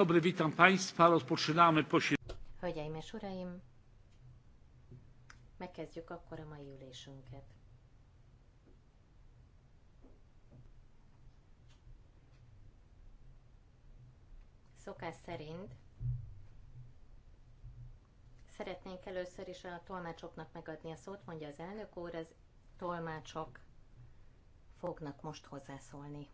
Dobry, witam Państwa. Rozpoczynamy posiedzenie. Hölgyeim és Uraim, megkezdjük akkor a mai ülésünket. Szokás szerint szeretnénk először is a tolmácsoknak megadni a szót, mondja az elnök úr, az tolmácsok fognak most hozzászólni.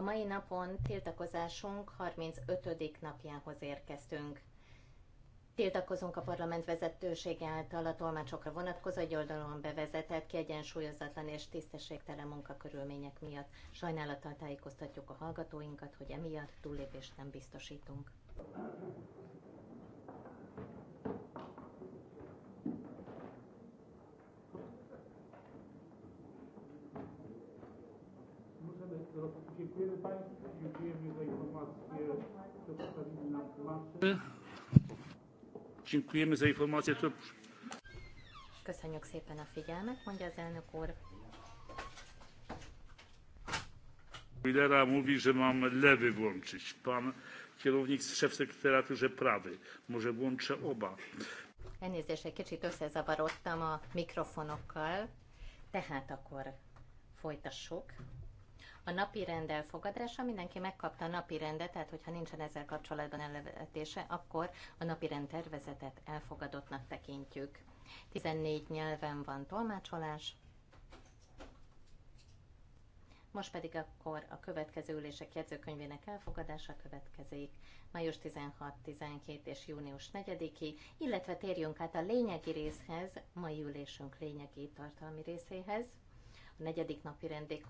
A mai napon tiltakozásunk 35. napjához érkeztünk. Tiltakozunk a parlament vezetősége által a tolmácsokra vonatkozó egy oldalon bevezetett, kiegyensúlyozatlan és tisztességtelen munkakörülmények miatt. Sajnálattal tájékoztatjuk a hallgatóinkat, hogy emiatt túllépést nem biztosítunk. dziękujemy za informację, Köszönjük szépen a figyelmet, mondja az elnök úr. Lidera mówi, że mam lewy włączyć. Pan kierownik, szef sekretariatu, że prawy. Może włączę oba. Elnézést, egy kicsit összezavarodtam a mikrofonokkal, tehát akkor folytassuk a napi rend elfogadása, mindenki megkapta a napi rendet, tehát hogyha nincsen ezzel kapcsolatban elvetése, akkor a napi rend tervezetet elfogadottnak tekintjük. 14 nyelven van tolmácsolás. Most pedig akkor a következő ülések jegyzőkönyvének elfogadása következik, május 16, 12 és június 4-i, illetve térjünk át a lényegi részhez, mai ülésünk lényegi tartalmi részéhez. A negyedik napi rendék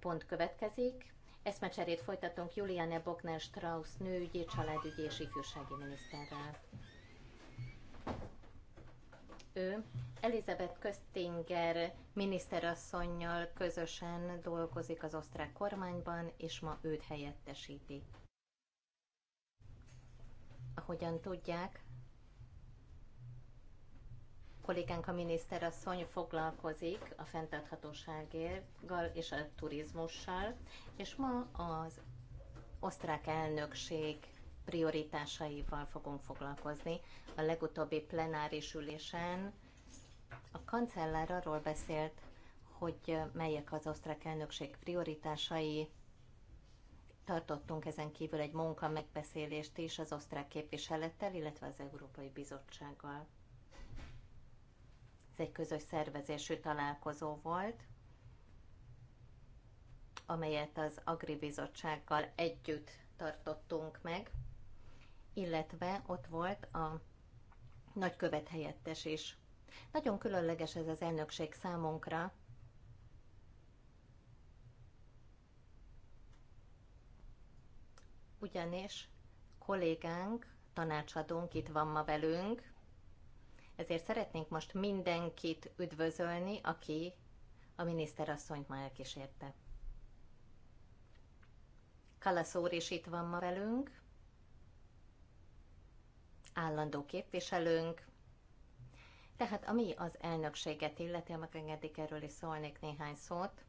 pont következik. Eszmecserét folytatunk Juliane Bogner Strauss nőügyi, családügyi és ifjúsági miniszterrel. Ő Elizabeth Köstinger miniszterasszonynal közösen dolgozik az osztrák kormányban, és ma őt helyettesíti. Ahogyan tudják, kollégánk a miniszterasszony foglalkozik a fenntarthatósággal és a turizmussal, és ma az osztrák elnökség prioritásaival fogunk foglalkozni. A legutóbbi plenáris ülésen a kancellár arról beszélt, hogy melyek az osztrák elnökség prioritásai. Tartottunk ezen kívül egy munka megbeszélést is az osztrák képviselettel, illetve az Európai Bizottsággal. Ez egy közös szervezésű találkozó volt, amelyet az Agri Bizottsággal együtt tartottunk meg, illetve ott volt a nagykövet helyettes is. Nagyon különleges ez az elnökség számunkra, ugyanis kollégánk, tanácsadónk itt van ma velünk, ezért szeretnénk most mindenkit üdvözölni, aki a miniszterasszonyt ma elkísérte. Kalasz úr is itt van ma velünk, állandó képviselőnk, tehát ami az elnökséget illeti, ha engedik erről is szólnék néhány szót,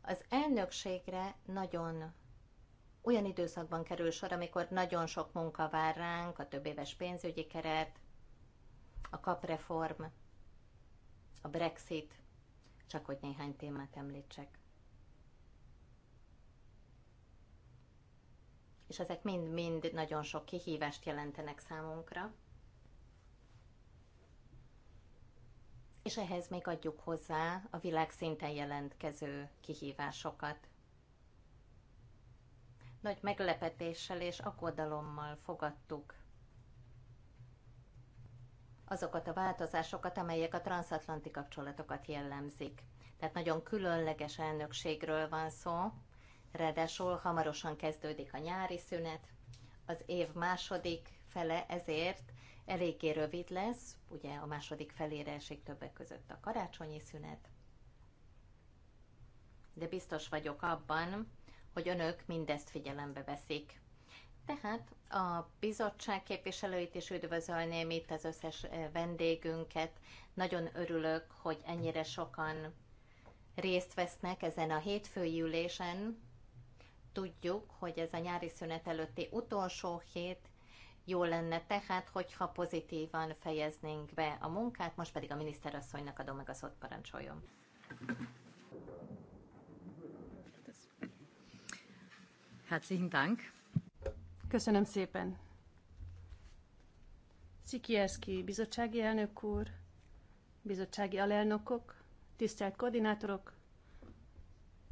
az elnökségre nagyon olyan időszakban kerül sor, amikor nagyon sok munka vár ránk, a több éves pénzügyi keret, a kapreform, a Brexit, csak hogy néhány témát említsek. És ezek mind-mind nagyon sok kihívást jelentenek számunkra. És ehhez még adjuk hozzá a világ szinten jelentkező kihívásokat. Nagy meglepetéssel és aggodalommal fogadtuk azokat a változásokat, amelyek a transatlanti kapcsolatokat jellemzik. Tehát nagyon különleges elnökségről van szó, ráadásul hamarosan kezdődik a nyári szünet, az év második fele ezért eléggé rövid lesz, ugye a második felére esik többek között a karácsonyi szünet, de biztos vagyok abban, hogy önök mindezt figyelembe veszik. Tehát a bizottság képviselőit is üdvözölném itt az összes eh, vendégünket. Nagyon örülök, hogy ennyire sokan részt vesznek ezen a hétfői ülésen. Tudjuk, hogy ez a nyári szünet előtti utolsó hét, jó lenne tehát, hogyha pozitívan fejeznénk be a munkát, most pedig a miniszterasszonynak adom meg a szót, parancsoljon. Herzlichen Dank. Köszönöm szépen. Szikierszki bizottsági elnök úr, bizottsági alelnökök, tisztelt koordinátorok,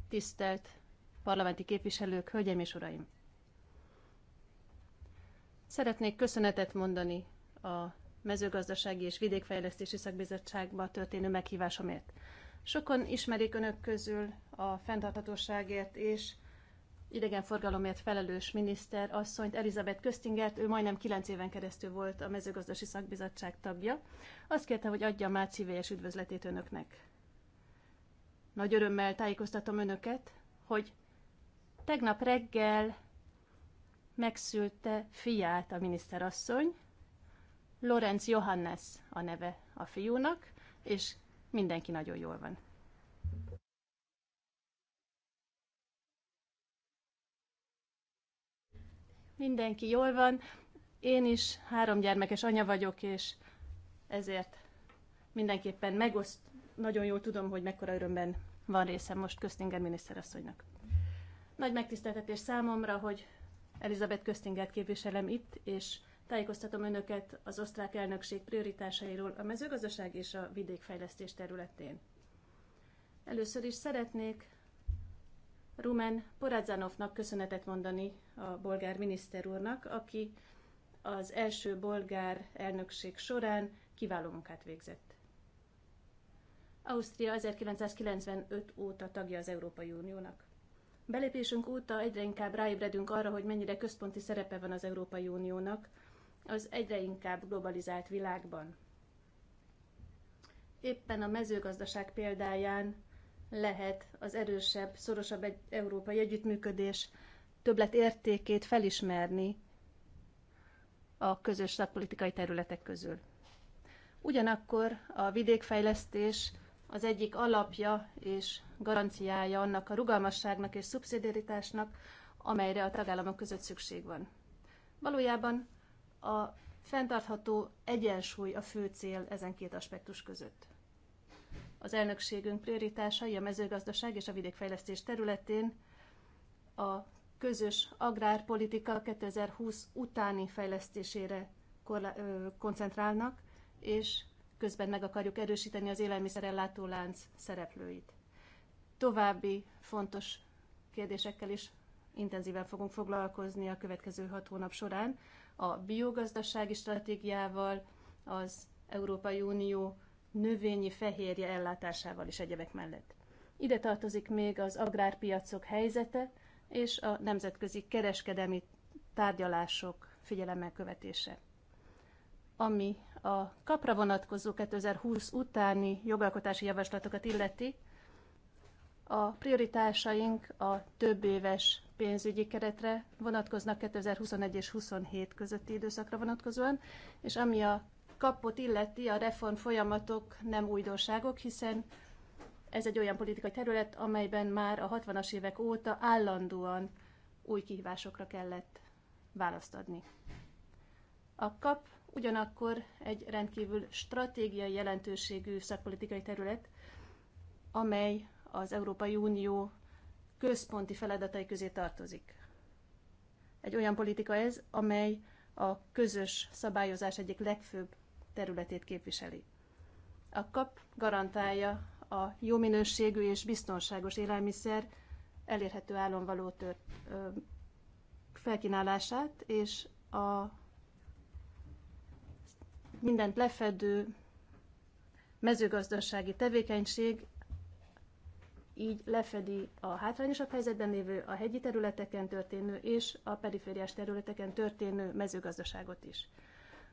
tisztelt parlamenti képviselők, hölgyeim és uraim! Szeretnék köszönetet mondani a mezőgazdasági és vidékfejlesztési szakbizottságba történő meghívásomért. Sokan ismerik önök közül a fenntarthatóságért és idegenforgalomért felelős miniszter asszonyt, Elizabeth Köztingert, ő majdnem 9 éven keresztül volt a mezőgazdasági szakbizottság tagja. Azt kérte, hogy adja már szívélyes üdvözletét önöknek. Nagy örömmel tájékoztatom önöket, hogy tegnap reggel megszülte fiát a miniszter asszony, Lorenz Johannes a neve a fiúnak, és mindenki nagyon jól van. mindenki jól van. Én is három gyermekes anya vagyok, és ezért mindenképpen megoszt, nagyon jól tudom, hogy mekkora örömben van részem most Köztinger miniszterasszonynak. Nagy megtiszteltetés számomra, hogy Elizabeth Köztingert képviselem itt, és tájékoztatom önöket az osztrák elnökség prioritásairól a mezőgazdaság és a vidékfejlesztés területén. Először is szeretnék Rumen Poradzanovnak köszönetet mondani a bolgár miniszter úrnak, aki az első bolgár elnökség során kiváló munkát végzett. Ausztria 1995 óta tagja az Európai Uniónak. Belépésünk óta egyre inkább ráébredünk arra, hogy mennyire központi szerepe van az Európai Uniónak az egyre inkább globalizált világban. Éppen a mezőgazdaság példáján lehet az erősebb, szorosabb egy európai együttműködés többlet értékét felismerni a közös szakpolitikai területek közül. Ugyanakkor a vidékfejlesztés az egyik alapja és garanciája annak a rugalmasságnak és szubszidiaritásnak, amelyre a tagállamok között szükség van. Valójában a fenntartható egyensúly a fő cél ezen két aspektus között. Az elnökségünk prioritásai a mezőgazdaság és a vidékfejlesztés területén a közös agrárpolitika 2020 utáni fejlesztésére koncentrálnak, és közben meg akarjuk erősíteni az élelmiszerellátó lánc szereplőit. További fontos kérdésekkel is intenzíven fogunk foglalkozni a következő hat hónap során, a biogazdasági stratégiával, az Európai Unió növényi fehérje ellátásával is egyebek mellett. Ide tartozik még az agrárpiacok helyzete, és a nemzetközi kereskedelmi tárgyalások figyelemmel követése. Ami a kapra vonatkozó 2020 utáni jogalkotási javaslatokat illeti, a prioritásaink a több éves pénzügyi keretre vonatkoznak 2021 és 27 közötti időszakra vonatkozóan, és ami a kapot illeti, a reform folyamatok nem újdonságok, hiszen ez egy olyan politikai terület, amelyben már a 60-as évek óta állandóan új kihívásokra kellett választ adni. A kap ugyanakkor egy rendkívül stratégiai jelentőségű szakpolitikai terület, amely az Európai Unió központi feladatai közé tartozik. Egy olyan politika ez, amely a közös szabályozás egyik legfőbb területét képviseli. A kap garantálja a jó minőségű és biztonságos élelmiszer elérhető állon való tört, ö, felkínálását, és a mindent lefedő mezőgazdasági tevékenység így lefedi a hátrányosabb helyzetben lévő, a hegyi területeken történő és a perifériás területeken történő mezőgazdaságot is.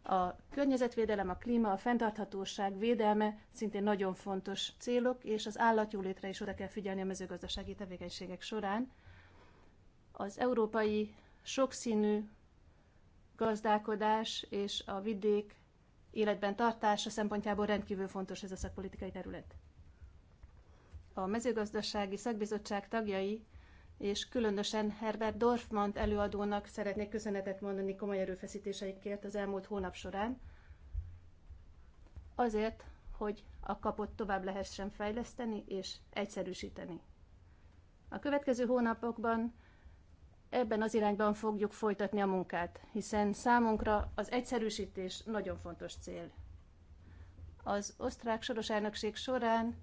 A környezetvédelem, a klíma, a fenntarthatóság védelme szintén nagyon fontos célok, és az állatjólétre is oda kell figyelni a mezőgazdasági tevékenységek során. Az európai sokszínű gazdálkodás és a vidék életben tartása szempontjából rendkívül fontos ez a szakpolitikai terület. A mezőgazdasági szakbizottság tagjai és különösen Herbert Dorfman előadónak szeretnék köszönetet mondani komoly erőfeszítéseikért az elmúlt hónap során, azért, hogy a kapot tovább lehessen fejleszteni és egyszerűsíteni. A következő hónapokban ebben az irányban fogjuk folytatni a munkát, hiszen számunkra az egyszerűsítés nagyon fontos cél. Az osztrák soros elnökség során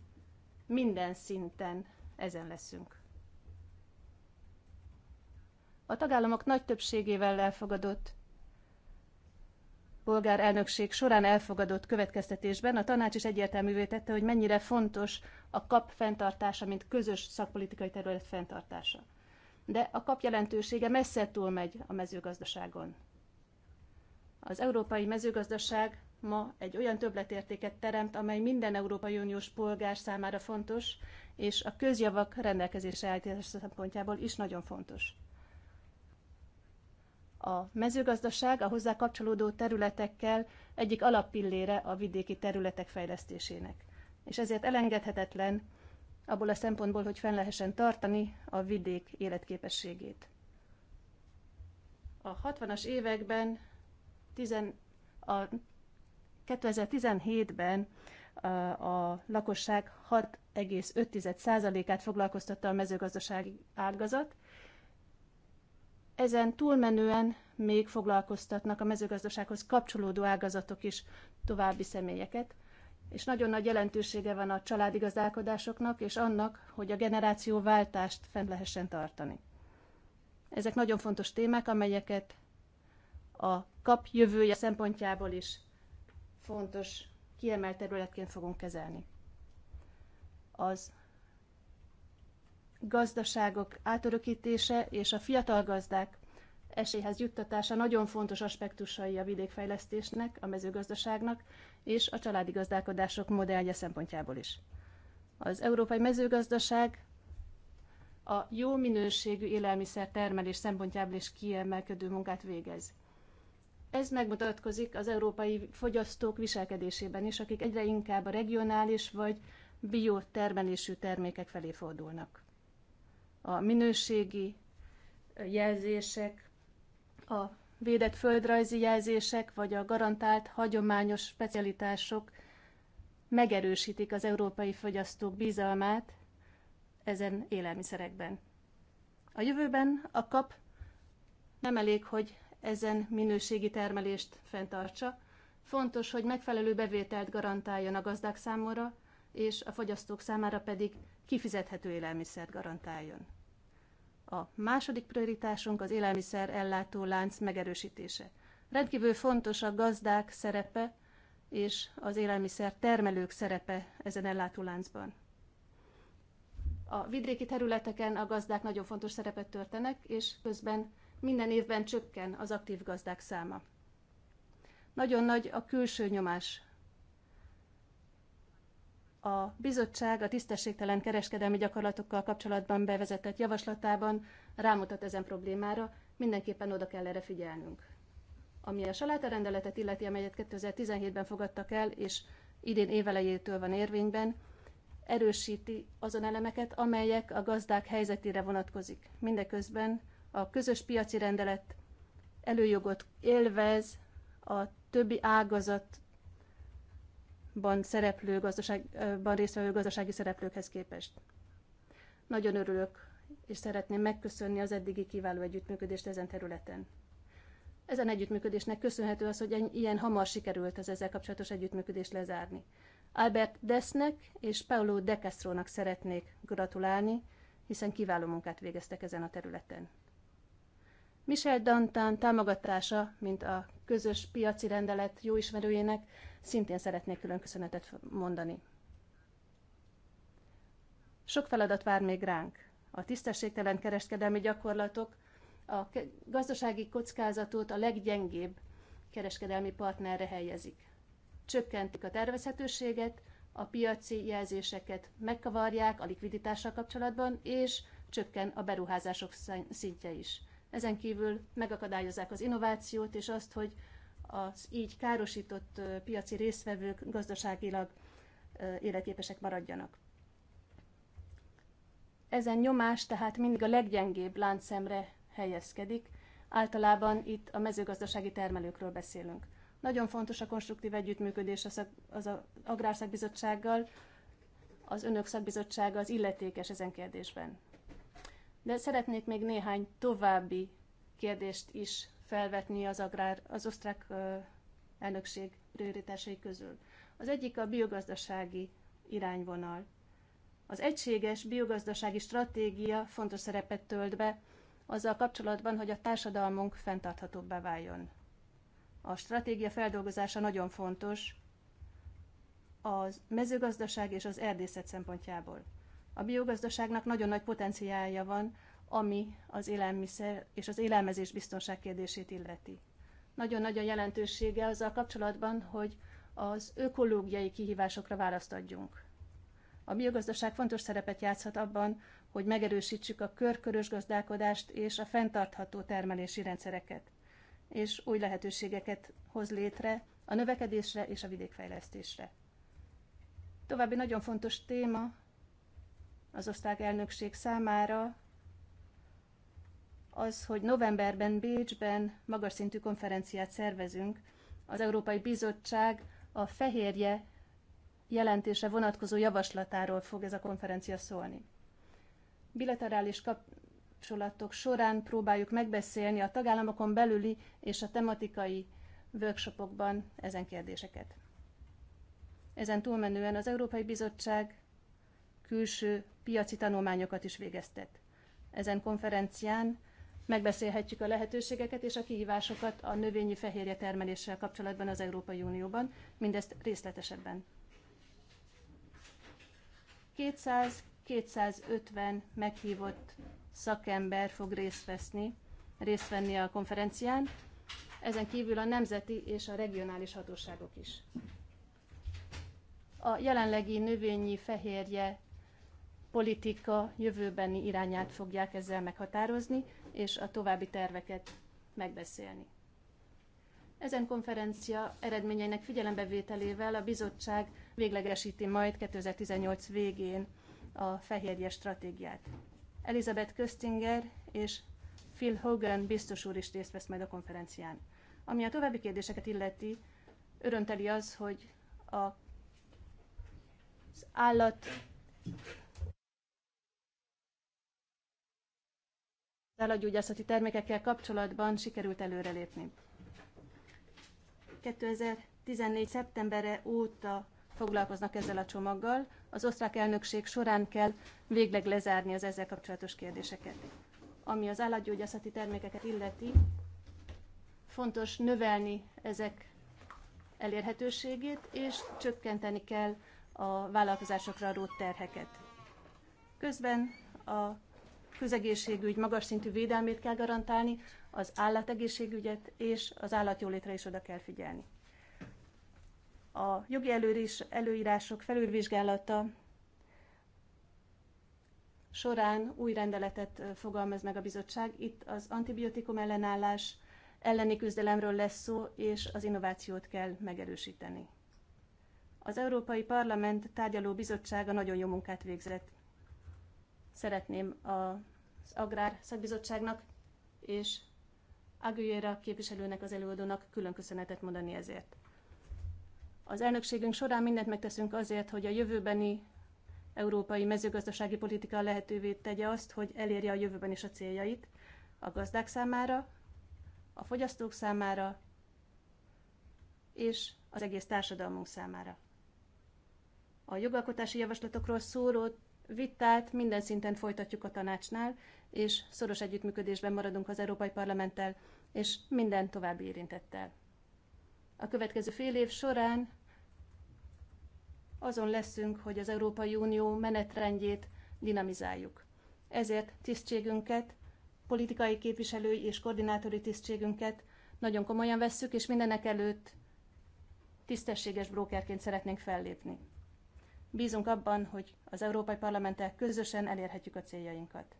minden szinten ezen leszünk a tagállamok nagy többségével elfogadott bolgár elnökség során elfogadott következtetésben a tanács is egyértelművé tette, hogy mennyire fontos a kap fenntartása, mint közös szakpolitikai terület fenntartása. De a kap jelentősége messze túlmegy a mezőgazdaságon. Az európai mezőgazdaság ma egy olyan többletértéket teremt, amely minden Európai Uniós polgár számára fontos, és a közjavak rendelkezésre állítása szempontjából is nagyon fontos. A mezőgazdaság a hozzá kapcsolódó területekkel egyik alappillére a vidéki területek fejlesztésének. És ezért elengedhetetlen abból a szempontból, hogy fenn lehessen tartani a vidék életképességét. A 60-as években, tizen, a 2017-ben a lakosság 6,5%-át foglalkoztatta a mezőgazdasági ágazat, ezen túlmenően még foglalkoztatnak a mezőgazdasághoz kapcsolódó ágazatok is további személyeket, és nagyon nagy jelentősége van a családi gazdálkodásoknak és annak, hogy a generációváltást fenn lehessen tartani. Ezek nagyon fontos témák, amelyeket a kap jövője szempontjából is fontos kiemelt területként fogunk kezelni. Az gazdaságok átörökítése és a fiatal gazdák esélyhez juttatása nagyon fontos aspektusai a vidékfejlesztésnek, a mezőgazdaságnak és a családi gazdálkodások modellje szempontjából is. Az európai mezőgazdaság a jó minőségű élelmiszer termelés szempontjából is kiemelkedő munkát végez. Ez megmutatkozik az európai fogyasztók viselkedésében is, akik egyre inkább a regionális vagy biotermelésű termékek felé fordulnak a minőségi jelzések, a védett földrajzi jelzések, vagy a garantált hagyományos specialitások megerősítik az európai fogyasztók bizalmát ezen élelmiszerekben. A jövőben a kap nem elég, hogy ezen minőségi termelést fenntartsa, fontos, hogy megfelelő bevételt garantáljon a gazdák számára, és a fogyasztók számára pedig kifizethető élelmiszert garantáljon. A második prioritásunk az élelmiszer ellátó lánc megerősítése. Rendkívül fontos a gazdák szerepe és az élelmiszer termelők szerepe ezen láncban. A vidéki területeken a gazdák nagyon fontos szerepet töltenek, és közben minden évben csökken az aktív gazdák száma. Nagyon nagy a külső nyomás a bizottság a tisztességtelen kereskedelmi gyakorlatokkal kapcsolatban bevezetett javaslatában rámutat ezen problémára, mindenképpen oda kell erre figyelnünk. Ami a salátarendeletet illeti, amelyet 2017-ben fogadtak el, és idén évelejétől van érvényben, erősíti azon elemeket, amelyek a gazdák helyzetére vonatkozik. Mindeközben a közös piaci rendelet előjogot élvez a többi ágazat ban szereplő gazdaságban résztvevő gazdasági szereplőkhez képest. Nagyon örülök, és szeretném megköszönni az eddigi kiváló együttműködést ezen területen. Ezen együttműködésnek köszönhető az, hogy ilyen hamar sikerült az ezzel kapcsolatos együttműködést lezárni. Albert Desznek és Paolo De Castro-nak szeretnék gratulálni, hiszen kiváló munkát végeztek ezen a területen. Michel Dantán támogatása, mint a közös piaci rendelet jó ismerőjének, szintén szeretnék külön köszönetet mondani. Sok feladat vár még ránk. A tisztességtelen kereskedelmi gyakorlatok a gazdasági kockázatot a leggyengébb kereskedelmi partnerre helyezik. Csökkentik a tervezhetőséget, a piaci jelzéseket megkavarják a likviditással kapcsolatban, és csökken a beruházások szintje is. Ezen kívül megakadályozzák az innovációt és azt, hogy az így károsított piaci részvevők gazdaságilag életképesek maradjanak. Ezen nyomás tehát mindig a leggyengébb láncszemre helyezkedik, általában itt a mezőgazdasági termelőkről beszélünk. Nagyon fontos a konstruktív együttműködés az, az Agrárszakbizottsággal, az Önök Szakbizottsága az illetékes ezen kérdésben. De szeretnék még néhány további kérdést is felvetni az, agrár, az osztrák elnökség prioritásai közül. Az egyik a biogazdasági irányvonal. Az egységes biogazdasági stratégia fontos szerepet tölt be azzal kapcsolatban, hogy a társadalmunk fenntarthatóbbá váljon. A stratégia feldolgozása nagyon fontos az mezőgazdaság és az erdészet szempontjából. A biogazdaságnak nagyon nagy potenciálja van ami az élelmiszer és az élelmezés biztonság kérdését illeti. Nagyon nagy a jelentősége azzal kapcsolatban, hogy az ökológiai kihívásokra választ adjunk. A biogazdaság fontos szerepet játszhat abban, hogy megerősítsük a körkörös gazdálkodást és a fenntartható termelési rendszereket, és új lehetőségeket hoz létre a növekedésre és a vidékfejlesztésre. További nagyon fontos téma az osztályelnökség elnökség számára az, hogy novemberben Bécsben magas szintű konferenciát szervezünk. Az Európai Bizottság a fehérje jelentése vonatkozó javaslatáról fog ez a konferencia szólni. Bilaterális kapcsolatok során próbáljuk megbeszélni a tagállamokon belüli és a tematikai workshopokban ezen kérdéseket. Ezen túlmenően az Európai Bizottság külső piaci tanulmányokat is végeztet. Ezen konferencián megbeszélhetjük a lehetőségeket és a kihívásokat a növényi fehérje termeléssel kapcsolatban az Európai Unióban, mindezt részletesebben. 200-250 meghívott szakember fog részt, veszni, részt venni a konferencián, ezen kívül a nemzeti és a regionális hatóságok is. A jelenlegi növényi fehérje politika jövőbeni irányát fogják ezzel meghatározni, és a további terveket megbeszélni. Ezen konferencia eredményeinek figyelembevételével a bizottság véglegesíti majd 2018 végén a fehérje stratégiát. Elizabeth Köstinger és Phil Hogan biztos úr is részt vesz majd a konferencián. Ami a további kérdéseket illeti, örömteli az, hogy a, az állat állagyógyászati termékekkel kapcsolatban sikerült előrelépni. 2014. szeptemberre óta foglalkoznak ezzel a csomaggal. Az osztrák elnökség során kell végleg lezárni az ezzel kapcsolatos kérdéseket. Ami az állatgyógyászati termékeket illeti, fontos növelni ezek elérhetőségét, és csökkenteni kell a vállalkozásokra adott terheket. Közben a közegészségügy magas szintű védelmét kell garantálni, az állategészségügyet és az állatjólétre is oda kell figyelni. A jogi előrés, előírások felülvizsgálata során új rendeletet fogalmaz meg a bizottság. Itt az antibiotikum ellenállás elleni küzdelemről lesz szó, és az innovációt kell megerősíteni. Az Európai Parlament tárgyaló bizottsága nagyon jó munkát végzett. Szeretném a az Agrár Szakbizottságnak, és Aguilera képviselőnek, az előadónak külön köszönetet mondani ezért. Az elnökségünk során mindent megteszünk azért, hogy a jövőbeni európai mezőgazdasági politika lehetővé tegye azt, hogy elérje a jövőben is a céljait a gazdák számára, a fogyasztók számára és az egész társadalmunk számára. A jogalkotási javaslatokról szóló vitát minden szinten folytatjuk a tanácsnál, és szoros együttműködésben maradunk az Európai Parlamenttel és minden további érintettel. A következő fél év során azon leszünk, hogy az Európai Unió menetrendjét dinamizáljuk. Ezért tisztségünket, politikai képviselői és koordinátori tisztségünket nagyon komolyan vesszük, és mindenek előtt tisztességes brókerként szeretnénk fellépni. Bízunk abban, hogy az Európai Parlamenttel közösen elérhetjük a céljainkat.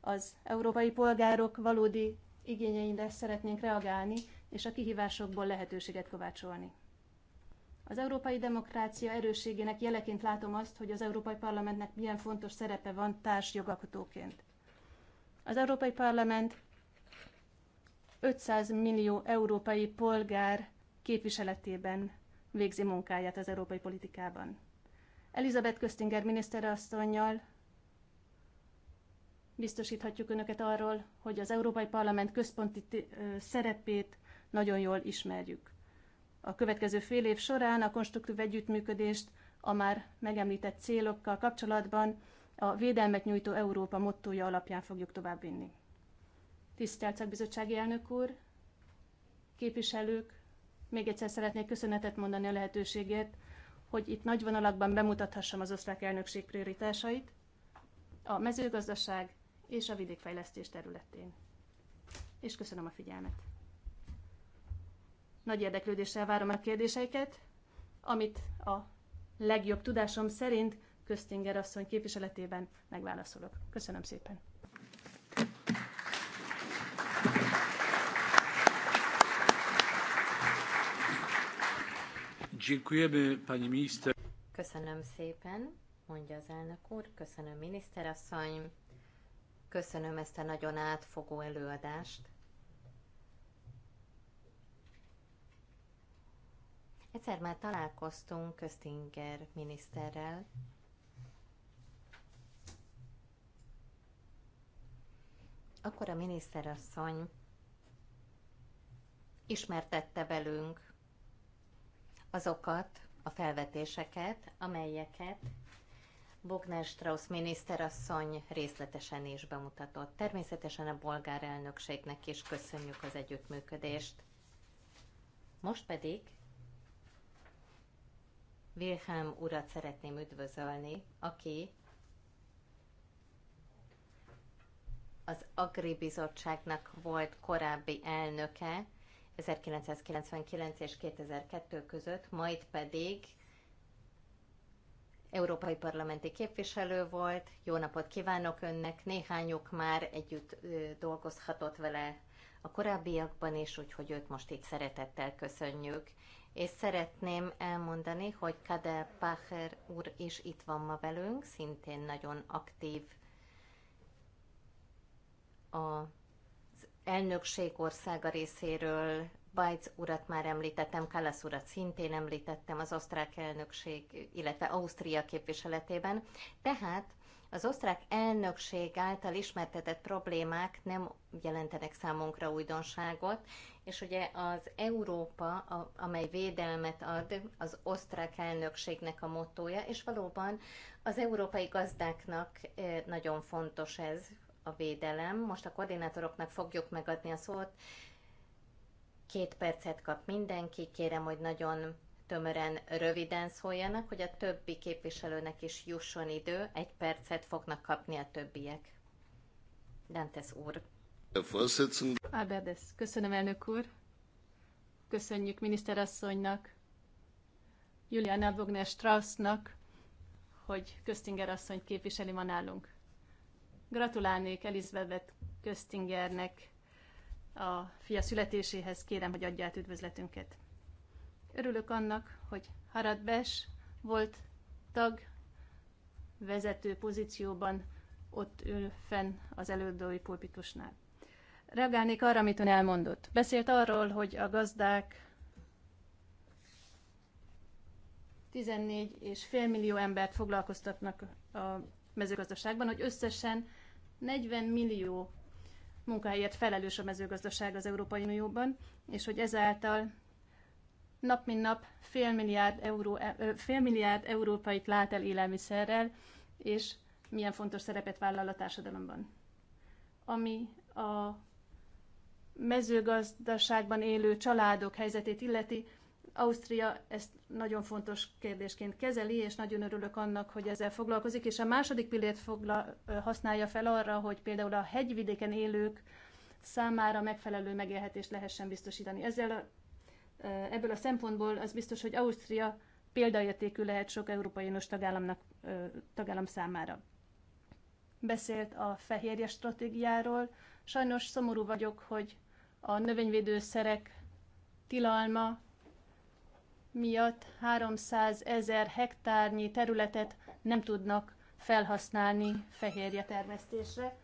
Az európai polgárok valódi igényeire szeretnénk reagálni, és a kihívásokból lehetőséget kovácsolni. Az európai demokrácia erősségének jeleként látom azt, hogy az Európai Parlamentnek milyen fontos szerepe van társjogakutóként. Az Európai Parlament 500 millió európai polgár képviseletében végzi munkáját az európai politikában. Elizabeth Köstinger miniszterasszonynal biztosíthatjuk Önöket arról, hogy az Európai Parlament központi szerepét nagyon jól ismerjük. A következő fél év során a konstruktív együttműködést a már megemlített célokkal kapcsolatban a Védelmet nyújtó Európa mottója alapján fogjuk továbbvinni. Tisztelt Szakbizottsági Elnök úr, képviselők, még egyszer szeretnék köszönetet mondani a lehetőséget, hogy itt nagy vonalakban bemutathassam az osztrák elnökség prioritásait a mezőgazdaság és a vidékfejlesztés területén. És köszönöm a figyelmet. Nagy érdeklődéssel várom a kérdéseiket, amit a legjobb tudásom szerint Köztinger asszony képviseletében megválaszolok. Köszönöm szépen! Köszönöm szépen, mondja az elnök úr, köszönöm miniszterasszony, köszönöm ezt a nagyon átfogó előadást. Egyszer már találkoztunk Köztinger miniszterrel, akkor a miniszterasszony ismertette velünk azokat a felvetéseket, amelyeket Bogner Strauss miniszterasszony részletesen is bemutatott. Természetesen a bolgár elnökségnek is köszönjük az együttműködést. Most pedig Wilhelm urat szeretném üdvözölni, aki az Agri Bizottságnak volt korábbi elnöke, 1999 és 2002 között, majd pedig európai parlamenti képviselő volt. Jó napot kívánok önnek, néhányuk már együtt dolgozhatott vele a korábbiakban is, úgyhogy őt most itt szeretettel köszönjük. És szeretném elmondani, hogy Kader Pacher úr is itt van ma velünk, szintén nagyon aktív a elnökség országa részéről Bajc urat már említettem, Kallas urat szintén említettem az osztrák elnökség, illetve Ausztria képviseletében. Tehát az osztrák elnökség által ismertetett problémák nem jelentenek számunkra újdonságot, és ugye az Európa, amely védelmet ad, az osztrák elnökségnek a motója, és valóban az európai gazdáknak eh, nagyon fontos ez, a védelem. Most a koordinátoroknak fogjuk megadni a szót. Két percet kap mindenki, kérem, hogy nagyon tömören, röviden szóljanak, hogy a többi képviselőnek is jusson idő, egy percet fognak kapni a többiek. Dantes úr. Albertes, köszönöm elnök úr. Köszönjük miniszterasszonynak, Juliana Bogner Straussnak, hogy Köztinger asszonyt képviseli ma nálunk. Gratulálnék Elizabeth Köstingernek a fia születéséhez, kérem, hogy adja át üdvözletünket. Örülök annak, hogy Harad Bes volt tag vezető pozícióban, ott ül fenn az elődői pulpitusnál. Reagálnék arra, amit ön elmondott. Beszélt arról, hogy a gazdák 14,5 millió embert foglalkoztatnak a mezőgazdaságban, hogy összesen 40 millió munkáért felelős a mezőgazdaság az Európai Unióban, és hogy ezáltal nap mint nap fél milliárd, euró, e, fél milliárd európait lát el élelmiszerrel, és milyen fontos szerepet vállal a társadalomban. Ami a mezőgazdaságban élő családok helyzetét illeti, Ausztria ezt nagyon fontos kérdésként kezeli, és nagyon örülök annak, hogy ezzel foglalkozik, és a második pillért fogla, használja fel arra, hogy például a hegyvidéken élők számára megfelelő megélhetést lehessen biztosítani. Ezzel a, ebből a szempontból az biztos, hogy Ausztria példaértékű lehet sok Európai Uniós tagállamnak, tagállam számára. Beszélt a fehérje stratégiáról. Sajnos szomorú vagyok, hogy a növényvédőszerek tilalma miatt 300 ezer hektárnyi területet nem tudnak felhasználni fehérje termesztésre.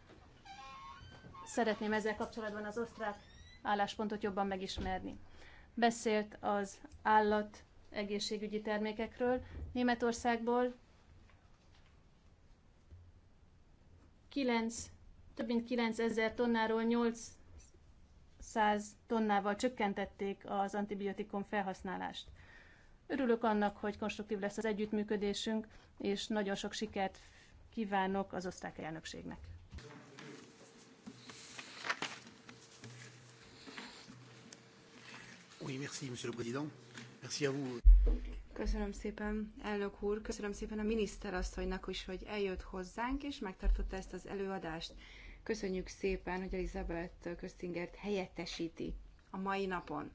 Szeretném ezzel kapcsolatban az osztrák álláspontot jobban megismerni. Beszélt az állat egészségügyi termékekről Németországból. 9, több mint ezer tonnáról 800 tonnával csökkentették az antibiotikum felhasználást. Örülök annak, hogy konstruktív lesz az együttműködésünk, és nagyon sok sikert kívánok az osztrák elnökségnek. Oui, merci, monsieur le président. Merci à vous. Köszönöm szépen, elnök úr, köszönöm szépen a miniszterasszonynak is, hogy eljött hozzánk, és megtartotta ezt az előadást. Köszönjük szépen, hogy Elizabeth Köztingert helyettesíti a mai napon.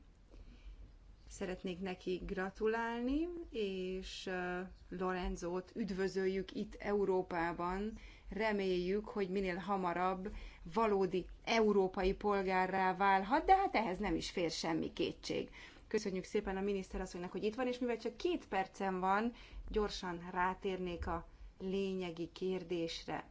Szeretnék neki gratulálni, és Lorenzót üdvözöljük itt Európában. Reméljük, hogy minél hamarabb valódi európai polgárrá válhat, de hát ehhez nem is fér semmi kétség. Köszönjük szépen a miniszterasszonynak, hogy itt van, és mivel csak két percem van, gyorsan rátérnék a lényegi kérdésre.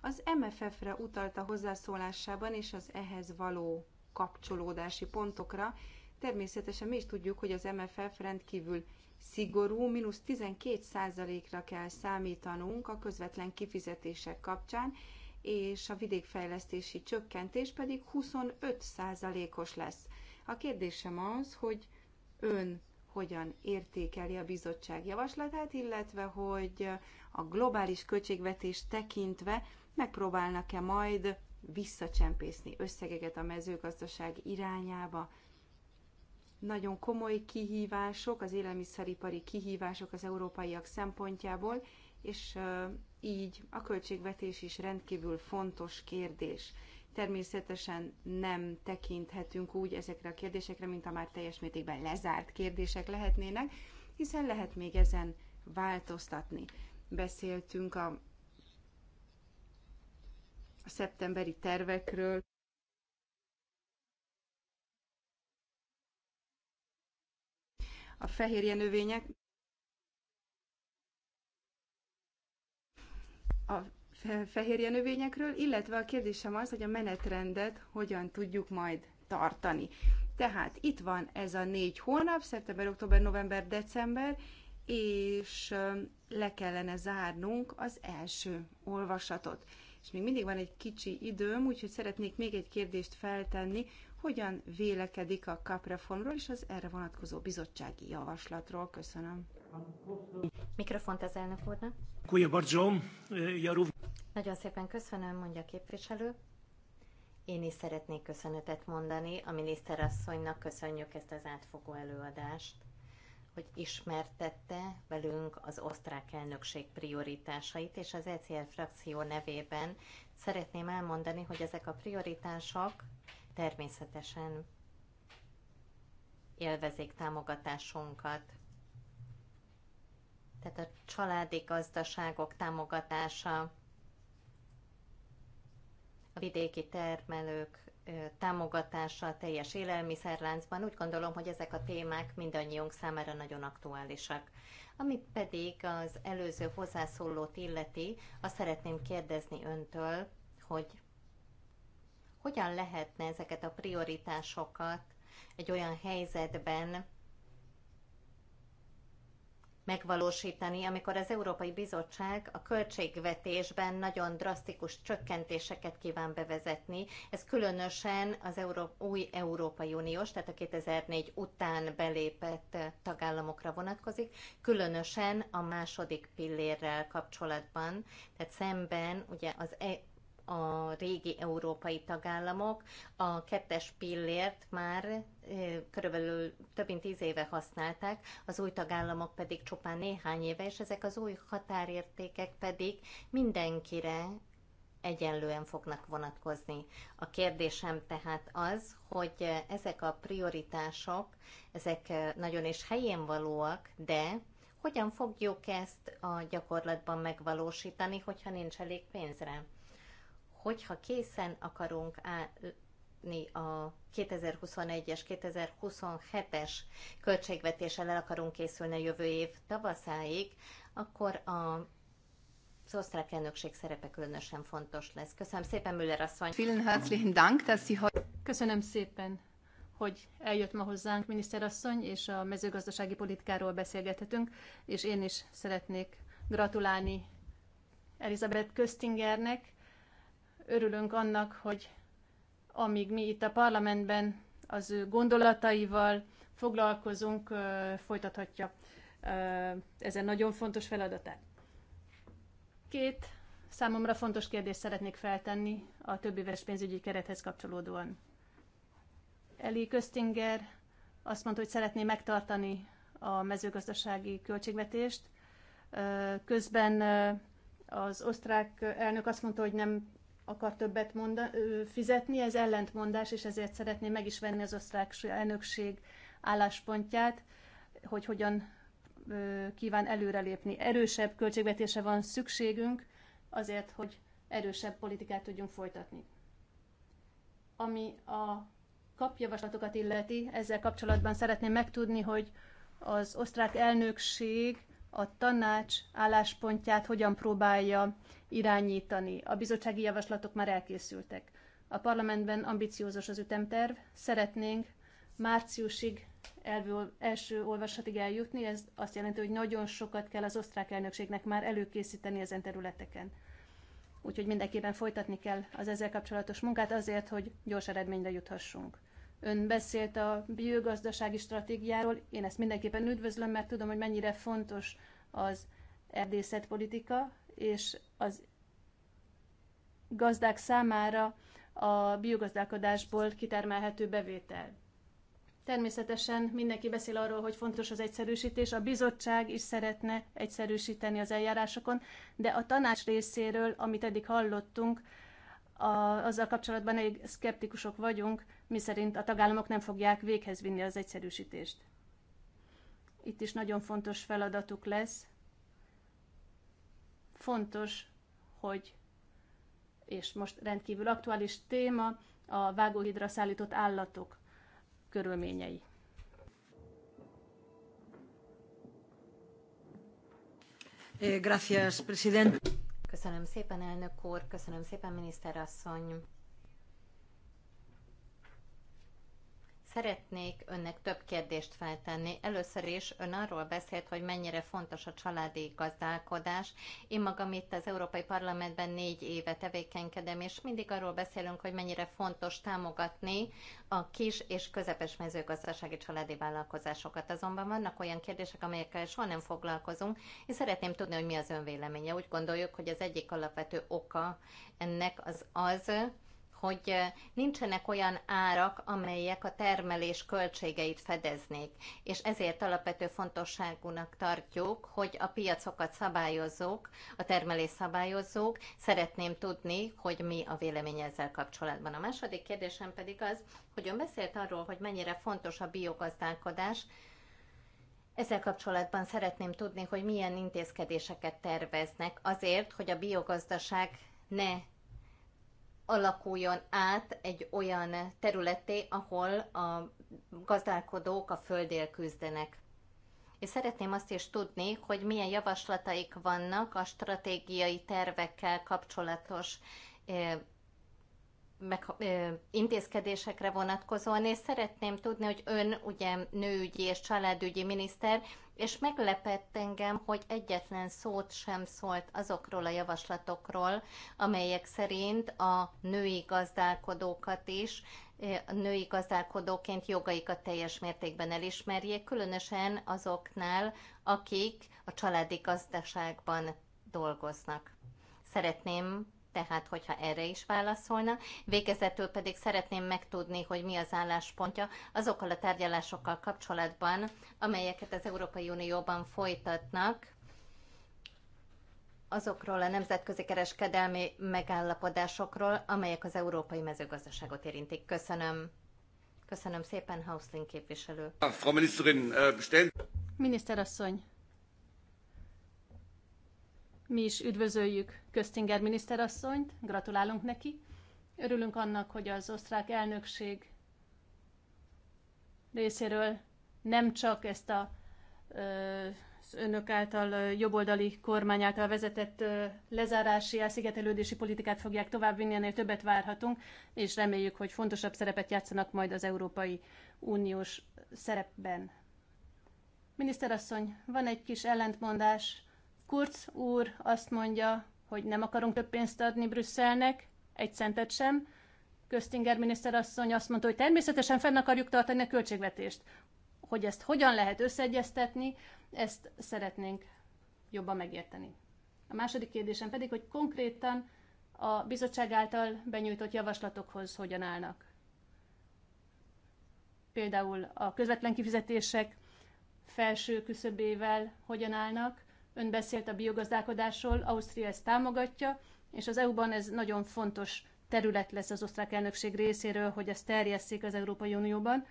Az MFF-re utalta hozzászólásában és az ehhez való kapcsolódási pontokra, Természetesen mi is tudjuk, hogy az MFF rendkívül szigorú, mínusz 12 százalékra kell számítanunk a közvetlen kifizetések kapcsán, és a vidékfejlesztési csökkentés pedig 25 százalékos lesz. A kérdésem az, hogy ön hogyan értékeli a bizottság javaslatát, illetve hogy a globális költségvetés tekintve megpróbálnak-e majd visszacsempészni összegeket a mezőgazdaság irányába. Nagyon komoly kihívások, az élelmiszeripari kihívások az európaiak szempontjából, és így a költségvetés is rendkívül fontos kérdés. Természetesen nem tekinthetünk úgy ezekre a kérdésekre, mint a már teljes mértékben lezárt kérdések lehetnének, hiszen lehet még ezen változtatni. Beszéltünk a szeptemberi tervekről, a fehérje növények, a fehérje növényekről, illetve a kérdésem az, hogy a menetrendet hogyan tudjuk majd tartani. Tehát itt van ez a négy hónap, szeptember, október, november, december, és le kellene zárnunk az első olvasatot. És még mindig van egy kicsi időm, úgyhogy szeretnék még egy kérdést feltenni, hogyan vélekedik a kapreformról és az erre vonatkozó bizottsági javaslatról. Köszönöm. Mikrofont az elnök úrnak. Nagyon szépen köszönöm, mondja a képviselő. Én is szeretnék köszönetet mondani a miniszterasszonynak, köszönjük ezt az átfogó előadást, hogy ismertette velünk az osztrák elnökség prioritásait, és az ECL frakció nevében szeretném elmondani, hogy ezek a prioritások természetesen élvezik támogatásunkat. Tehát a családi gazdaságok támogatása, a vidéki termelők támogatása a teljes élelmiszerláncban. Úgy gondolom, hogy ezek a témák mindannyiunk számára nagyon aktuálisak. Ami pedig az előző hozzászólót illeti, azt szeretném kérdezni öntől, hogy hogyan lehetne ezeket a prioritásokat egy olyan helyzetben megvalósítani, amikor az Európai Bizottság a költségvetésben nagyon drasztikus csökkentéseket kíván bevezetni. Ez különösen az Euró- új Európai Uniós, tehát a 2004 után belépett tagállamokra vonatkozik, különösen a második pillérrel kapcsolatban. Tehát szemben ugye az e- a régi európai tagállamok a kettes pillért már körülbelül több mint tíz éve használták, az új tagállamok pedig csupán néhány éve, és ezek az új határértékek pedig mindenkire egyenlően fognak vonatkozni. A kérdésem tehát az, hogy ezek a prioritások, ezek nagyon is helyén valóak, de hogyan fogjuk ezt a gyakorlatban megvalósítani, hogyha nincs elég pénzre? hogyha készen akarunk állni a 2021-es, 2027-es költségvetéssel el akarunk készülni a jövő év tavaszáig, akkor a az osztrák elnökség szerepe különösen fontos lesz. Köszönöm szépen, Müller asszony! Vielen herzlichen Dank, dass Sie heute... Köszönöm szépen, hogy eljött ma hozzánk, miniszterasszony, és a mezőgazdasági politikáról beszélgethetünk, és én is szeretnék gratulálni Elizabeth Köstingernek, Örülünk annak, hogy amíg mi itt a parlamentben az ő gondolataival foglalkozunk, folytathatja ezen nagyon fontos feladatát. Két számomra fontos kérdést szeretnék feltenni a többi éves pénzügyi kerethez kapcsolódóan. Eli Köstinger azt mondta, hogy szeretné megtartani a mezőgazdasági költségvetést. Közben az osztrák elnök azt mondta, hogy nem akar többet monda, fizetni, ez ellentmondás, és ezért szeretné meg is venni az osztrák elnökség álláspontját, hogy hogyan kíván előrelépni. Erősebb költségvetése van szükségünk azért, hogy erősebb politikát tudjunk folytatni. Ami a kapjavaslatokat illeti, ezzel kapcsolatban szeretném megtudni, hogy az osztrák elnökség a tanács álláspontját hogyan próbálja irányítani. A bizottsági javaslatok már elkészültek. A parlamentben ambiciózus az ütemterv, szeretnénk márciusig első olvasatig eljutni, ez azt jelenti, hogy nagyon sokat kell az osztrák elnökségnek már előkészíteni ezen területeken. Úgyhogy mindenképpen folytatni kell az ezzel kapcsolatos munkát azért, hogy gyors eredményre juthassunk. Ön beszélt a biogazdasági stratégiáról, én ezt mindenképpen üdvözlöm, mert tudom, hogy mennyire fontos az erdészetpolitika, és az gazdák számára a biogazdálkodásból kitermelhető bevétel. Természetesen mindenki beszél arról, hogy fontos az egyszerűsítés, a bizottság is szeretne egyszerűsíteni az eljárásokon, de a tanács részéről, amit eddig hallottunk, a, azzal kapcsolatban elég szkeptikusok vagyunk, miszerint a tagállamok nem fogják véghez vinni az egyszerűsítést. Itt is nagyon fontos feladatuk lesz. Fontos, hogy, és most rendkívül aktuális téma, a vágóhidra szállított állatok körülményei. Eh, gracias, president. Köszönöm szépen, elnök úr, köszönöm szépen, miniszterasszony. Szeretnék önnek több kérdést feltenni. Először is ön arról beszélt, hogy mennyire fontos a családi gazdálkodás. Én magam itt az Európai Parlamentben négy éve tevékenykedem, és mindig arról beszélünk, hogy mennyire fontos támogatni a kis és közepes mezőgazdasági családi vállalkozásokat. Azonban vannak olyan kérdések, amelyekkel soha nem foglalkozunk, és szeretném tudni, hogy mi az ön véleménye. Úgy gondoljuk, hogy az egyik alapvető oka ennek az az, hogy nincsenek olyan árak, amelyek a termelés költségeit fedeznék, és ezért alapvető fontosságúnak tartjuk, hogy a piacokat szabályozók, a termelés szabályozók, szeretném tudni, hogy mi a vélemény ezzel kapcsolatban. A második kérdésem pedig az, hogy ön beszélt arról, hogy mennyire fontos a biogazdálkodás, ezzel kapcsolatban szeretném tudni, hogy milyen intézkedéseket terveznek azért, hogy a biogazdaság ne alakuljon át egy olyan területé, ahol a gazdálkodók a földél küzdenek. És szeretném azt is tudni, hogy milyen javaslataik vannak a stratégiai tervekkel kapcsolatos eh, meg, ö, intézkedésekre vonatkozóan, és szeretném tudni, hogy ön ugye nőügyi és családügyi miniszter, és meglepett engem, hogy egyetlen szót sem szólt azokról a javaslatokról, amelyek szerint a női gazdálkodókat is, a női gazdálkodóként jogaikat teljes mértékben elismerjék, különösen azoknál, akik a családi gazdaságban dolgoznak. Szeretném tehát hogyha erre is válaszolna. Végezetül pedig szeretném megtudni, hogy mi az álláspontja azokkal a tárgyalásokkal kapcsolatban, amelyeket az Európai Unióban folytatnak azokról a nemzetközi kereskedelmi megállapodásokról, amelyek az európai mezőgazdaságot érintik. Köszönöm. Köszönöm szépen, Hauslin képviselő. Frau Miniszterin, äh, Miniszterasszony, mi is üdvözöljük Köztinger miniszterasszonyt, gratulálunk neki. Örülünk annak, hogy az osztrák elnökség részéről nem csak ezt a, az önök által jobboldali kormány által vezetett lezárási, elszigetelődési politikát fogják továbbvinni, ennél többet várhatunk, és reméljük, hogy fontosabb szerepet játszanak majd az Európai Uniós szerepben. Miniszterasszony, van egy kis ellentmondás Kurz úr azt mondja, hogy nem akarunk több pénzt adni Brüsszelnek, egy centet sem. Köztinger miniszterasszony azt mondta, hogy természetesen fenn akarjuk tartani a költségvetést. Hogy ezt hogyan lehet összeegyeztetni, ezt szeretnénk jobban megérteni. A második kérdésem pedig, hogy konkrétan a bizottság által benyújtott javaslatokhoz hogyan állnak. Például a közvetlen kifizetések felső küszöbével hogyan állnak, Ön beszélt a biogazdálkodásról, Ausztria ezt támogatja, és az EU-ban ez nagyon fontos terület lesz az osztrák elnökség részéről, hogy ezt terjesszék az Európai Unióban.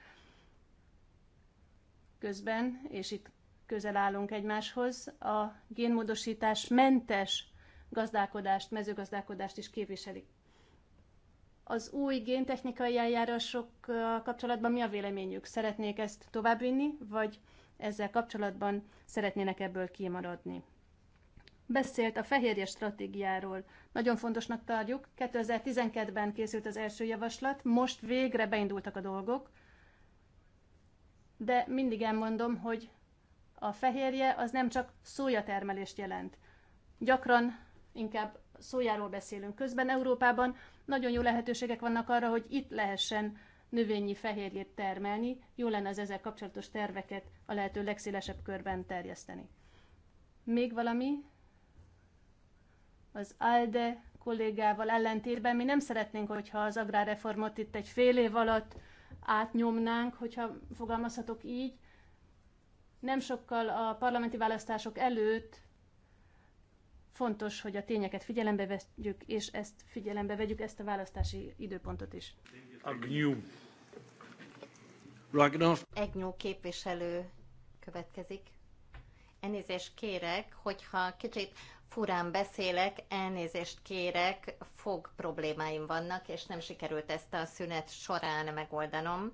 Közben, és itt közel állunk egymáshoz, a génmódosítás mentes gazdálkodást, mezőgazdálkodást is képviselik. Az új géntechnikai eljárások kapcsolatban mi a véleményük? Szeretnék ezt továbbvinni, vagy ezzel kapcsolatban szeretnének ebből kimaradni. Beszélt a fehérje stratégiáról. Nagyon fontosnak tartjuk. 2012-ben készült az első javaslat, most végre beindultak a dolgok, de mindig elmondom, hogy a fehérje az nem csak szójatermelést jelent. Gyakran inkább szójáról beszélünk. Közben Európában nagyon jó lehetőségek vannak arra, hogy itt lehessen növényi fehérjét termelni, jó lenne az ezzel kapcsolatos terveket a lehető legszélesebb körben terjeszteni. Még valami? Az ALDE kollégával ellentétben mi nem szeretnénk, hogyha az agrárreformot itt egy fél év alatt átnyomnánk, hogyha fogalmazhatok így. Nem sokkal a parlamenti választások előtt fontos, hogy a tényeket figyelembe vegyük, és ezt figyelembe vegyük, ezt a választási időpontot is. Agnew. Ragnov. Egnyó képviselő következik. Elnézést kérek, hogyha kicsit furán beszélek, elnézést kérek, fog problémáim vannak, és nem sikerült ezt a szünet során megoldanom.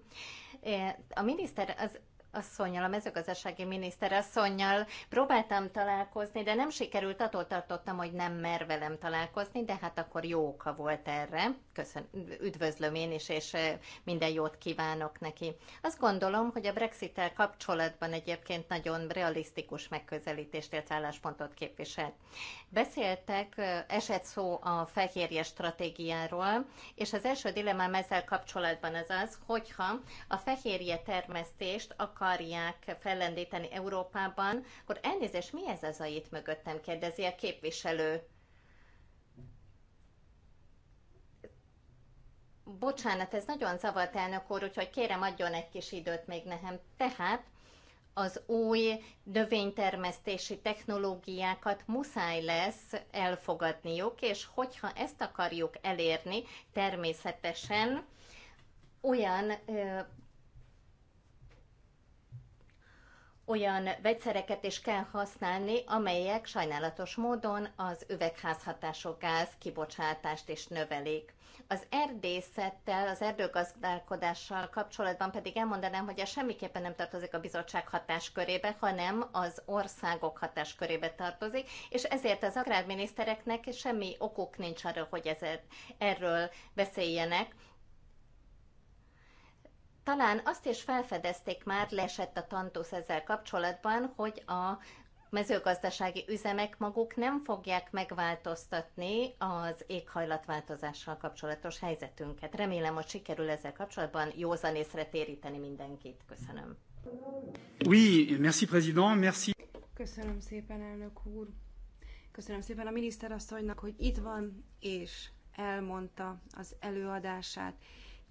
Eh, a miniszter az asszonynal, a mezőgazdasági miniszter asszonynal próbáltam találkozni, de nem sikerült, attól tartottam, hogy nem mer velem találkozni, de hát akkor jó oka volt erre. Köszön, üdvözlöm én is, és eh, minden jót kívánok neki. Azt gondolom, hogy a Brexit-tel kapcsolatban egyébként nagyon realisztikus megközelítést, illetve álláspontot képviselt. Beszéltek, eh, esett szó a fehérje stratégiáról, és az első dilemmám ezzel kapcsolatban az az, hogyha a fehérje termesztést akar akarják fellendíteni Európában, akkor elnézés, mi ez az a itt mögöttem, kérdezi a képviselő. Bocsánat, ez nagyon zavart elnök úr, úgyhogy kérem adjon egy kis időt még nekem. Tehát az új növénytermesztési technológiákat muszáj lesz elfogadniuk, és hogyha ezt akarjuk elérni, természetesen olyan olyan vegyszereket is kell használni, amelyek sajnálatos módon az üvegházhatású gáz kibocsátást is növelik. Az erdészettel, az erdőgazdálkodással kapcsolatban pedig elmondanám, hogy ez semmiképpen nem tartozik a bizottság hatáskörébe, hanem az országok hatáskörébe tartozik, és ezért az agrárminisztereknek semmi okuk nincs arra, hogy ezért, erről beszéljenek, talán azt is felfedezték már, lesett a tantusz ezzel kapcsolatban, hogy a mezőgazdasági üzemek maguk nem fogják megváltoztatni az éghajlatváltozással kapcsolatos helyzetünket. Remélem, hogy sikerül ezzel kapcsolatban józan észre téríteni mindenkit. Köszönöm. Oui, merci, président, merci. Köszönöm szépen, elnök úr. Köszönöm szépen a miniszterasszonynak, hogy itt van és elmondta az előadását.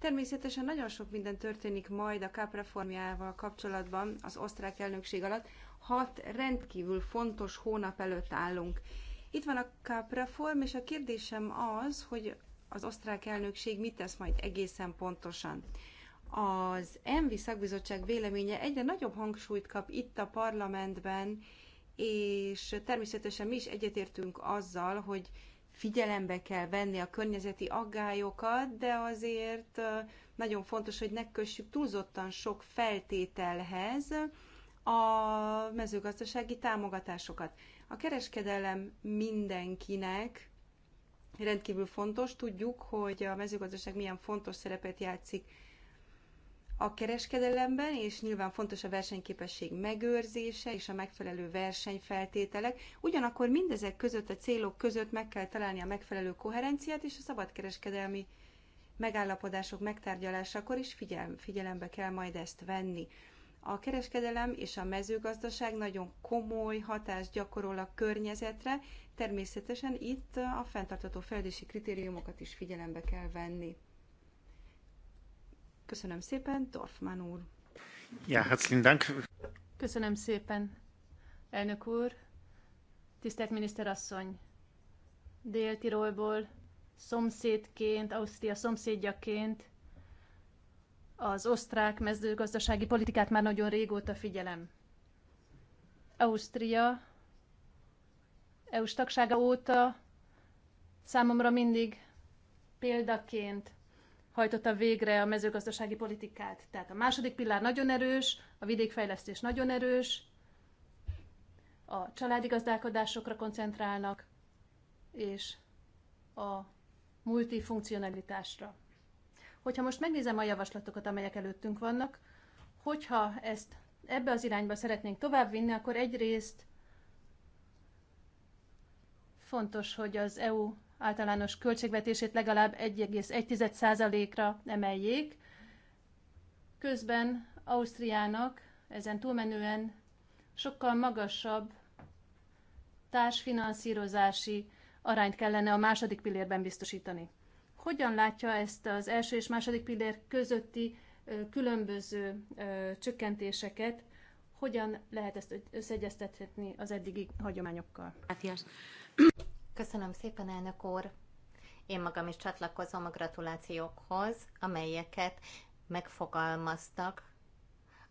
Természetesen nagyon sok minden történik majd a KAP reformjával kapcsolatban az osztrák elnökség alatt. Hat rendkívül fontos hónap előtt állunk. Itt van a KAP reform, és a kérdésem az, hogy az osztrák elnökség mit tesz majd egészen pontosan. Az ENVI szakbizottság véleménye egyre nagyobb hangsúlyt kap itt a parlamentben, és természetesen mi is egyetértünk azzal, hogy figyelembe kell venni a környezeti aggályokat, de azért nagyon fontos, hogy ne kössük túlzottan sok feltételhez a mezőgazdasági támogatásokat. A kereskedelem mindenkinek rendkívül fontos. Tudjuk, hogy a mezőgazdaság milyen fontos szerepet játszik a kereskedelemben, és nyilván fontos a versenyképesség megőrzése és a megfelelő versenyfeltételek. Ugyanakkor mindezek között, a célok között meg kell találni a megfelelő koherenciát, és a szabadkereskedelmi megállapodások megtárgyalásakor is figyel, figyelembe kell majd ezt venni. A kereskedelem és a mezőgazdaság nagyon komoly hatást gyakorol a környezetre, természetesen itt a fenntartató fejlődési kritériumokat is figyelembe kell venni. Köszönöm szépen, Dorfman úr. Ja, herzlichen Dank. Köszönöm szépen, elnök úr. Tisztelt miniszterasszony, Dél-Tirolból szomszédként, Ausztria szomszédjaként az osztrák mezőgazdasági politikát már nagyon régóta figyelem. Ausztria EU-s tagsága óta számomra mindig példaként hajtotta végre a mezőgazdasági politikát. Tehát a második pillár nagyon erős, a vidékfejlesztés nagyon erős, a családi gazdálkodásokra koncentrálnak, és a multifunkcionalitásra. Hogyha most megnézem a javaslatokat, amelyek előttünk vannak, hogyha ezt ebbe az irányba szeretnénk továbbvinni, akkor egyrészt fontos, hogy az EU általános költségvetését legalább 1,1%-ra emeljék. Közben Ausztriának ezen túlmenően sokkal magasabb társfinanszírozási arányt kellene a második pillérben biztosítani. Hogyan látja ezt az első és második pillér közötti különböző csökkentéseket, hogyan lehet ezt összeegyeztethetni az eddigi hagyományokkal? Köszönöm szépen, elnök úr! Én magam is csatlakozom a gratulációkhoz, amelyeket megfogalmaztak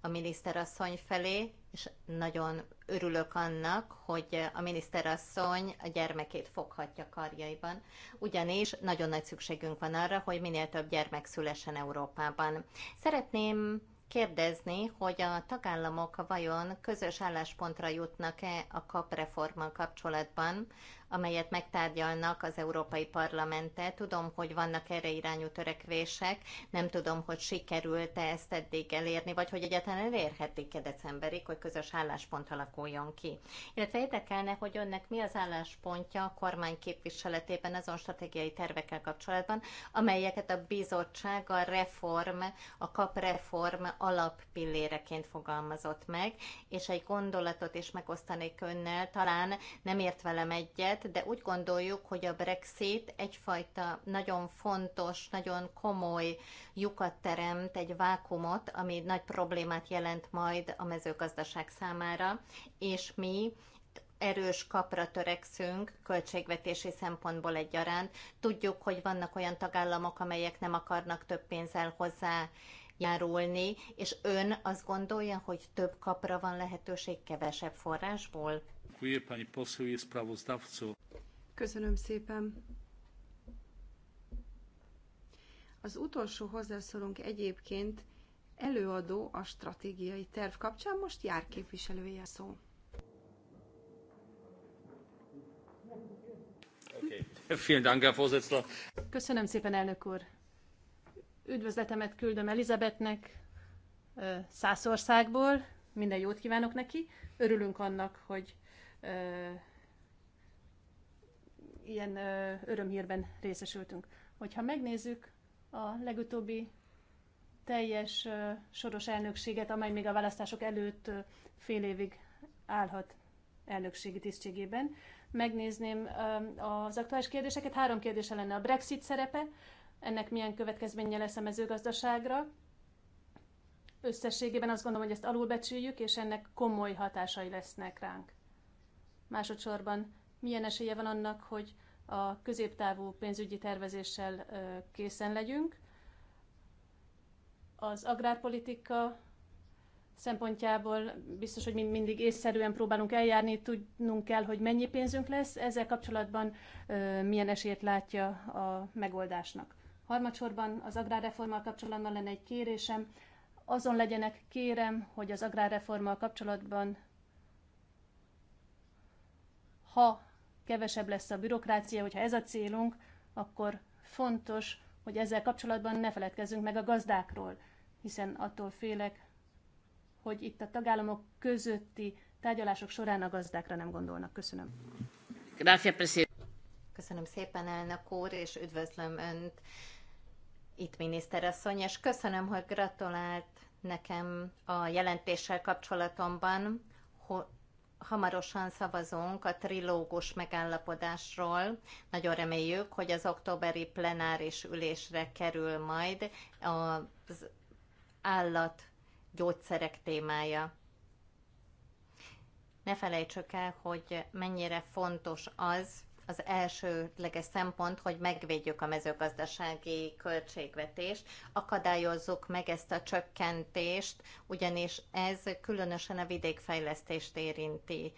a miniszterasszony felé, és nagyon örülök annak, hogy a miniszterasszony a gyermekét foghatja karjaiban, ugyanis nagyon nagy szükségünk van arra, hogy minél több gyermek szülessen Európában. Szeretném kérdezni, hogy a tagállamok vajon közös álláspontra jutnak-e a kapreformmal kapcsolatban, amelyet megtárgyalnak az Európai Parlamenttel. Tudom, hogy vannak erre irányú törekvések, nem tudom, hogy sikerült-e ezt eddig elérni, vagy hogy egyáltalán elérhetik-e decemberig, hogy közös álláspont alakuljon ki. Illetve érdekelne, hogy önnek mi az álláspontja a kormány képviseletében azon stratégiai tervekkel kapcsolatban, amelyeket a bizottság a reform, a kapreform alappilléreként fogalmazott meg, és egy gondolatot is megosztanék önnel, talán nem ért velem egyet, vitát, de úgy gondoljuk, hogy a Brexit egyfajta nagyon fontos, nagyon komoly lyukat teremt, egy vákumot, ami nagy problémát jelent majd a mezőgazdaság számára, és mi erős kapra törekszünk költségvetési szempontból egyaránt. Tudjuk, hogy vannak olyan tagállamok, amelyek nem akarnak több pénzzel hozzá járulni, és ön azt gondolja, hogy több kapra van lehetőség kevesebb forrásból? Dziękuję. Pani poseł Köszönöm szépen. Az utolsó hozzászólunk egyébként előadó a stratégiai terv kapcsán, most jár képviselője szó. Köszönöm szépen, elnök úr. Üdvözletemet küldöm Elizabetnek Szászországból. Minden jót kívánok neki. Örülünk annak, hogy ilyen örömhírben részesültünk. Hogyha megnézzük a legutóbbi teljes soros elnökséget, amely még a választások előtt fél évig állhat elnökségi tisztségében. Megnézném az aktuális kérdéseket. Három kérdése lenne a Brexit szerepe, ennek milyen következménye lesz a mezőgazdaságra. Összességében azt gondolom, hogy ezt alulbecsüljük, és ennek komoly hatásai lesznek ránk. Másodszorban milyen esélye van annak, hogy a középtávú pénzügyi tervezéssel készen legyünk. Az agrárpolitika szempontjából biztos, hogy mi mindig észszerűen próbálunk eljárni, tudnunk kell, hogy mennyi pénzünk lesz. Ezzel kapcsolatban milyen esélyt látja a megoldásnak. Harmadsorban az agrárreformmal kapcsolatban lenne egy kérésem. Azon legyenek kérem, hogy az agrárreformmal kapcsolatban ha kevesebb lesz a bürokrácia, hogyha ez a célunk, akkor fontos, hogy ezzel kapcsolatban ne feledkezzünk meg a gazdákról, hiszen attól félek, hogy itt a tagállamok közötti tárgyalások során a gazdákra nem gondolnak. Köszönöm. Köszönöm szépen, elnök úr, és üdvözlöm Önt itt, miniszterasszony, és köszönöm, hogy gratulált nekem a jelentéssel kapcsolatomban, hamarosan szavazunk a trilógus megállapodásról. Nagyon reméljük, hogy az októberi plenáris ülésre kerül majd az állat gyógyszerek témája. Ne felejtsük el, hogy mennyire fontos az, az elsőleges szempont, hogy megvédjük a mezőgazdasági költségvetést, akadályozzuk meg ezt a csökkentést, ugyanis ez különösen a vidékfejlesztést érinti.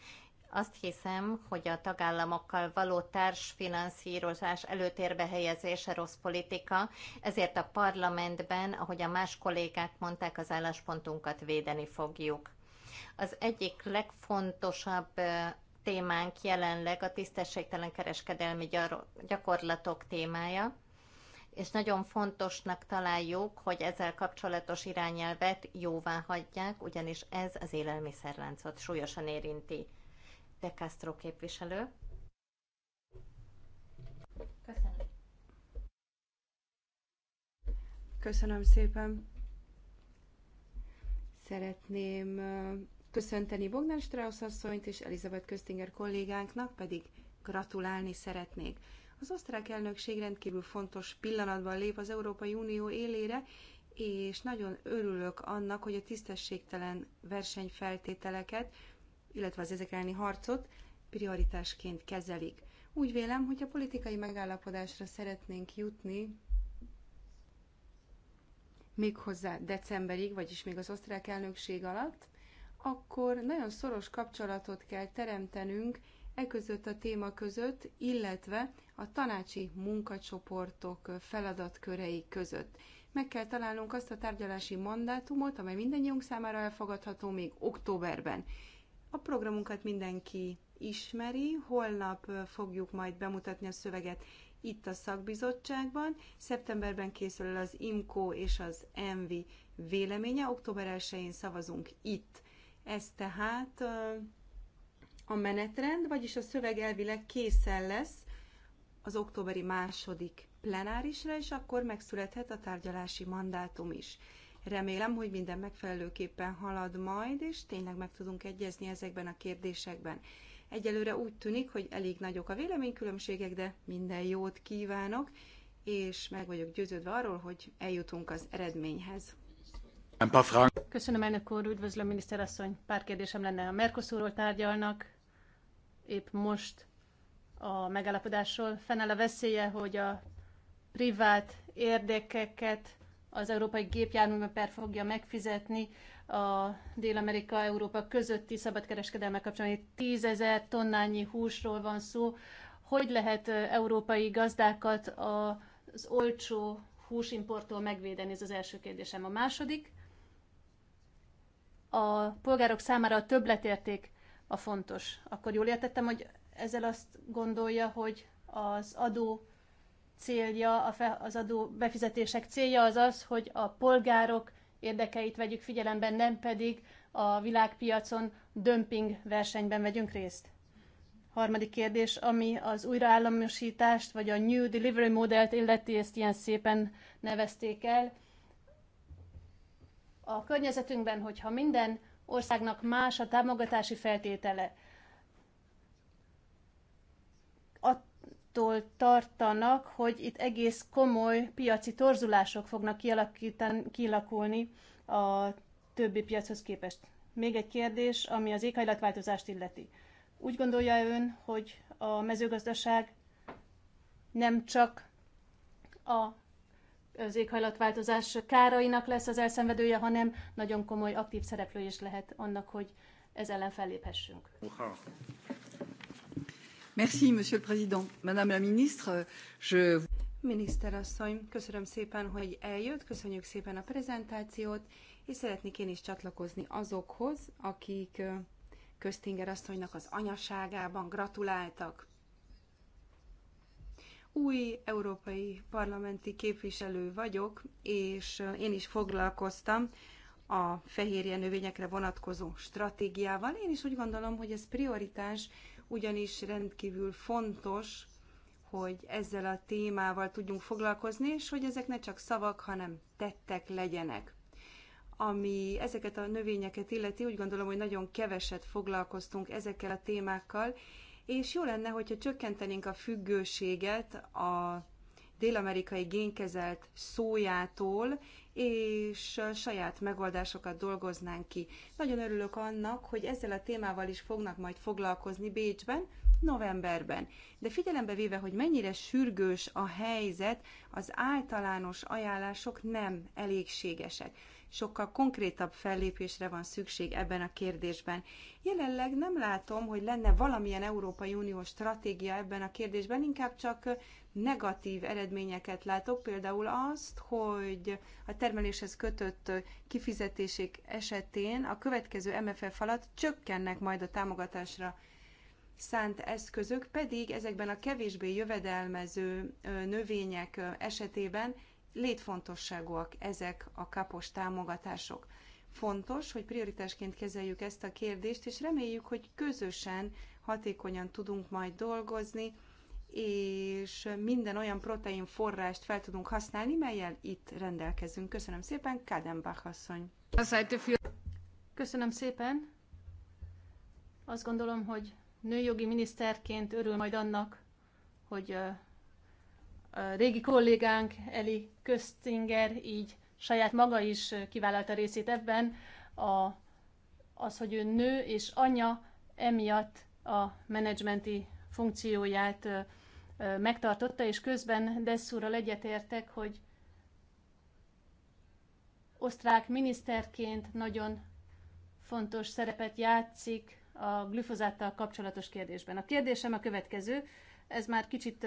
Azt hiszem, hogy a tagállamokkal való társfinanszírozás előtérbe helyezése rossz politika, ezért a parlamentben, ahogy a más kollégák mondták, az álláspontunkat védeni fogjuk. Az egyik legfontosabb témánk jelenleg a tisztességtelen kereskedelmi gyakorlatok témája, és nagyon fontosnak találjuk, hogy ezzel kapcsolatos irányelvet jóvá hagyják, ugyanis ez az élelmiszerláncot súlyosan érinti. De Castro képviselő. Köszönöm. Köszönöm szépen. Szeretném köszönteni Bogdan Strauss asszonyt és Elizabeth Köstinger kollégánknak pedig gratulálni szeretnék. Az osztrák elnökség rendkívül fontos pillanatban lép az Európai Unió élére, és nagyon örülök annak, hogy a tisztességtelen versenyfeltételeket, illetve az ezek elleni harcot prioritásként kezelik. Úgy vélem, hogy a politikai megállapodásra szeretnénk jutni méghozzá decemberig, vagyis még az osztrák elnökség alatt, akkor nagyon szoros kapcsolatot kell teremtenünk e között a téma között, illetve a tanácsi munkacsoportok feladatkörei között. Meg kell találnunk azt a tárgyalási mandátumot, amely mindannyiunk számára elfogadható még októberben. A programunkat mindenki ismeri, holnap fogjuk majd bemutatni a szöveget itt a szakbizottságban. Szeptemberben készül el az IMCO és az ENVI véleménye, október 1-én szavazunk itt. Ez tehát a menetrend, vagyis a szöveg elvileg készen lesz az októberi második plenárisra, és akkor megszülethet a tárgyalási mandátum is. Remélem, hogy minden megfelelőképpen halad majd, és tényleg meg tudunk egyezni ezekben a kérdésekben. Egyelőre úgy tűnik, hogy elég nagyok a véleménykülönbségek, de minden jót kívánok, és meg vagyok győződve arról, hogy eljutunk az eredményhez. Köszönöm, elnök úr, üdvözlöm, miniszterasszony. Pár kérdésem lenne. A Mercosurról tárgyalnak, épp most a megállapodásról. Fennáll a veszélye, hogy a privát érdekeket az európai gépjárműper fogja megfizetni a Dél-Amerika-Európa közötti szabadkereskedelme Itt Tízezer tonnányi húsról van szó. Hogy lehet európai gazdákat az olcsó húsimporttól megvédeni? Ez az első kérdésem. A második, a polgárok számára a többletérték a fontos. Akkor jól értettem, hogy ezzel azt gondolja, hogy az adó célja, az adó befizetések célja az az, hogy a polgárok érdekeit vegyük figyelembe, nem pedig a világpiacon dömping versenyben vegyünk részt. Harmadik kérdés, ami az újraállamosítást, vagy a New Delivery Modellt illeti, ezt ilyen szépen nevezték el a környezetünkben, hogyha minden országnak más a támogatási feltétele, attól tartanak, hogy itt egész komoly piaci torzulások fognak kialakulni a többi piachoz képest. Még egy kérdés, ami az éghajlatváltozást illeti. Úgy gondolja ön, hogy a mezőgazdaság nem csak a az éghajlatváltozás kárainak lesz az elszenvedője, hanem nagyon komoly aktív szereplő is lehet annak, hogy ez ellen felléphessünk. Merci, Monsieur le Président. Madame la Ministre, je... Miniszterasszony, köszönöm szépen, hogy eljött, köszönjük szépen a prezentációt, és szeretnék én is csatlakozni azokhoz, akik Köztinger asszonynak az anyaságában gratuláltak új európai parlamenti képviselő vagyok, és én is foglalkoztam a fehérje növényekre vonatkozó stratégiával. Én is úgy gondolom, hogy ez prioritás, ugyanis rendkívül fontos, hogy ezzel a témával tudjunk foglalkozni, és hogy ezek ne csak szavak, hanem tettek legyenek. Ami ezeket a növényeket illeti, úgy gondolom, hogy nagyon keveset foglalkoztunk ezekkel a témákkal, és jó lenne, hogyha csökkentenénk a függőséget a dél-amerikai génkezelt szójától, és saját megoldásokat dolgoznánk ki. Nagyon örülök annak, hogy ezzel a témával is fognak majd foglalkozni Bécsben, novemberben. De figyelembe véve, hogy mennyire sürgős a helyzet, az általános ajánlások nem elégségesek sokkal konkrétabb fellépésre van szükség ebben a kérdésben. Jelenleg nem látom, hogy lenne valamilyen Európai Uniós stratégia ebben a kérdésben, inkább csak negatív eredményeket látok, például azt, hogy a termeléshez kötött kifizetések esetén a következő MFF alatt csökkennek majd a támogatásra szánt eszközök, pedig ezekben a kevésbé jövedelmező növények esetében létfontosságúak ezek a kapos támogatások. Fontos, hogy prioritásként kezeljük ezt a kérdést, és reméljük, hogy közösen hatékonyan tudunk majd dolgozni, és minden olyan protein forrást fel tudunk használni, melyel itt rendelkezünk. Köszönöm szépen, Kádenbach asszony. Köszönöm szépen. Azt gondolom, hogy nőjogi miniszterként örül majd annak, hogy a régi kollégánk Eli Köztinger így saját maga is kivállalta részét ebben, a, az, hogy ő nő és anya emiatt a menedzsmenti funkcióját megtartotta, és közben Desszúrral egyetértek, hogy osztrák miniszterként nagyon fontos szerepet játszik a glifozáttal kapcsolatos kérdésben. A kérdésem a következő, ez már kicsit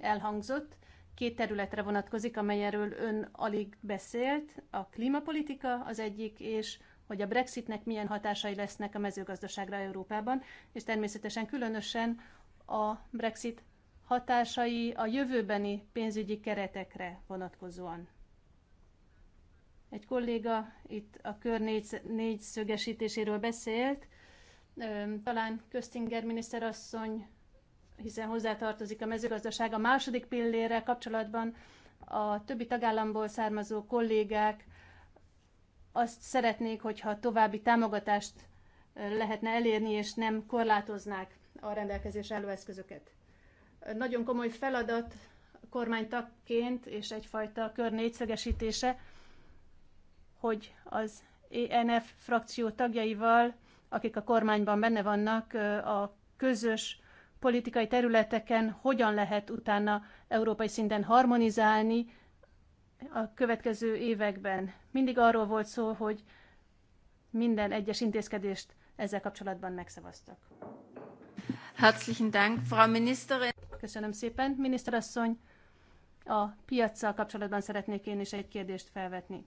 elhangzott. Két területre vonatkozik, amelyről ön alig beszélt. A klímapolitika az egyik, és hogy a Brexitnek milyen hatásai lesznek a mezőgazdaságra Európában, és természetesen különösen a Brexit hatásai a jövőbeni pénzügyi keretekre vonatkozóan. Egy kolléga itt a kör négy, szögesítéséről beszélt, talán Köztinger miniszterasszony hiszen hozzátartozik a mezőgazdaság. A második pillérrel kapcsolatban a többi tagállamból származó kollégák azt szeretnék, hogyha további támogatást lehetne elérni, és nem korlátoznák a rendelkezés álló eszközöket. Nagyon komoly feladat kormánytakként és egyfajta kör négyszögesítése, hogy az ENF frakció tagjaival, akik a kormányban benne vannak, a közös politikai területeken hogyan lehet utána európai szinten harmonizálni a következő években. Mindig arról volt szó, hogy minden egyes intézkedést ezzel kapcsolatban megszavaztak. Herzlichen Dank, Frau Ministerin. Köszönöm szépen, miniszterasszony. A piaccal kapcsolatban szeretnék én is egy kérdést felvetni.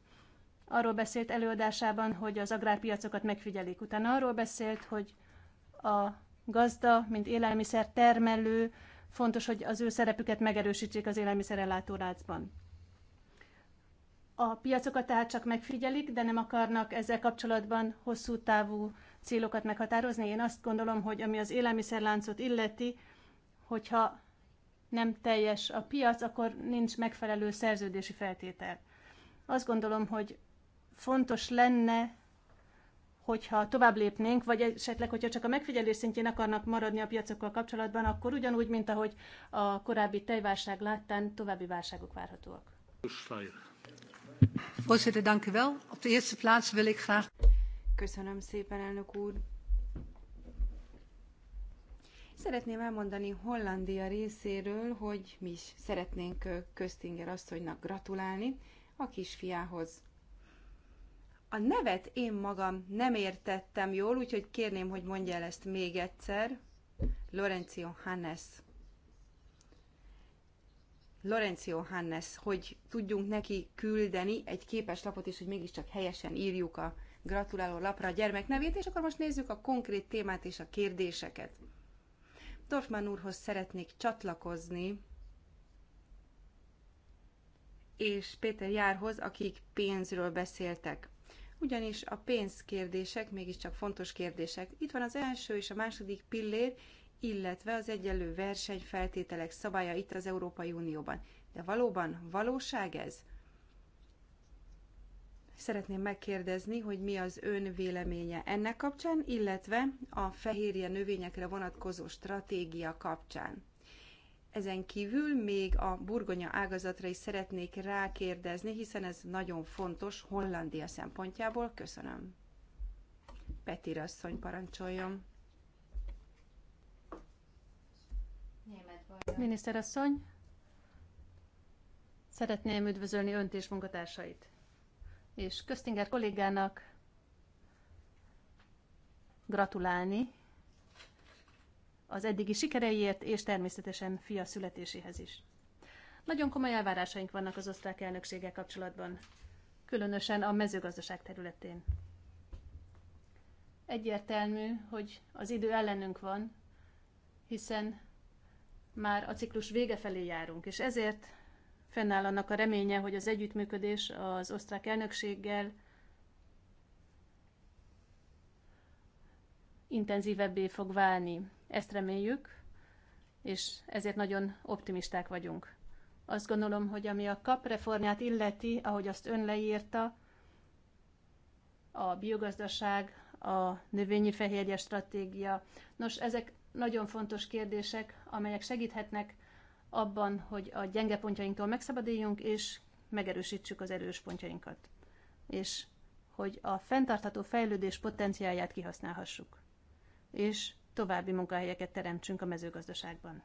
Arról beszélt előadásában, hogy az agrárpiacokat megfigyelik. Utána arról beszélt, hogy a gazda, mint élelmiszer termelő, fontos, hogy az ő szerepüket megerősítsék az élelmiszerellátó láncban. A piacokat tehát csak megfigyelik, de nem akarnak ezzel kapcsolatban hosszú távú célokat meghatározni. Én azt gondolom, hogy ami az élelmiszerláncot illeti, hogyha nem teljes a piac, akkor nincs megfelelő szerződési feltétel. Azt gondolom, hogy fontos lenne hogyha tovább lépnénk, vagy esetleg, hogyha csak a megfigyelés szintjén akarnak maradni a piacokkal kapcsolatban, akkor ugyanúgy, mint ahogy a korábbi tejválság láttán további válságok várhatóak. Köszönöm szépen, elnök úr. Szeretném elmondani Hollandia részéről, hogy mi is szeretnénk Köztinger asszonynak gratulálni a kisfiához. A nevet én magam nem értettem jól, úgyhogy kérném, hogy mondja el ezt még egyszer. Lorenzo Hannes. Lorenzo Hannes, hogy tudjunk neki küldeni egy képes lapot is, hogy mégiscsak helyesen írjuk a gratuláló lapra a gyermek nevét, és akkor most nézzük a konkrét témát és a kérdéseket. Dorfman úrhoz szeretnék csatlakozni, és Péter Járhoz, akik pénzről beszéltek ugyanis a pénzkérdések mégiscsak fontos kérdések. Itt van az első és a második pillér, illetve az egyenlő versenyfeltételek szabálya itt az Európai Unióban. De valóban valóság ez? Szeretném megkérdezni, hogy mi az ön véleménye ennek kapcsán, illetve a fehérje növényekre vonatkozó stratégia kapcsán. Ezen kívül még a burgonya ágazatra is szeretnék rákérdezni, hiszen ez nagyon fontos Hollandia szempontjából. Köszönöm. Peti asszony parancsoljon. Miniszter asszony, szeretném üdvözölni önt és munkatársait. És Köztinger kollégának gratulálni az eddigi sikereiért, és természetesen fia születéséhez is. Nagyon komoly elvárásaink vannak az osztrák elnökséggel kapcsolatban, különösen a mezőgazdaság területén. Egyértelmű, hogy az idő ellenünk van, hiszen már a ciklus vége felé járunk, és ezért fennáll annak a reménye, hogy az együttműködés az osztrák elnökséggel intenzívebbé fog válni ezt reméljük, és ezért nagyon optimisták vagyunk. Azt gondolom, hogy ami a KAP reformját illeti, ahogy azt ön leírta, a biogazdaság, a növényi fehérje stratégia. Nos, ezek nagyon fontos kérdések, amelyek segíthetnek abban, hogy a gyenge pontjainktól megszabaduljunk, és megerősítsük az erős pontjainkat. És hogy a fenntartható fejlődés potenciáját kihasználhassuk. És további munkahelyeket teremtsünk a mezőgazdaságban.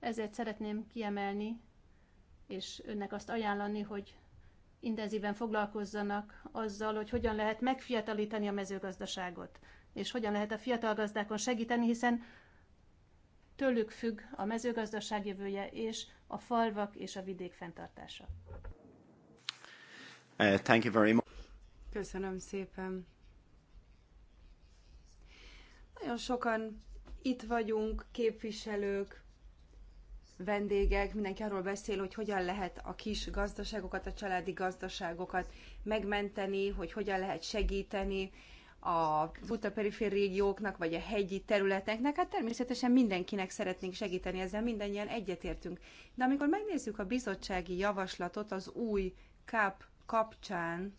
Ezért szeretném kiemelni, és önnek azt ajánlani, hogy intenzíven foglalkozzanak azzal, hogy hogyan lehet megfiatalítani a mezőgazdaságot, és hogyan lehet a fiatal gazdákon segíteni, hiszen tőlük függ a mezőgazdaság jövője és a falvak és a vidék fenntartása. Uh, thank you very much. Köszönöm szépen. Nagyon sokan itt vagyunk, képviselők, vendégek, mindenki arról beszél, hogy hogyan lehet a kis gazdaságokat, a családi gazdaságokat megmenteni, hogy hogyan lehet segíteni a buta régióknak, vagy a hegyi területeknek. Hát természetesen mindenkinek szeretnénk segíteni, ezzel mindannyian egyetértünk. De amikor megnézzük a bizottsági javaslatot az új KAP kapcsán,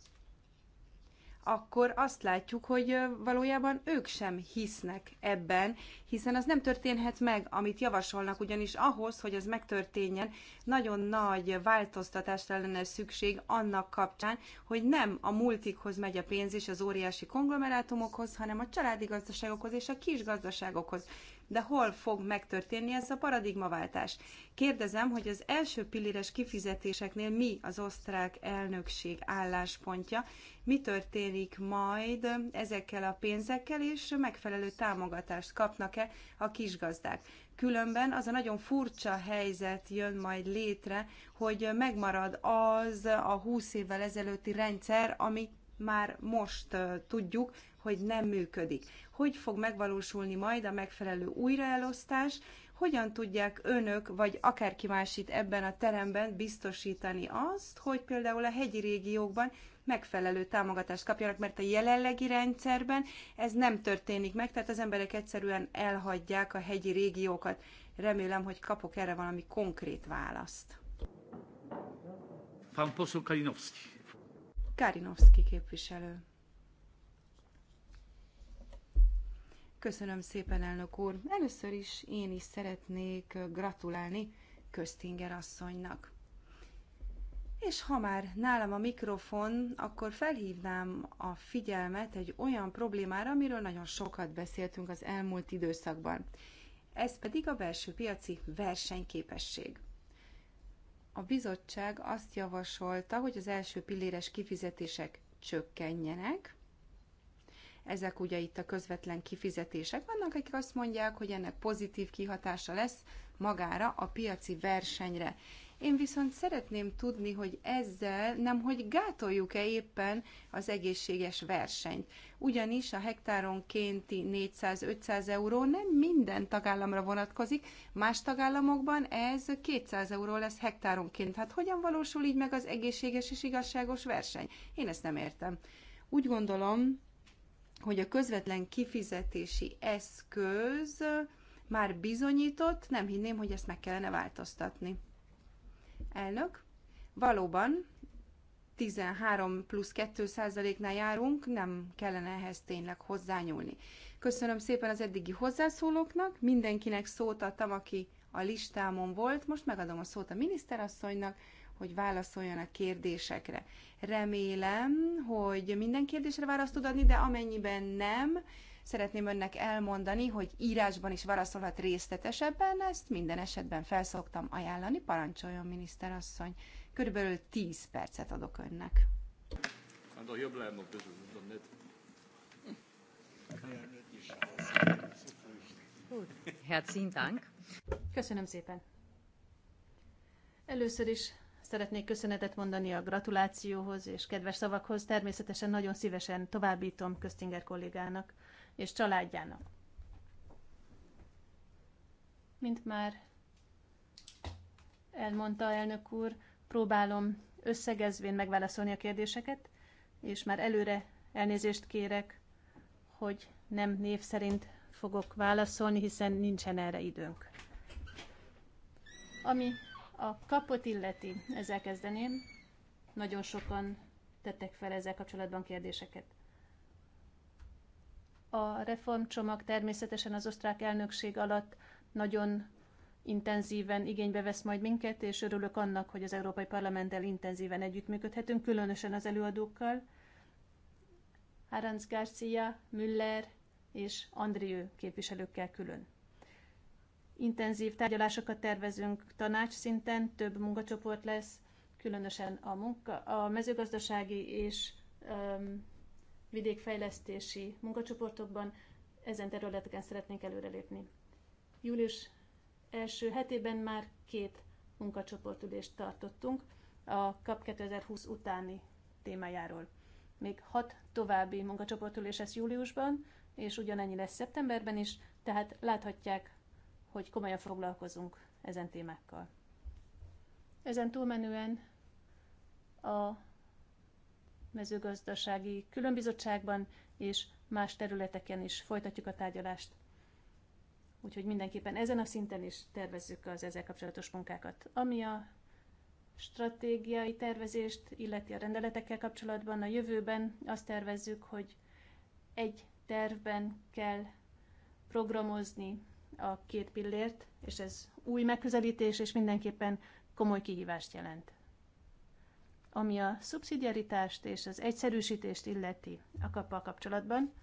akkor azt látjuk, hogy valójában ők sem hisznek ebben, hiszen az nem történhet meg, amit javasolnak, ugyanis ahhoz, hogy ez megtörténjen, nagyon nagy változtatásra lenne szükség annak kapcsán, hogy nem a multikhoz megy a pénz és az óriási konglomerátumokhoz, hanem a családi gazdaságokhoz és a kis gazdaságokhoz. De hol fog megtörténni ez a paradigmaváltás? Kérdezem, hogy az első pilléres kifizetéseknél mi az osztrák elnökség álláspontja, mi történik majd ezekkel a pénzekkel, és megfelelő támogatást kapnak-e a kisgazdák. Különben az a nagyon furcsa helyzet jön majd létre, hogy megmarad az a 20 évvel ezelőtti rendszer, ami már most tudjuk, hogy nem működik. Hogy fog megvalósulni majd a megfelelő újraelosztás, hogyan tudják önök, vagy akárki más itt ebben a teremben biztosítani azt, hogy például a hegyi régiókban megfelelő támogatást kapjanak, mert a jelenlegi rendszerben ez nem történik meg, tehát az emberek egyszerűen elhagyják a hegyi régiókat. Remélem, hogy kapok erre valami konkrét választ. Pán poszul Kalinowski. Kalinowski képviselő. Köszönöm szépen, elnök úr. Először is én is szeretnék gratulálni Köztinger asszonynak. És ha már nálam a mikrofon, akkor felhívnám a figyelmet egy olyan problémára, amiről nagyon sokat beszéltünk az elmúlt időszakban. Ez pedig a belső piaci versenyképesség. A bizottság azt javasolta, hogy az első pilléres kifizetések csökkenjenek, ezek ugye itt a közvetlen kifizetések. Vannak, akik azt mondják, hogy ennek pozitív kihatása lesz magára a piaci versenyre. Én viszont szeretném tudni, hogy ezzel nem, hogy gátoljuk-e éppen az egészséges versenyt. Ugyanis a hektáronkénti 400-500 euró nem minden tagállamra vonatkozik, más tagállamokban ez 200 euró lesz hektáronként. Hát hogyan valósul így meg az egészséges és igazságos verseny? Én ezt nem értem. Úgy gondolom, hogy a közvetlen kifizetési eszköz már bizonyított, nem hinném, hogy ezt meg kellene változtatni. Elnök, valóban 13 plusz 2 százaléknál járunk, nem kellene ehhez tényleg hozzányúlni. Köszönöm szépen az eddigi hozzászólóknak, mindenkinek szót adtam, aki a listámon volt, most megadom a szót a miniszterasszonynak, hogy válaszoljon a kérdésekre. Remélem, hogy minden kérdésre választ tud adni, de amennyiben nem, szeretném önnek elmondani, hogy írásban is válaszolhat részletesebben, ezt minden esetben felszoktam ajánlani. Parancsoljon, miniszterasszony. Körülbelül 10 percet adok önnek. Dank. Köszönöm szépen. Először is Szeretnék köszönetet mondani a gratulációhoz és kedves szavakhoz. Természetesen nagyon szívesen továbbítom Köztinger kollégának és családjának. Mint már elmondta elnök úr, próbálom összegezvén megválaszolni a kérdéseket, és már előre elnézést kérek, hogy nem név szerint fogok válaszolni, hiszen nincsen erre időnk. Ami a kapot illeti, ezzel kezdeném. Nagyon sokan tettek fel ezzel kapcsolatban kérdéseket. A reformcsomag természetesen az osztrák elnökség alatt nagyon intenzíven igénybe vesz majd minket, és örülök annak, hogy az Európai Parlamenttel intenzíven együttműködhetünk, különösen az előadókkal. Aranz Garcia, Müller és Andriő képviselőkkel külön. Intenzív tárgyalásokat tervezünk tanácsszinten, több munkacsoport lesz, különösen a, munka, a mezőgazdasági és um, vidékfejlesztési munkacsoportokban. Ezen területeken szeretnénk előrelépni. Július első hetében már két munkacsoportülést tartottunk a KAP 2020 utáni témájáról. Még hat további munkacsoportülés lesz júliusban, és ugyanennyi lesz szeptemberben is, tehát láthatják, hogy komolyan foglalkozunk ezen témákkal. Ezen túlmenően a mezőgazdasági különbizottságban és más területeken is folytatjuk a tárgyalást. Úgyhogy mindenképpen ezen a szinten is tervezzük az ezzel kapcsolatos munkákat. Ami a stratégiai tervezést, illeti a rendeletekkel kapcsolatban a jövőben azt tervezzük, hogy egy tervben kell programozni a két pillért, és ez új megközelítés, és mindenképpen komoly kihívást jelent. Ami a szubszidiaritást és az egyszerűsítést illeti a kappal kapcsolatban,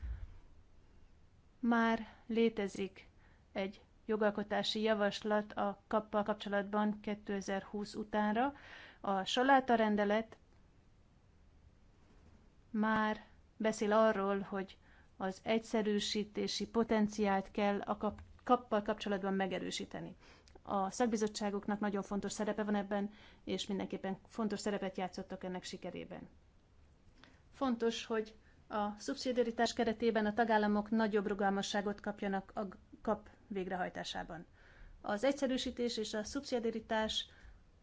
már létezik egy jogalkotási javaslat a kappal kapcsolatban 2020 utánra. A saláta rendelet már beszél arról, hogy az egyszerűsítési potenciált kell a kap kappal kapcsolatban megerősíteni. A szakbizottságoknak nagyon fontos szerepe van ebben, és mindenképpen fontos szerepet játszottak ennek sikerében. Fontos, hogy a szubszidiaritás keretében a tagállamok nagyobb rugalmasságot kapjanak a kap végrehajtásában. Az egyszerűsítés és a szubszidiaritás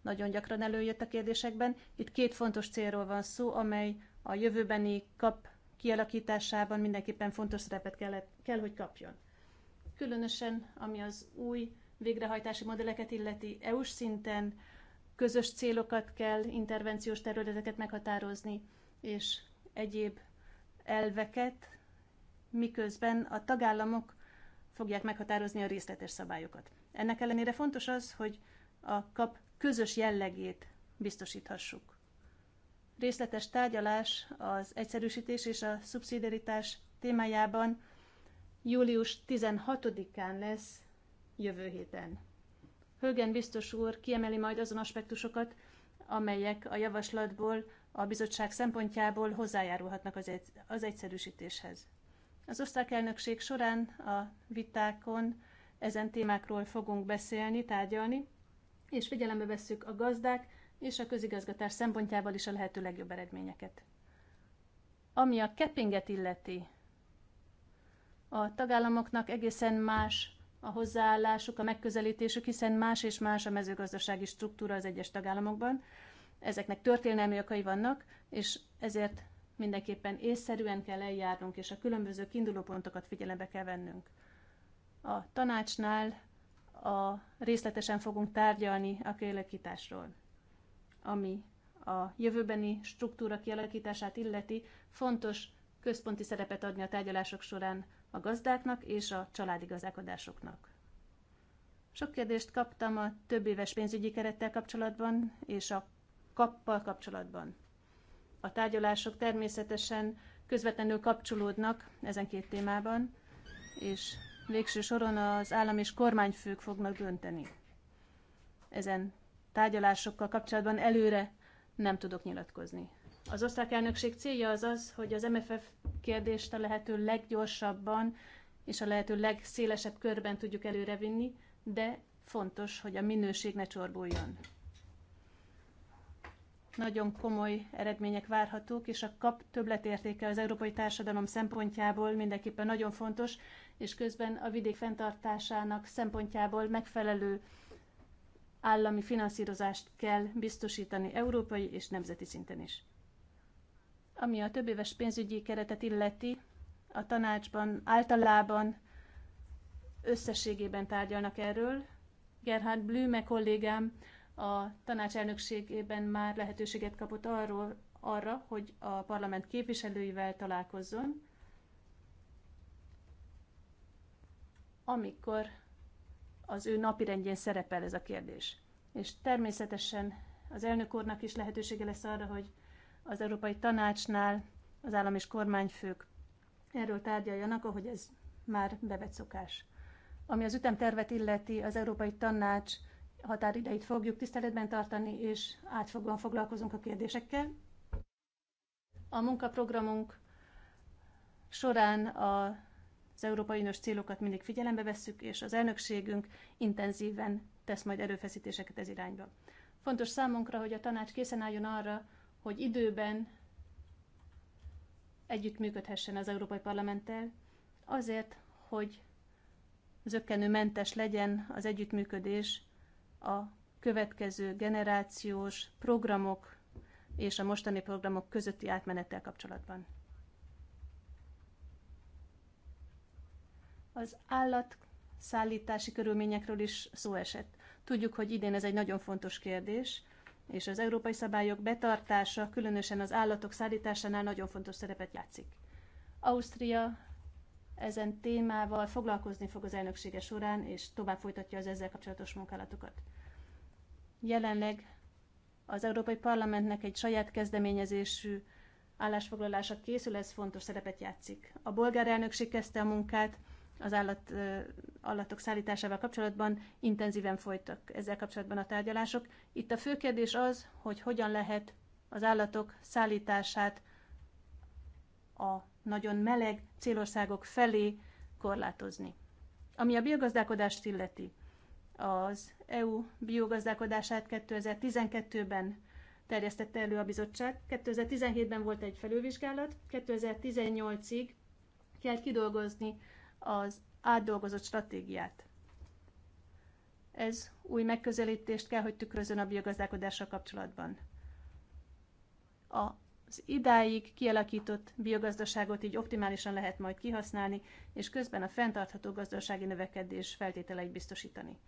nagyon gyakran előjött a kérdésekben. Itt két fontos célról van szó, amely a jövőbeni kap kialakításában mindenképpen fontos szerepet kell, kell hogy kapjon különösen ami az új végrehajtási modelleket illeti EU-s szinten, közös célokat kell, intervenciós területeket meghatározni, és egyéb elveket, miközben a tagállamok fogják meghatározni a részletes szabályokat. Ennek ellenére fontos az, hogy a kap közös jellegét biztosíthassuk. Részletes tárgyalás az egyszerűsítés és a szubszidiaritás témájában július 16-án lesz jövő héten. Hölgen biztos úr kiemeli majd azon aspektusokat, amelyek a javaslatból, a bizottság szempontjából hozzájárulhatnak az, egy, az egyszerűsítéshez. Az osztályelnökség során a vitákon ezen témákról fogunk beszélni, tárgyalni, és figyelembe vesszük a gazdák és a közigazgatás szempontjából is a lehető legjobb eredményeket. Ami a keppinget illeti, a tagállamoknak egészen más a hozzáállásuk, a megközelítésük, hiszen más és más a mezőgazdasági struktúra az egyes tagállamokban. Ezeknek történelmi okai vannak, és ezért mindenképpen észszerűen kell eljárnunk, és a különböző kiindulópontokat figyelembe kell vennünk. A tanácsnál a részletesen fogunk tárgyalni a kialakításról, ami a jövőbeni struktúra kialakítását illeti, fontos központi szerepet adni a tárgyalások során a gazdáknak és a családi gazdálkodásoknak. Sok kérdést kaptam a több éves pénzügyi kerettel kapcsolatban és a kappal kapcsolatban. A tárgyalások természetesen közvetlenül kapcsolódnak ezen két témában, és végső soron az állam és kormányfők fognak dönteni. Ezen tárgyalásokkal kapcsolatban előre nem tudok nyilatkozni. Az osztrák elnökség célja az az, hogy az MFF kérdést a lehető leggyorsabban és a lehető legszélesebb körben tudjuk előrevinni, de fontos, hogy a minőség ne csorbuljon. Nagyon komoly eredmények várhatók, és a kap többletértéke az európai társadalom szempontjából mindenképpen nagyon fontos, és közben a vidék fenntartásának szempontjából megfelelő állami finanszírozást kell biztosítani európai és nemzeti szinten is. Ami a éves pénzügyi keretet illeti, a tanácsban általában összességében tárgyalnak erről. Gerhard Blüme kollégám a tanács elnökségében már lehetőséget kapott arról, arra, hogy a parlament képviselőivel találkozzon, amikor az ő napirendjén szerepel ez a kérdés. És természetesen az elnök úrnak is lehetősége lesz arra, hogy az Európai Tanácsnál az állam és kormányfők erről tárgyaljanak, ahogy ez már bevett szokás. Ami az ütemtervet illeti, az Európai Tanács határideit fogjuk tiszteletben tartani, és átfogóan foglalkozunk a kérdésekkel. A munkaprogramunk során a az Európai Uniós célokat mindig figyelembe vesszük, és az elnökségünk intenzíven tesz majd erőfeszítéseket ez irányba. Fontos számunkra, hogy a tanács készen álljon arra, hogy időben együttműködhessen az Európai Parlamenttel, azért, hogy zöggenőmentes legyen az együttműködés a következő generációs programok és a mostani programok közötti átmenettel kapcsolatban. Az állatszállítási körülményekről is szó esett. Tudjuk, hogy idén ez egy nagyon fontos kérdés, és az európai szabályok betartása, különösen az állatok szállításánál nagyon fontos szerepet játszik. Ausztria ezen témával foglalkozni fog az elnöksége során, és tovább folytatja az ezzel kapcsolatos munkálatokat. Jelenleg az Európai Parlamentnek egy saját kezdeményezésű állásfoglalása készül, ez fontos szerepet játszik. A bolgár elnökség kezdte a munkát, az állat, állatok szállításával kapcsolatban intenzíven folytak ezzel kapcsolatban a tárgyalások. Itt a fő kérdés az, hogy hogyan lehet az állatok szállítását a nagyon meleg célországok felé korlátozni. Ami a biogazdálkodást illeti, az EU biogazdálkodását 2012-ben terjesztette elő a bizottság. 2017-ben volt egy felülvizsgálat, 2018-ig kell kidolgozni az átdolgozott stratégiát. Ez új megközelítést kell, hogy tükrözön a biogazdálkodással kapcsolatban. Az idáig kialakított biogazdaságot így optimálisan lehet majd kihasználni, és közben a fenntartható gazdasági növekedés feltételeit biztosítani.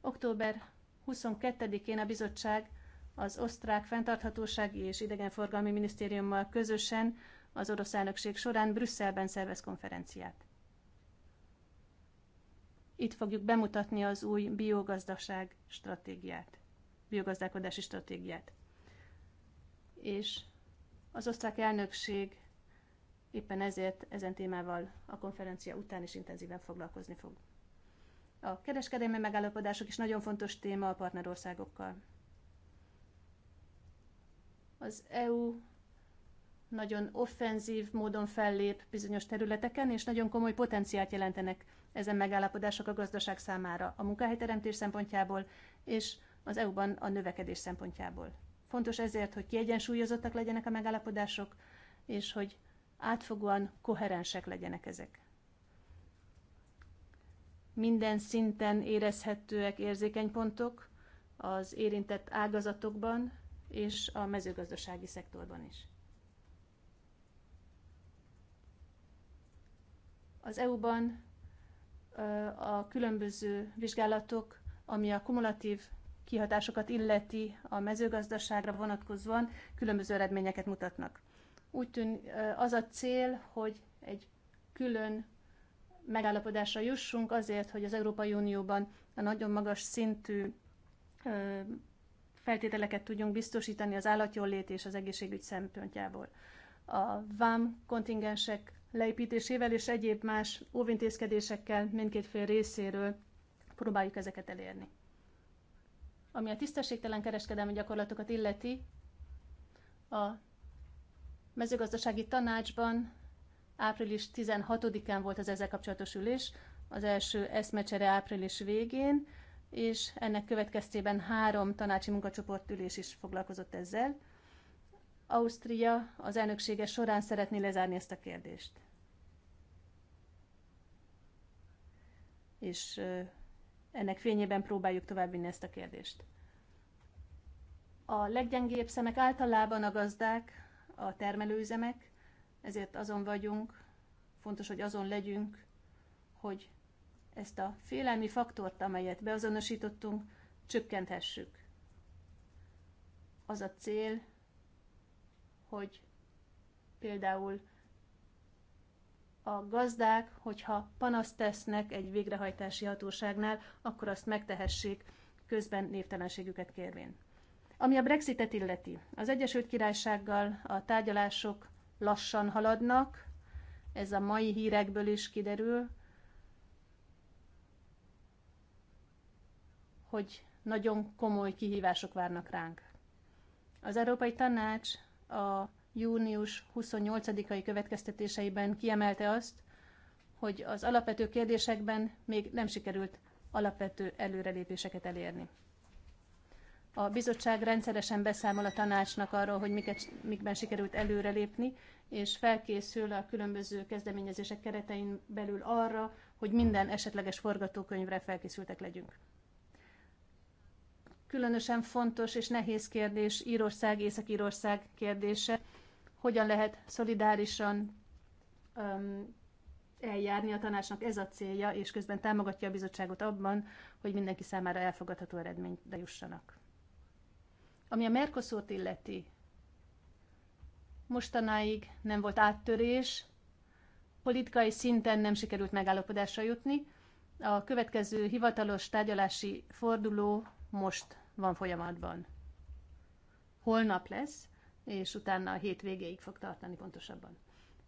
Október 22-én a bizottság az osztrák fenntarthatósági és idegenforgalmi minisztériummal közösen az orosz elnökség során Brüsszelben szervez konferenciát. Itt fogjuk bemutatni az új biogazdaság stratégiát, biogazdálkodási stratégiát. És az osztrák elnökség éppen ezért ezen témával a konferencia után is intenzíven foglalkozni fog. A kereskedelmi megállapodások is nagyon fontos téma a partnerországokkal. Az EU nagyon offenzív módon fellép bizonyos területeken, és nagyon komoly potenciált jelentenek ezen megállapodások a gazdaság számára, a munkahelyteremtés szempontjából és az EU-ban a növekedés szempontjából. Fontos ezért, hogy kiegyensúlyozottak legyenek a megállapodások, és hogy átfogóan koherensek legyenek ezek. Minden szinten érezhetőek érzékeny pontok az érintett ágazatokban és a mezőgazdasági szektorban is. Az EU-ban a különböző vizsgálatok, ami a kumulatív kihatásokat illeti a mezőgazdaságra vonatkozóan, különböző eredményeket mutatnak. Úgy tűn, az a cél, hogy egy külön megállapodásra jussunk azért, hogy az Európai Unióban a nagyon magas szintű feltételeket tudjunk biztosítani az állatjólét és az egészségügy szempontjából. A VAM kontingensek leépítésével és egyéb más óvintézkedésekkel mindkét fél részéről próbáljuk ezeket elérni. Ami a tisztességtelen kereskedelmi gyakorlatokat illeti, a mezőgazdasági tanácsban április 16-án volt az ezzel kapcsolatos ülés, az első eszmecsere április végén, és ennek következtében három tanácsi munkacsoport ülés is foglalkozott ezzel. Ausztria az elnöksége során szeretné lezárni ezt a kérdést. És ennek fényében próbáljuk továbbvinni ezt a kérdést. A leggyengébb szemek általában a gazdák, a termelőüzemek, ezért azon vagyunk, fontos, hogy azon legyünk, hogy ezt a félelmi faktort, amelyet beazonosítottunk, csökkenthessük. Az a cél, hogy például a gazdák, hogyha panaszt tesznek egy végrehajtási hatóságnál, akkor azt megtehessék közben névtelenségüket kérvén. Ami a Brexitet illeti, az Egyesült Királysággal a tárgyalások lassan haladnak, ez a mai hírekből is kiderül, hogy nagyon komoly kihívások várnak ránk. Az Európai Tanács a június 28-ai következtetéseiben kiemelte azt, hogy az alapvető kérdésekben még nem sikerült alapvető előrelépéseket elérni. A bizottság rendszeresen beszámol a tanácsnak arról, hogy miket, mikben sikerült előrelépni, és felkészül a különböző kezdeményezések keretein belül arra, hogy minden esetleges forgatókönyvre felkészültek legyünk. Különösen fontos és nehéz kérdés Írország, Észak-Írország kérdése, hogyan lehet szolidárisan um, eljárni a tanácsnak ez a célja, és közben támogatja a bizottságot abban, hogy mindenki számára elfogadható eredményre jussanak. Ami a mercosur illeti, mostanáig nem volt áttörés, politikai szinten nem sikerült megállapodásra jutni. A következő hivatalos tárgyalási forduló most van folyamatban. Holnap lesz, és utána a hét végéig fog tartani pontosabban.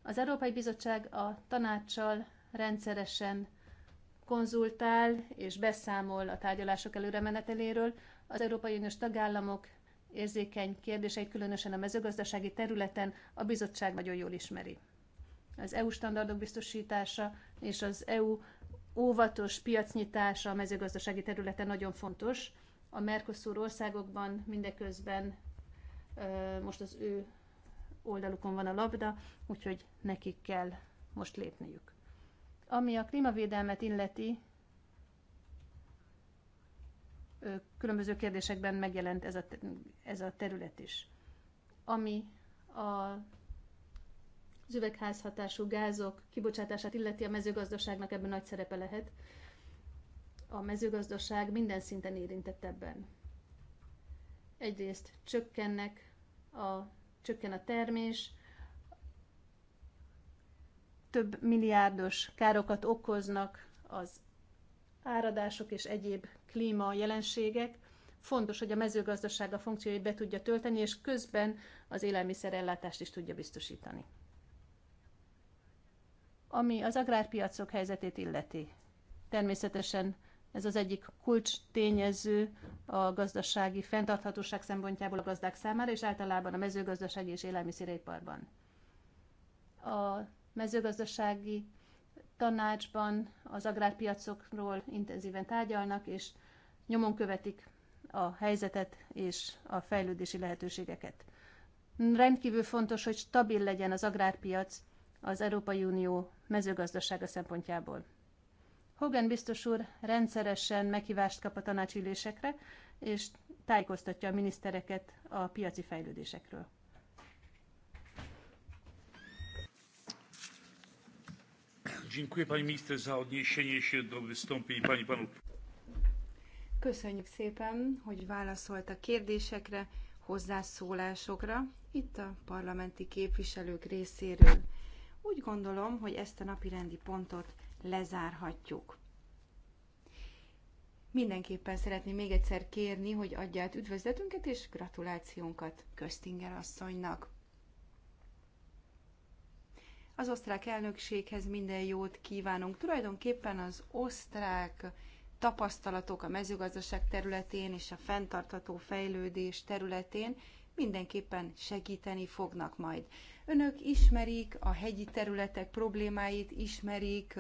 Az Európai Bizottság a tanácssal rendszeresen konzultál és beszámol a tárgyalások előre meneteléről. Az Európai Uniós tagállamok érzékeny kérdéseit, különösen a mezőgazdasági területen a bizottság nagyon jól ismeri. Az EU standardok biztosítása és az EU óvatos piacnyitása a mezőgazdasági területen nagyon fontos, a Mercosur országokban mindeközben most az ő oldalukon van a labda, úgyhogy nekik kell most lépniük. Ami a klímavédelmet illeti, különböző kérdésekben megjelent ez a, ez a terület is. Ami a az üvegházhatású gázok kibocsátását illeti a mezőgazdaságnak ebben nagy szerepe lehet a mezőgazdaság minden szinten érintett ebben. Egyrészt csökkennek a, csökken a termés, több milliárdos károkat okoznak az áradások és egyéb klíma jelenségek. Fontos, hogy a mezőgazdaság a funkcióit be tudja tölteni, és közben az élelmiszerellátást is tudja biztosítani. Ami az agrárpiacok helyzetét illeti. Természetesen ez az egyik kulcs tényező a gazdasági fenntarthatóság szempontjából a gazdák számára, és általában a mezőgazdasági és élelmiszeriparban. A mezőgazdasági tanácsban az agrárpiacokról intenzíven tárgyalnak, és nyomon követik a helyzetet és a fejlődési lehetőségeket. Rendkívül fontos, hogy stabil legyen az agrárpiac az Európai Unió mezőgazdasága szempontjából. Hogan biztos úr rendszeresen meghívást kap a tanácsülésekre, és tájékoztatja a minisztereket a piaci fejlődésekről. Dziękuję pani minister za odniesienie się do wystąpień pani panów. Köszönjük szépen, hogy válaszolt a kérdésekre, hozzászólásokra itt a parlamenti képviselők részéről. Úgy gondolom, hogy ezt a napi rendi pontot lezárhatjuk. Mindenképpen szeretném még egyszer kérni, hogy adját üdvözletünket és gratulációnkat Köztinger asszonynak. Az osztrák elnökséghez minden jót kívánunk. Tulajdonképpen az osztrák tapasztalatok a mezőgazdaság területén és a fenntartható fejlődés területén mindenképpen segíteni fognak majd. Önök ismerik a hegyi területek problémáit, ismerik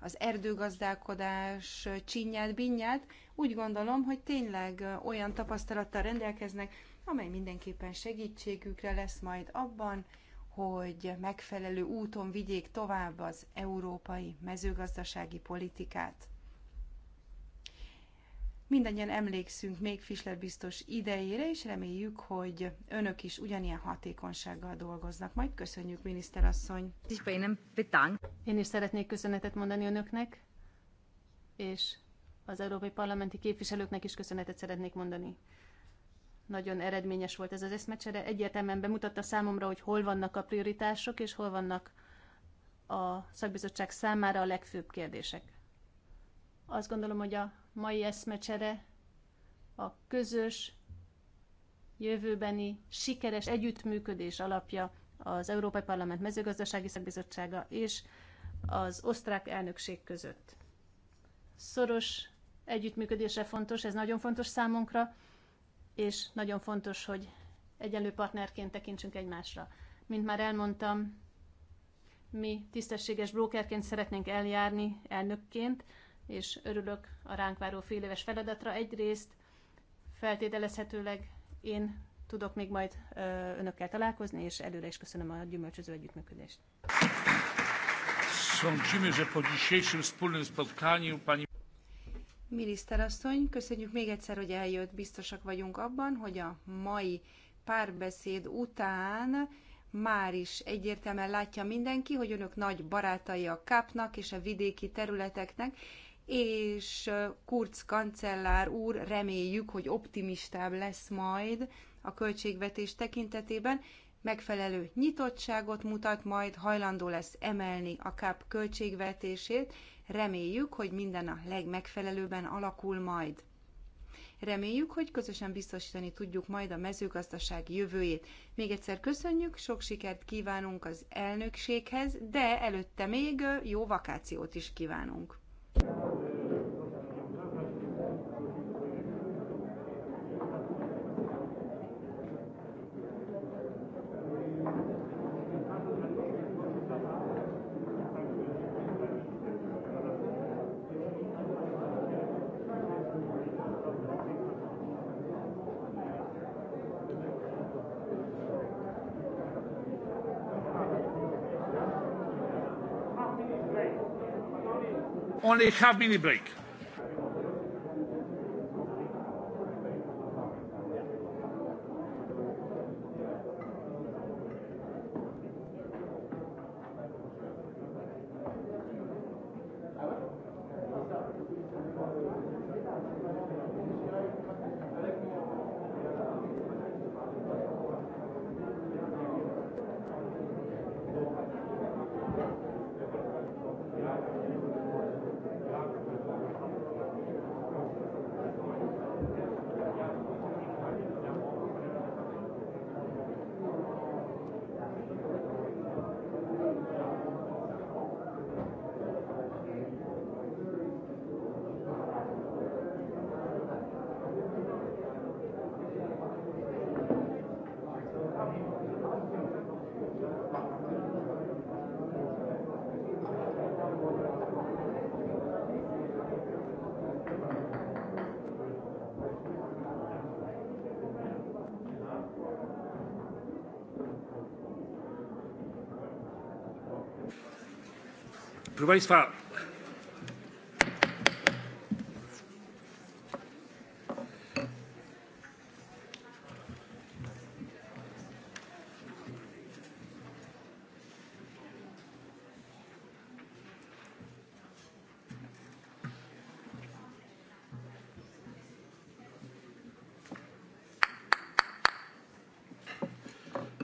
az erdőgazdálkodás csinyát, binyát. Úgy gondolom, hogy tényleg olyan tapasztalattal rendelkeznek, amely mindenképpen segítségükre lesz majd abban, hogy megfelelő úton vigyék tovább az európai mezőgazdasági politikát. Mindannyian emlékszünk még Fischler biztos idejére, és reméljük, hogy önök is ugyanilyen hatékonysággal dolgoznak. Majd köszönjük, miniszterasszony! Én is szeretnék köszönetet mondani önöknek, és az európai parlamenti képviselőknek is köszönetet szeretnék mondani. Nagyon eredményes volt ez az eszmecsere. Egyértelműen bemutatta számomra, hogy hol vannak a prioritások, és hol vannak a szakbizottság számára a legfőbb kérdések. Azt gondolom, hogy a mai eszmecsere a közös, jövőbeni, sikeres együttműködés alapja az Európai Parlament mezőgazdasági szakbizottsága és az osztrák elnökség között. Szoros együttműködésre fontos, ez nagyon fontos számunkra, és nagyon fontos, hogy egyenlő partnerként tekintsünk egymásra. Mint már elmondtam, mi tisztességes brókerként szeretnénk eljárni elnökként, és örülök a ránk váró fél éves feladatra. Egyrészt feltételezhetőleg én tudok még majd önökkel találkozni, és előre is köszönöm a gyümölcsöző együttműködést. Miniszterasszony, köszönjük még egyszer, hogy eljött. Biztosak vagyunk abban, hogy a mai párbeszéd után már is egyértelműen látja mindenki, hogy önök nagy barátai a kápnak és a vidéki területeknek, és Kurz kancellár úr reméljük, hogy optimistább lesz majd a költségvetés tekintetében, megfelelő nyitottságot mutat, majd hajlandó lesz emelni a KAP költségvetését, reméljük, hogy minden a legmegfelelőben alakul majd. Reméljük, hogy közösen biztosítani tudjuk majd a mezőgazdaság jövőjét. Még egyszer köszönjük, sok sikert kívánunk az elnökséghez, de előtte még jó vakációt is kívánunk. one a half minute break. Proszę Państwa,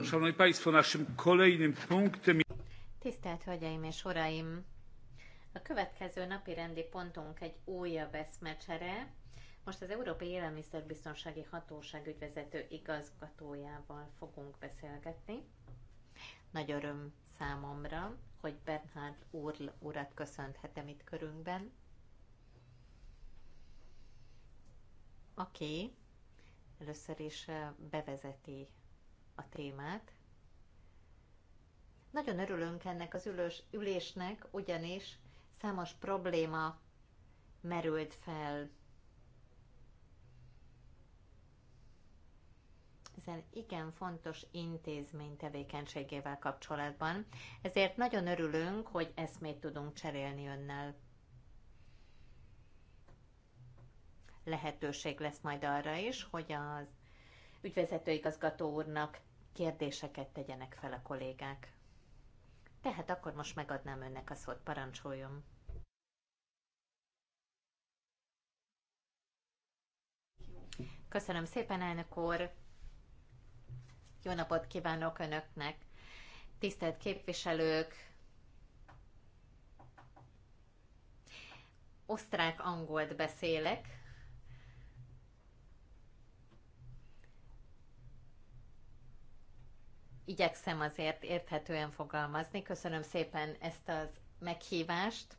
Szanowni Państwo, naszym kolejnym punktem. Tisztelt Hölgyeim és Uraim! A következő napi rendi pontunk egy újabb eszmecsere, most az Európai Élelmiszerbiztonsági Hatóság ügyvezető igazgatójával fogunk beszélgetni. Nagy öröm számomra, hogy Bernhard úr, urat köszönhetem itt körünkben, okay. először is bevezeti a témát. Nagyon örülünk ennek az ülős, ülésnek, ugyanis Számos probléma merült fel. ezen igen fontos intézmény tevékenységével kapcsolatban, ezért nagyon örülünk, hogy eszmét tudunk cserélni önnel. Lehetőség lesz majd arra is, hogy az ügyvezetőigazgató úrnak kérdéseket tegyenek fel a kollégák. Tehát akkor most megadnám önnek a szót, parancsoljon. Köszönöm szépen, elnök úr! Jó napot kívánok Önöknek! Tisztelt képviselők! Osztrák-angolt beszélek, igyekszem azért érthetően fogalmazni. Köszönöm szépen ezt az meghívást.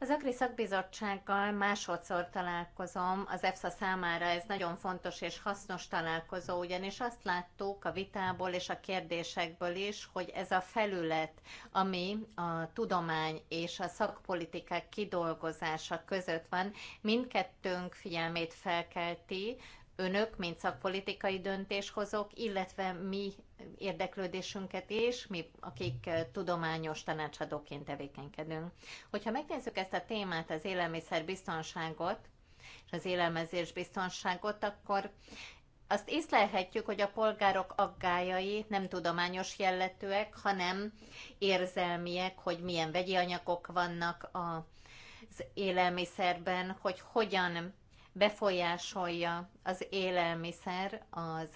Az Agri Szakbizottsággal másodszor találkozom az EFSA számára, ez nagyon fontos és hasznos találkozó, ugyanis azt láttuk a vitából és a kérdésekből is, hogy ez a felület, ami a tudomány és a szakpolitikák kidolgozása között van, mindkettőnk figyelmét felkelti, önök, mint szakpolitikai döntéshozók, illetve mi érdeklődésünket is, mi, akik tudományos tanácsadóként tevékenykedünk. Hogyha megnézzük ezt a témát, az élelmiszerbiztonságot és az élelmezés biztonságot, akkor azt észlelhetjük, hogy a polgárok aggájai nem tudományos jelletűek, hanem érzelmiek, hogy milyen vegyi anyagok vannak az élelmiszerben, hogy hogyan befolyásolja az élelmiszer az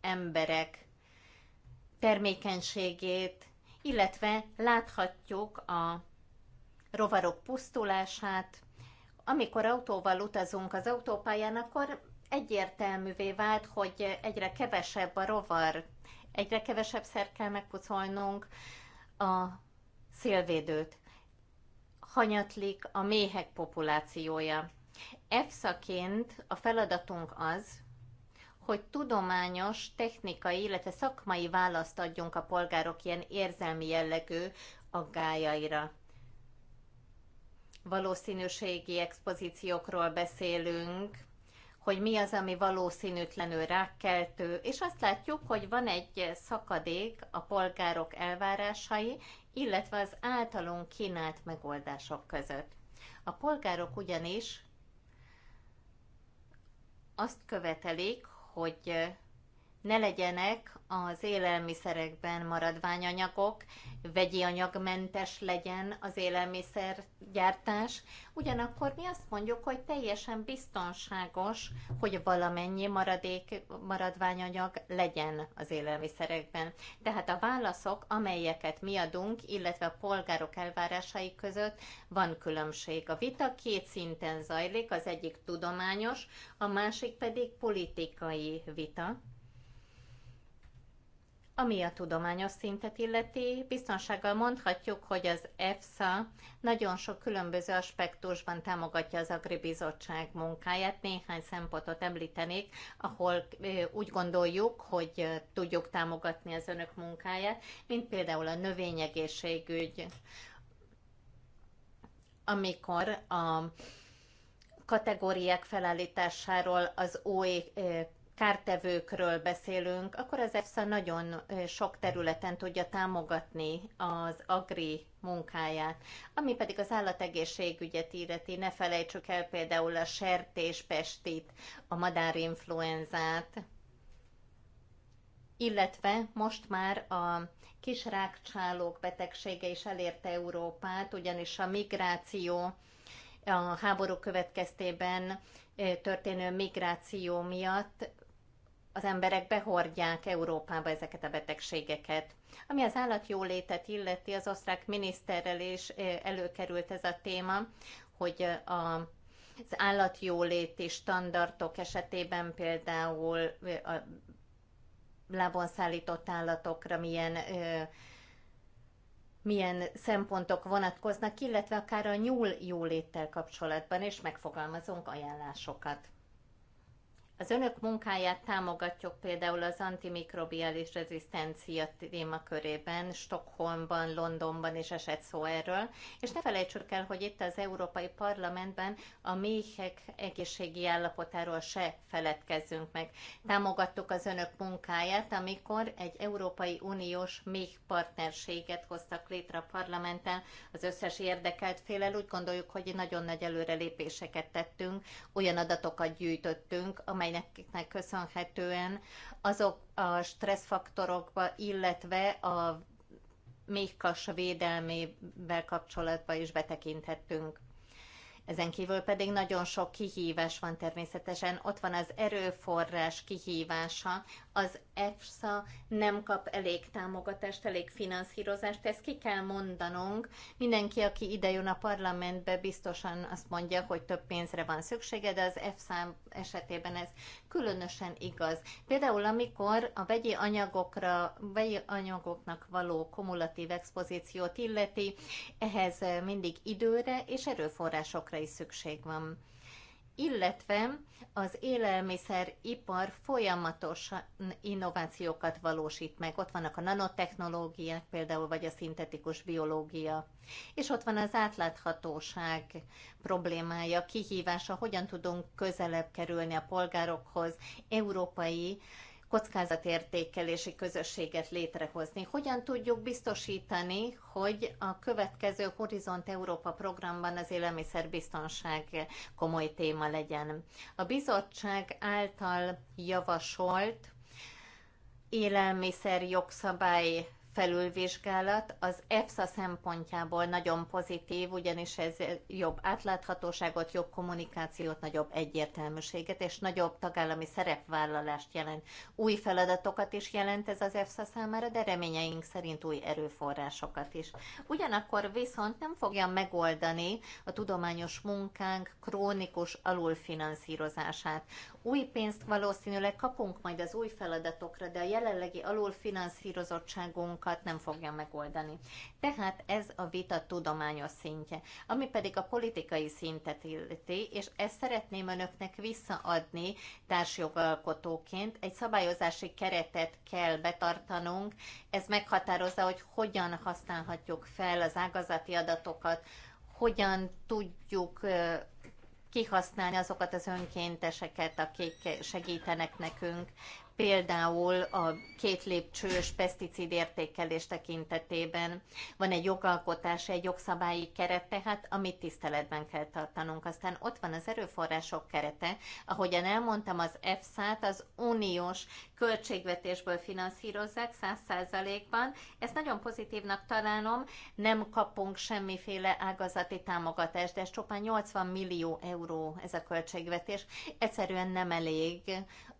emberek termékenységét, illetve láthatjuk a rovarok pusztulását. Amikor autóval utazunk az autópályán, akkor egyértelművé vált, hogy egyre kevesebb a rovar, egyre kevesebb szer kell megpucolnunk a szélvédőt. Hanyatlik a méhek populációja. EFSA-ként a feladatunk az, hogy tudományos, technikai, illetve szakmai választ adjunk a polgárok ilyen érzelmi jellegű aggájaira. Valószínűségi expozíciókról beszélünk, hogy mi az, ami valószínűtlenül rákkeltő, és azt látjuk, hogy van egy szakadék a polgárok elvárásai, illetve az általunk kínált megoldások között. A polgárok ugyanis azt követelik, hogy ne legyenek az élelmiszerekben maradványanyagok, vegyi anyagmentes legyen az élelmiszergyártás. Ugyanakkor mi azt mondjuk, hogy teljesen biztonságos, hogy valamennyi maradék, maradványanyag legyen az élelmiszerekben. Tehát a válaszok, amelyeket mi adunk, illetve a polgárok elvárásai között van különbség. A vita két szinten zajlik, az egyik tudományos, a másik pedig politikai vita ami a tudományos szintet illeti, biztonsággal mondhatjuk, hogy az EFSA nagyon sok különböző aspektusban támogatja az Agribizottság munkáját. Néhány szempontot említenék, ahol úgy gondoljuk, hogy tudjuk támogatni az önök munkáját, mint például a növényegészségügy, amikor a kategóriák felállításáról az új kártevőkről beszélünk, akkor az EFSA nagyon sok területen tudja támogatni az agri munkáját. Ami pedig az állategészségügyet illeti, ne felejtsük el például a sertéspestit, a madárinfluenzát, illetve most már a kis rákcsálók betegsége is elérte Európát, ugyanis a migráció a háború következtében történő migráció miatt az emberek behordják Európába ezeket a betegségeket. Ami az állatjólétet illeti, az osztrák miniszterrel is előkerült ez a téma, hogy a az állatjóléti standardok esetében például a lábon szállított állatokra milyen milyen szempontok vonatkoznak, illetve akár a nyúl jóléttel kapcsolatban, és megfogalmazunk ajánlásokat. Az önök munkáját támogatjuk például az antimikrobiális rezisztencia témakörében, Stockholmban, Londonban is esett szó erről, és ne felejtsük el, hogy itt az Európai Parlamentben a méhek egészségi állapotáról se feledkezzünk meg. Támogattuk az önök munkáját, amikor egy Európai Uniós méh partnerséget hoztak létre a parlamenten az összes érdekelt félel. Úgy gondoljuk, hogy nagyon nagy előrelépéseket tettünk, olyan adatokat gyűjtöttünk, amely amelynek köszönhetően azok a stresszfaktorokba, illetve a méhkas védelmével kapcsolatban is betekinthettünk. Ezen kívül pedig nagyon sok kihívás van természetesen. Ott van az erőforrás kihívása, az EFSA nem kap elég támogatást, elég finanszírozást, ezt ki kell mondanunk. Mindenki, aki idejön a parlamentbe, biztosan azt mondja, hogy több pénzre van szüksége, de az EFSA esetében ez különösen igaz. Például amikor a vegyi anyagokra, vegyi anyagoknak való kumulatív expozíciót illeti, ehhez mindig időre és erőforrásokra is szükség van illetve az élelmiszeripar folyamatosan innovációkat valósít meg. Ott vannak a nanotechnológiák például, vagy a szintetikus biológia. És ott van az átláthatóság problémája, kihívása, hogyan tudunk közelebb kerülni a polgárokhoz európai kockázatértékelési közösséget létrehozni. Hogyan tudjuk biztosítani, hogy a következő Horizont Európa programban az élelmiszerbiztonság komoly téma legyen? A bizottság által javasolt élelmiszer jogszabály felülvizsgálat az EFSA szempontjából nagyon pozitív, ugyanis ez jobb átláthatóságot, jobb kommunikációt, nagyobb egyértelműséget és nagyobb tagállami szerepvállalást jelent. Új feladatokat is jelent ez az EFSA számára, de reményeink szerint új erőforrásokat is. Ugyanakkor viszont nem fogja megoldani a tudományos munkánk krónikus alulfinanszírozását. Új pénzt valószínűleg kapunk majd az új feladatokra, de a jelenlegi alulfinanszírozottságunk problémákat nem fogja megoldani. Tehát ez a vita tudományos szintje, ami pedig a politikai szintet illeti, és ezt szeretném önöknek visszaadni társjogalkotóként. Egy szabályozási keretet kell betartanunk, ez meghatározza, hogy hogyan használhatjuk fel az ágazati adatokat, hogyan tudjuk kihasználni azokat az önkénteseket, akik segítenek nekünk, például a két lépcsős peszticid értékelés tekintetében van egy jogalkotás, egy jogszabályi keret, tehát amit tiszteletben kell tartanunk. Aztán ott van az erőforrások kerete, ahogyan elmondtam, az EFSA-t az uniós költségvetésből finanszírozzák 100%-ban. Ezt nagyon pozitívnak találom, nem kapunk semmiféle ágazati támogatást, de ez csupán 80 millió euró ez a költségvetés. Egyszerűen nem elég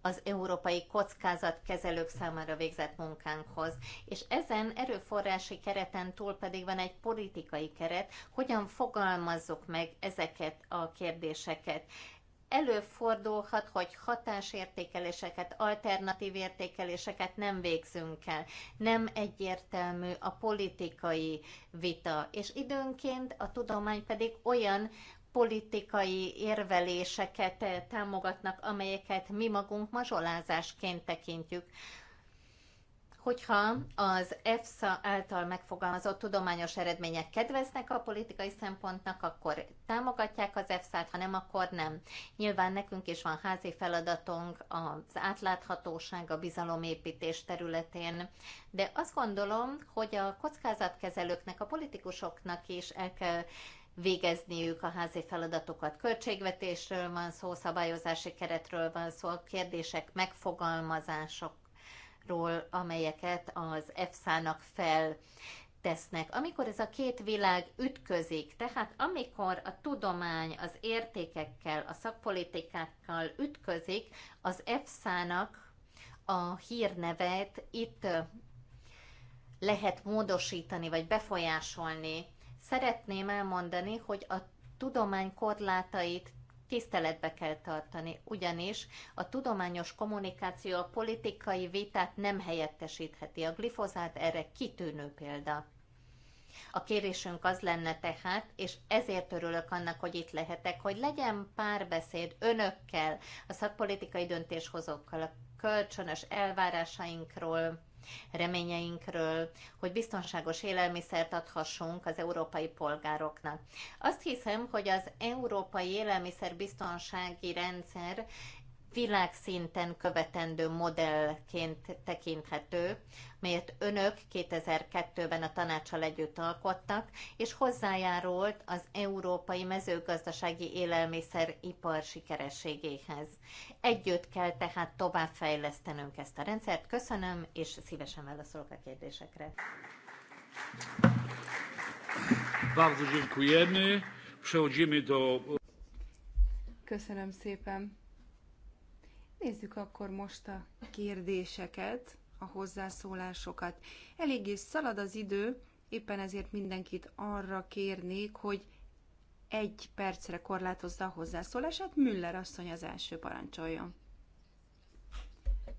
az európai kockázatkezelők számára végzett munkánkhoz. És ezen erőforrási kereten túl pedig van egy politikai keret, hogyan fogalmazzuk meg ezeket a kérdéseket előfordulhat, hogy hatásértékeléseket, alternatív értékeléseket nem végzünk el. Nem egyértelmű a politikai vita, és időnként a tudomány pedig olyan politikai érveléseket támogatnak, amelyeket mi magunk mazsolázásként tekintjük hogyha az EFSA által megfogalmazott tudományos eredmények kedveznek a politikai szempontnak, akkor támogatják az EFSA-t, ha nem, akkor nem. Nyilván nekünk is van házi feladatunk az átláthatóság, a bizalomépítés területén, de azt gondolom, hogy a kockázatkezelőknek, a politikusoknak is el kell végezniük a házi feladatokat. Költségvetésről van szó, szabályozási keretről van szó, kérdések megfogalmazások dolgokról, amelyeket az EFSA-nak fel tesznek. Amikor ez a két világ ütközik, tehát amikor a tudomány az értékekkel, a szakpolitikákkal ütközik, az EFSA-nak a hírnevet itt lehet módosítani vagy befolyásolni. Szeretném elmondani, hogy a tudomány korlátait tiszteletbe kell tartani, ugyanis a tudományos kommunikáció a politikai vitát nem helyettesítheti. A glifozát erre kitűnő példa. A kérésünk az lenne tehát, és ezért örülök annak, hogy itt lehetek, hogy legyen párbeszéd önökkel, a szakpolitikai döntéshozókkal, a kölcsönös elvárásainkról, reményeinkről, hogy biztonságos élelmiszert adhassunk az európai polgároknak. Azt hiszem, hogy az európai élelmiszerbiztonsági rendszer világszinten követendő modellként tekinthető, melyet önök 2002-ben a tanácsal együtt alkottak, és hozzájárult az európai mezőgazdasági élelmiszeripar sikerességéhez. Együtt kell tehát továbbfejlesztenünk ezt a rendszert. Köszönöm, és szívesen válaszolok a kérdésekre. Köszönöm szépen. Nézzük akkor most a kérdéseket, a hozzászólásokat. Eléggé szalad az idő, éppen ezért mindenkit arra kérnék, hogy egy percre korlátozza a hozzászólását. Müller asszony az első parancsoljon.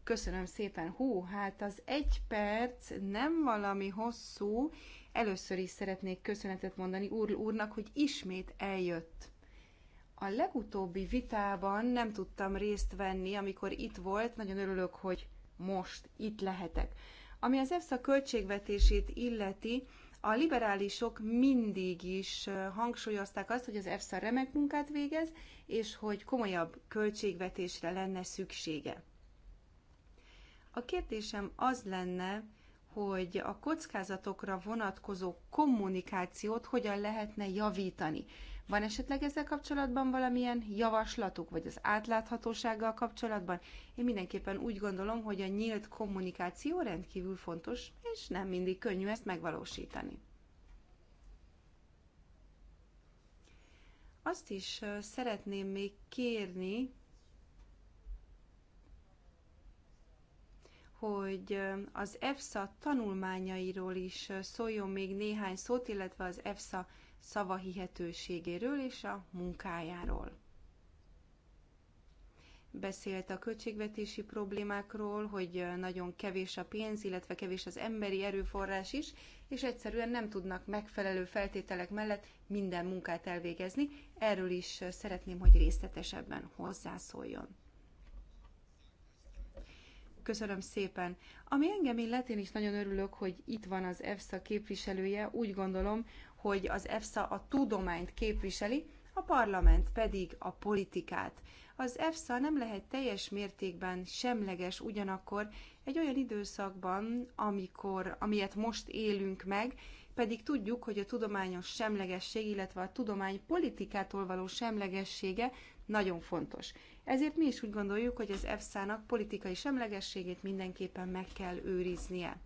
Köszönöm szépen. Hú, hát az egy perc nem valami hosszú. Először is szeretnék köszönetet mondani úr úrnak, hogy ismét eljött. A legutóbbi vitában nem tudtam részt venni, amikor itt volt, nagyon örülök, hogy most itt lehetek. Ami az EFSA költségvetését illeti, a liberálisok mindig is hangsúlyozták azt, hogy az EFSA remek munkát végez, és hogy komolyabb költségvetésre lenne szüksége. A kérdésem az lenne, hogy a kockázatokra vonatkozó kommunikációt hogyan lehetne javítani. Van esetleg ezzel kapcsolatban valamilyen javaslatuk, vagy az átláthatósággal kapcsolatban? Én mindenképpen úgy gondolom, hogy a nyílt kommunikáció rendkívül fontos, és nem mindig könnyű ezt megvalósítani. Azt is szeretném még kérni, hogy az EFSA tanulmányairól is szóljon még néhány szót, illetve az EFSA szavahihetőségéről és a munkájáról. Beszélt a költségvetési problémákról, hogy nagyon kevés a pénz, illetve kevés az emberi erőforrás is, és egyszerűen nem tudnak megfelelő feltételek mellett minden munkát elvégezni. Erről is szeretném, hogy részletesebben hozzászóljon. Köszönöm szépen. Ami engem illet, én is nagyon örülök, hogy itt van az EFSA képviselője. Úgy gondolom, hogy az EFSA a tudományt képviseli, a parlament pedig a politikát. Az EFSA nem lehet teljes mértékben semleges ugyanakkor egy olyan időszakban, amikor, amilyet most élünk meg, pedig tudjuk, hogy a tudományos semlegesség, illetve a tudomány politikától való semlegessége nagyon fontos. Ezért mi is úgy gondoljuk, hogy az EFSA-nak politikai semlegességét mindenképpen meg kell őriznie.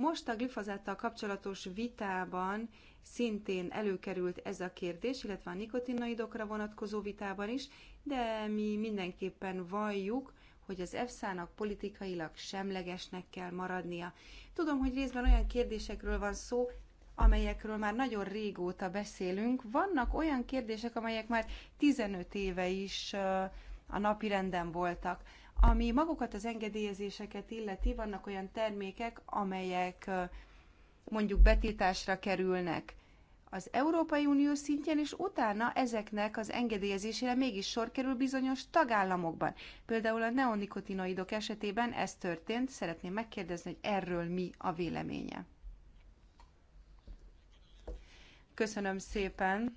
Most a glifozáttal kapcsolatos vitában szintén előkerült ez a kérdés, illetve a nikotinoidokra vonatkozó vitában is, de mi mindenképpen valljuk, hogy az EFSA-nak politikailag semlegesnek kell maradnia. Tudom, hogy részben olyan kérdésekről van szó, amelyekről már nagyon régóta beszélünk. Vannak olyan kérdések, amelyek már 15 éve is a napirenden voltak. Ami magukat az engedélyezéseket illeti, vannak olyan termékek, amelyek mondjuk betiltásra kerülnek az Európai Unió szintjén, és utána ezeknek az engedélyezésére mégis sor kerül bizonyos tagállamokban. Például a neonikotinoidok esetében ez történt, szeretném megkérdezni, hogy erről mi a véleménye. Köszönöm szépen!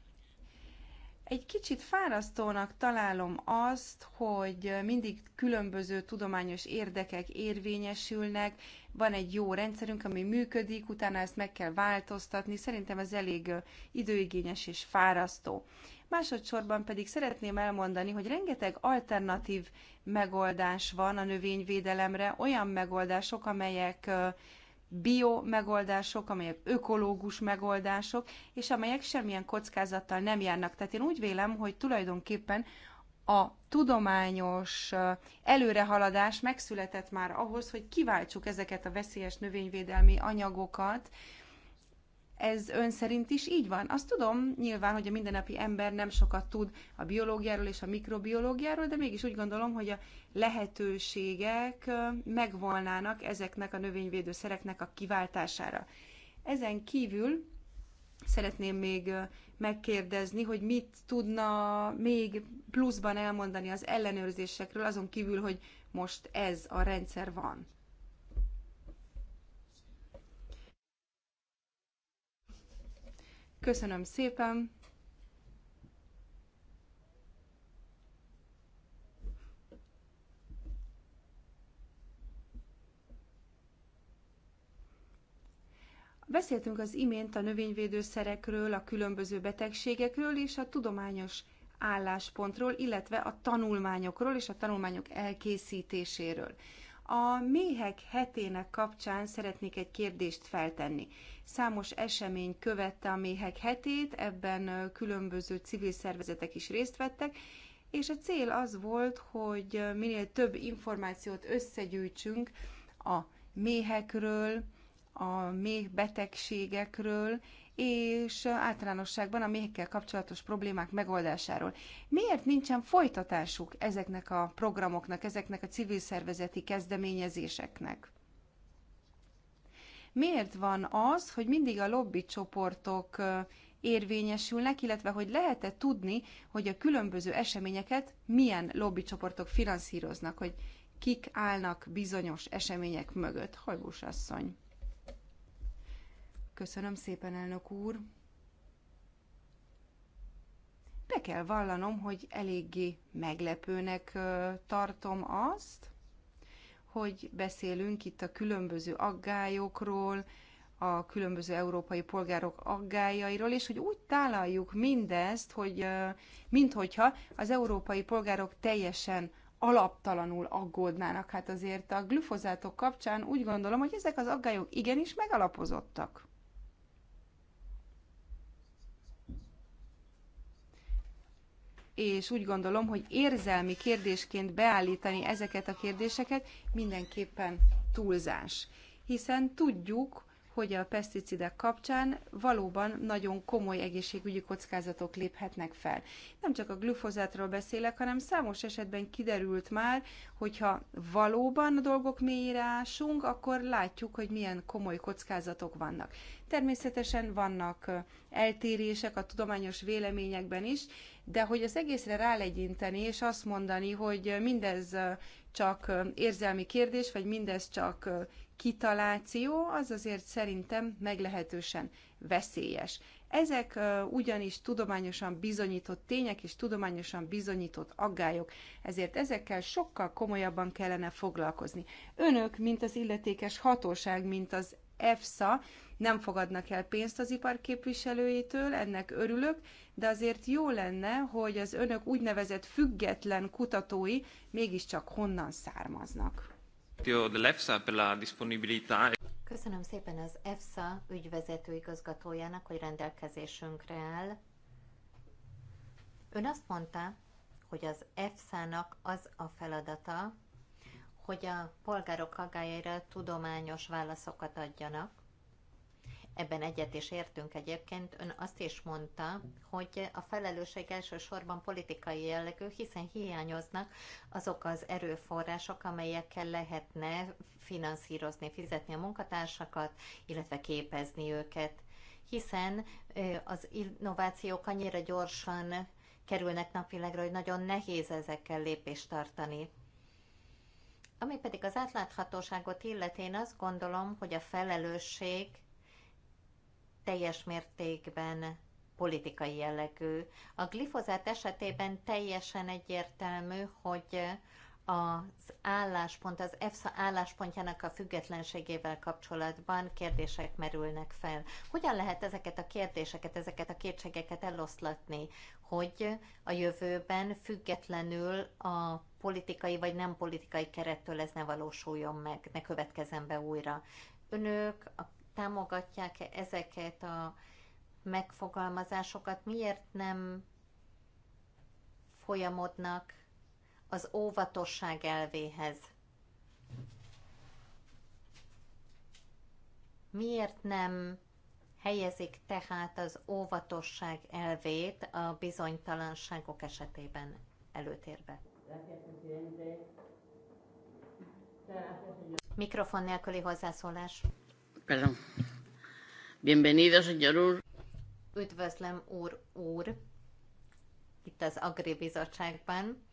Egy kicsit fárasztónak találom azt, hogy mindig különböző tudományos érdekek érvényesülnek, van egy jó rendszerünk, ami működik, utána ezt meg kell változtatni, szerintem ez elég időigényes és fárasztó. Másodszorban pedig szeretném elmondani, hogy rengeteg alternatív megoldás van a növényvédelemre, olyan megoldások, amelyek bio megoldások, amelyek ökológus megoldások, és amelyek semmilyen kockázattal nem járnak. Tehát én úgy vélem, hogy tulajdonképpen a tudományos előrehaladás megszületett már ahhoz, hogy kiváltsuk ezeket a veszélyes növényvédelmi anyagokat, ez ön szerint is így van? Azt tudom nyilván, hogy a mindennapi ember nem sokat tud a biológiáról és a mikrobiológiáról, de mégis úgy gondolom, hogy a lehetőségek megvolnának ezeknek a növényvédőszereknek a kiváltására. Ezen kívül szeretném még megkérdezni, hogy mit tudna még pluszban elmondani az ellenőrzésekről, azon kívül, hogy most ez a rendszer van. Köszönöm szépen! Beszéltünk az imént a növényvédőszerekről, a különböző betegségekről és a tudományos álláspontról, illetve a tanulmányokról és a tanulmányok elkészítéséről. A méhek hetének kapcsán szeretnék egy kérdést feltenni. Számos esemény követte a méhek hetét, ebben különböző civil szervezetek is részt vettek, és a cél az volt, hogy minél több információt összegyűjtsünk a méhekről, a méh betegségekről, és általánosságban a méhekkel kapcsolatos problémák megoldásáról. Miért nincsen folytatásuk ezeknek a programoknak, ezeknek a civil szervezeti kezdeményezéseknek? Miért van az, hogy mindig a lobby csoportok érvényesülnek, illetve hogy lehet-e tudni, hogy a különböző eseményeket milyen lobbycsoportok finanszíroznak, hogy kik állnak bizonyos események mögött? Hajbús asszony. Köszönöm szépen, elnök úr. Be kell vallanom, hogy eléggé meglepőnek tartom azt, hogy beszélünk itt a különböző aggályokról, a különböző európai polgárok aggájairól, és hogy úgy tálaljuk mindezt, hogy minthogyha az európai polgárok teljesen alaptalanul aggódnának. Hát azért a glüfozátok kapcsán úgy gondolom, hogy ezek az aggályok igenis megalapozottak. és úgy gondolom, hogy érzelmi kérdésként beállítani ezeket a kérdéseket mindenképpen túlzás. Hiszen tudjuk, hogy a peszticidek kapcsán valóban nagyon komoly egészségügyi kockázatok léphetnek fel. Nem csak a glüfozátról beszélek, hanem számos esetben kiderült már, hogyha valóban a dolgok mélyére ásunk, akkor látjuk, hogy milyen komoly kockázatok vannak. Természetesen vannak eltérések a tudományos véleményekben is, de hogy az egészre rálegyinteni, és azt mondani, hogy mindez csak érzelmi kérdés, vagy mindez csak kitaláció, az azért szerintem meglehetősen veszélyes. Ezek ugyanis tudományosan bizonyított tények és tudományosan bizonyított aggályok, ezért ezekkel sokkal komolyabban kellene foglalkozni. Önök, mint az illetékes hatóság, mint az EFSA, nem fogadnak el pénzt az ipar képviselőitől, ennek örülök, de azért jó lenne, hogy az önök úgynevezett független kutatói mégiscsak honnan származnak. Köszönöm szépen az EFSA ügyvezető igazgatójának, hogy rendelkezésünkre áll. Ön azt mondta, hogy az EFSA-nak az a feladata, hogy a polgárok aggájaira tudományos válaszokat adjanak. Ebben egyet is értünk egyébként. Ön azt is mondta, hogy a felelősség elsősorban politikai jellegű, hiszen hiányoznak azok az erőforrások, amelyekkel lehetne finanszírozni, fizetni a munkatársakat, illetve képezni őket. Hiszen az innovációk annyira gyorsan kerülnek napvilágra, hogy nagyon nehéz ezekkel lépést tartani. Ami pedig az átláthatóságot illeti, én azt gondolom, hogy a felelősség teljes mértékben politikai jellegű. A glifozát esetében teljesen egyértelmű, hogy az álláspont, az EFSA álláspontjának a függetlenségével kapcsolatban kérdések merülnek fel. Hogyan lehet ezeket a kérdéseket, ezeket a kétségeket eloszlatni, hogy a jövőben függetlenül a politikai vagy nem politikai kerettől ez ne valósuljon meg, ne következzen be újra. Önök támogatják -e ezeket a megfogalmazásokat? Miért nem folyamodnak az óvatosság elvéhez. Miért nem helyezik tehát az óvatosság elvét a bizonytalanságok esetében előtérbe? Mikrofon nélküli hozzászólás. Pardon. Bienvenido, señor úr. Üdvözlöm, úr úr, itt az Agri Bizottságban.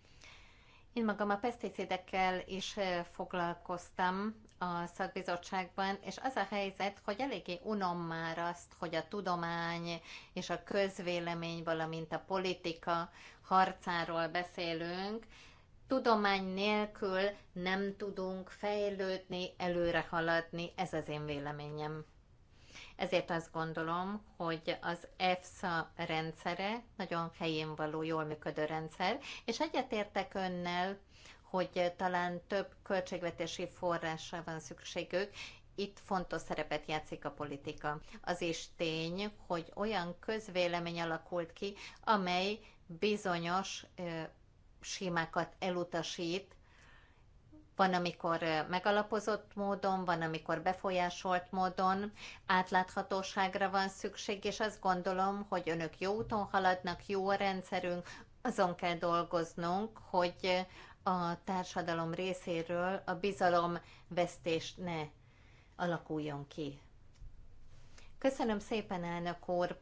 Én magam a peszticidekkel is foglalkoztam a szakbizottságban, és az a helyzet, hogy eléggé unom már azt, hogy a tudomány és a közvélemény, valamint a politika harcáról beszélünk. Tudomány nélkül nem tudunk fejlődni, előre haladni, ez az én véleményem. Ezért azt gondolom, hogy az EFSA rendszere nagyon helyén való, jól működő rendszer, és egyetértek önnel, hogy talán több költségvetési forrásra van szükségük, itt fontos szerepet játszik a politika. Az is tény, hogy olyan közvélemény alakult ki, amely bizonyos ö, sémákat elutasít, van, amikor megalapozott módon, van, amikor befolyásolt módon átláthatóságra van szükség, és azt gondolom, hogy önök jó úton haladnak, jó a rendszerünk, azon kell dolgoznunk, hogy a társadalom részéről a bizalomvesztés ne alakuljon ki. Köszönöm szépen, elnök úr!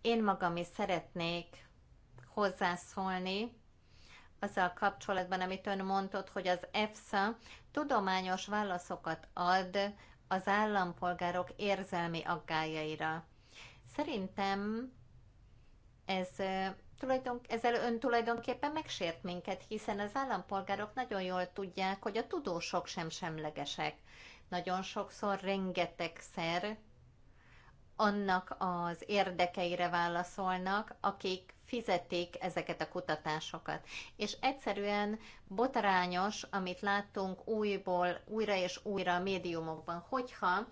Én magam is szeretnék hozzászólni azzal kapcsolatban, amit ön mondott, hogy az EFSA tudományos válaszokat ad az állampolgárok érzelmi aggájaira. Szerintem ez ezzel ön tulajdonképpen megsért minket, hiszen az állampolgárok nagyon jól tudják, hogy a tudósok sem semlegesek. Nagyon sokszor rengetegszer annak az érdekeire válaszolnak, akik fizetik ezeket a kutatásokat. És egyszerűen botrányos, amit láttunk újból, újra és újra a médiumokban, hogyha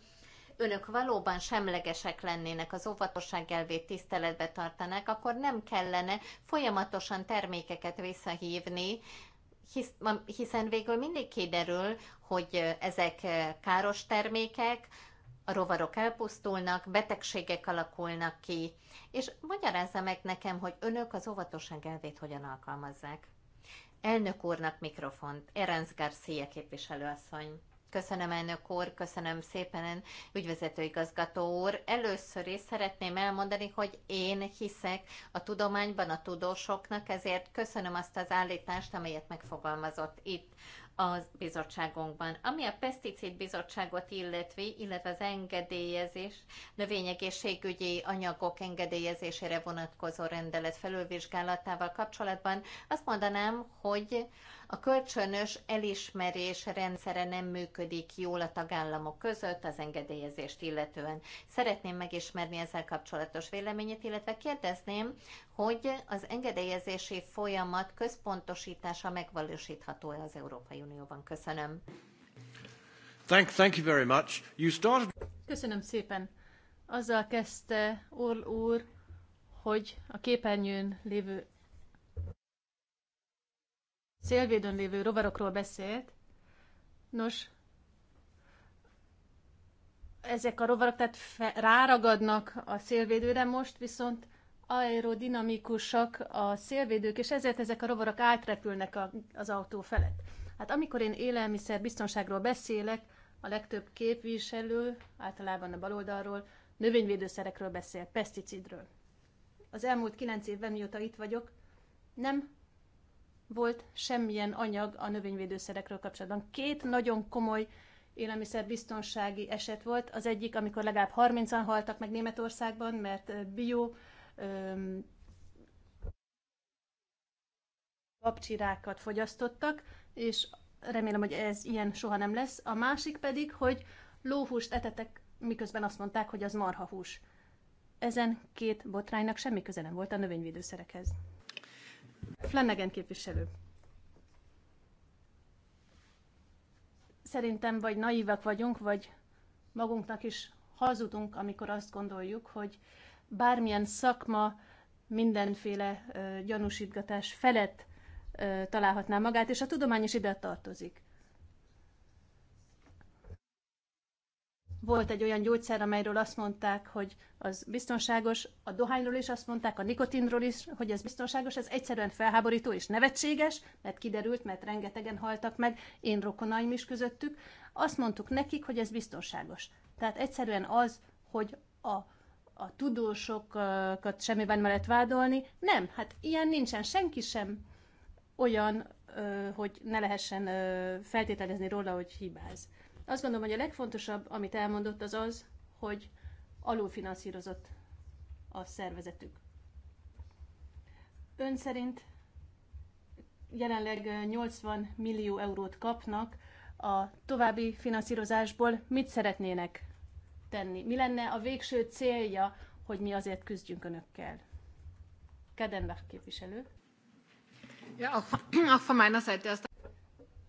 önök valóban semlegesek lennének, az óvatosság elvét tiszteletbe tartanák, akkor nem kellene folyamatosan termékeket visszahívni, hiszen végül mindig kiderül, hogy ezek káros termékek, a rovarok elpusztulnak, betegségek alakulnak ki, és magyarázza meg nekem, hogy önök az óvatosság elvét hogyan alkalmazzák. Elnök úrnak mikrofont, Erenc Garcia képviselőasszony. Köszönöm, elnök úr, köszönöm szépen, ügyvezetőigazgató úr. Először is szeretném elmondani, hogy én hiszek a tudományban, a tudósoknak, ezért köszönöm azt az állítást, amelyet megfogalmazott itt a bizottságunkban. Ami a peszticid bizottságot illetve illetve az engedélyezés, növényegészségügyi anyagok engedélyezésére vonatkozó rendelet felülvizsgálatával kapcsolatban, azt mondanám, hogy a kölcsönös elismerés rendszere nem működik jól a tagállamok között az engedélyezést illetően. Szeretném megismerni ezzel kapcsolatos véleményét, illetve kérdezném, hogy az engedélyezési folyamat központosítása megvalósítható-e az Európai Unióban. Köszönöm. Thank, thank you very much. You started... Köszönöm szépen. Azzal kezdte Orl úr, hogy a képernyőn lévő szélvédőn lévő rovarokról beszélt. Nos, ezek a rovarok tehát fe, ráragadnak a szélvédőre most, viszont aerodinamikusak a szélvédők, és ezért ezek a rovarok átrepülnek a, az autó felett. Hát amikor én élelmiszer biztonságról beszélek, a legtöbb képviselő, általában a baloldalról, növényvédőszerekről beszél, peszticidről. Az elmúlt kilenc évben, mióta itt vagyok, nem volt semmilyen anyag a növényvédőszerekről kapcsolatban. Két nagyon komoly élelmiszerbiztonsági eset volt. Az egyik, amikor legalább 30-an haltak meg Németországban, mert bio öm, babcsirákat fogyasztottak, és remélem, hogy ez ilyen soha nem lesz. A másik pedig, hogy lóhúst etetek, miközben azt mondták, hogy az marhahús. Ezen két botránynak semmi köze nem volt a növényvédőszerekhez. Flanagan képviselő. Szerintem vagy naívak vagyunk, vagy magunknak is hazudunk, amikor azt gondoljuk, hogy bármilyen szakma mindenféle gyanúsítgatás felett találhatná magát, és a tudomány is ide tartozik. volt egy olyan gyógyszer, amelyről azt mondták, hogy az biztonságos, a dohányról is azt mondták, a nikotinról is, hogy ez biztonságos, ez egyszerűen felháborító és nevetséges, mert kiderült, mert rengetegen haltak meg, én rokonaim is közöttük. Azt mondtuk nekik, hogy ez biztonságos. Tehát egyszerűen az, hogy a a tudósokat semmiben mellett vádolni. Nem, hát ilyen nincsen senki sem olyan, hogy ne lehessen feltételezni róla, hogy hibáz. Azt gondolom, hogy a legfontosabb, amit elmondott, az az, hogy alulfinanszírozott a szervezetük. Ön szerint jelenleg 80 eh, millió eurót kapnak a további finanszírozásból. Mit szeretnének tenni? Mi lenne a végső célja, hogy mi azért küzdjünk önökkel? Kedenbach képviselő. Ja, auch von meiner Seite erst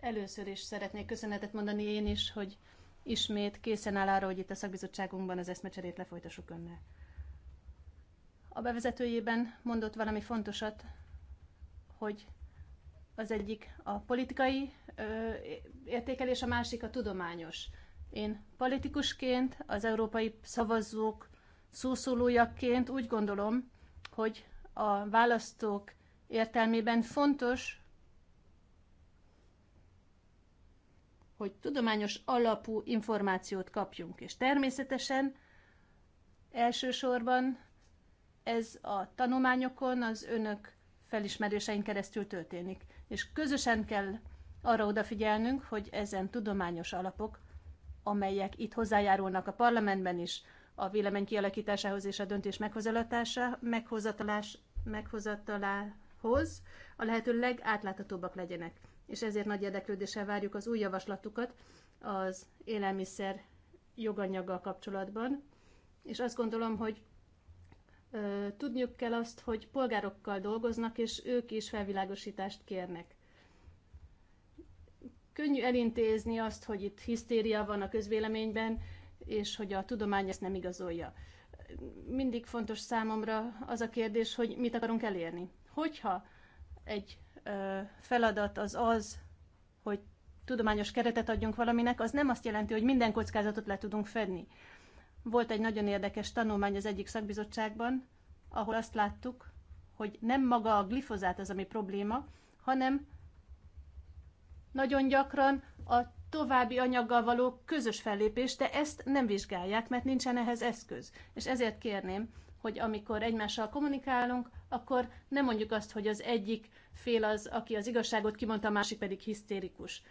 Először is szeretnék köszönetet mondani én is, hogy ismét készen áll arra, hogy itt a szakbizottságunkban az eszmecserét lefolytassuk önnel. A bevezetőjében mondott valami fontosat, hogy az egyik a politikai ö, értékelés, a másik a tudományos. Én politikusként, az európai szavazók szószólójaként úgy gondolom, hogy a választók értelmében fontos, hogy tudományos alapú információt kapjunk. És természetesen elsősorban ez a tanulmányokon, az önök felismerésein keresztül történik. És közösen kell arra odafigyelnünk, hogy ezen tudományos alapok, amelyek itt hozzájárulnak a parlamentben is, a vélemény kialakításához és a döntés meghozatalához, a lehető legátláthatóbbak legyenek és ezért nagy érdeklődéssel várjuk az új javaslatukat az élelmiszer joganyaggal kapcsolatban. És azt gondolom, hogy ö, tudniuk kell azt, hogy polgárokkal dolgoznak, és ők is felvilágosítást kérnek. Könnyű elintézni azt, hogy itt hisztéria van a közvéleményben, és hogy a tudomány ezt nem igazolja. Mindig fontos számomra az a kérdés, hogy mit akarunk elérni. Hogyha egy feladat az az, hogy tudományos keretet adjunk valaminek, az nem azt jelenti, hogy minden kockázatot le tudunk fedni. Volt egy nagyon érdekes tanulmány az egyik szakbizottságban, ahol azt láttuk, hogy nem maga a glifozát az, ami probléma, hanem nagyon gyakran a további anyaggal való közös fellépés, de ezt nem vizsgálják, mert nincsen ehhez eszköz. És ezért kérném, hogy amikor egymással kommunikálunk, akkor nem mondjuk azt, hogy az egyik fél az, aki az igazságot kimondta, a másik pedig hisztérikus.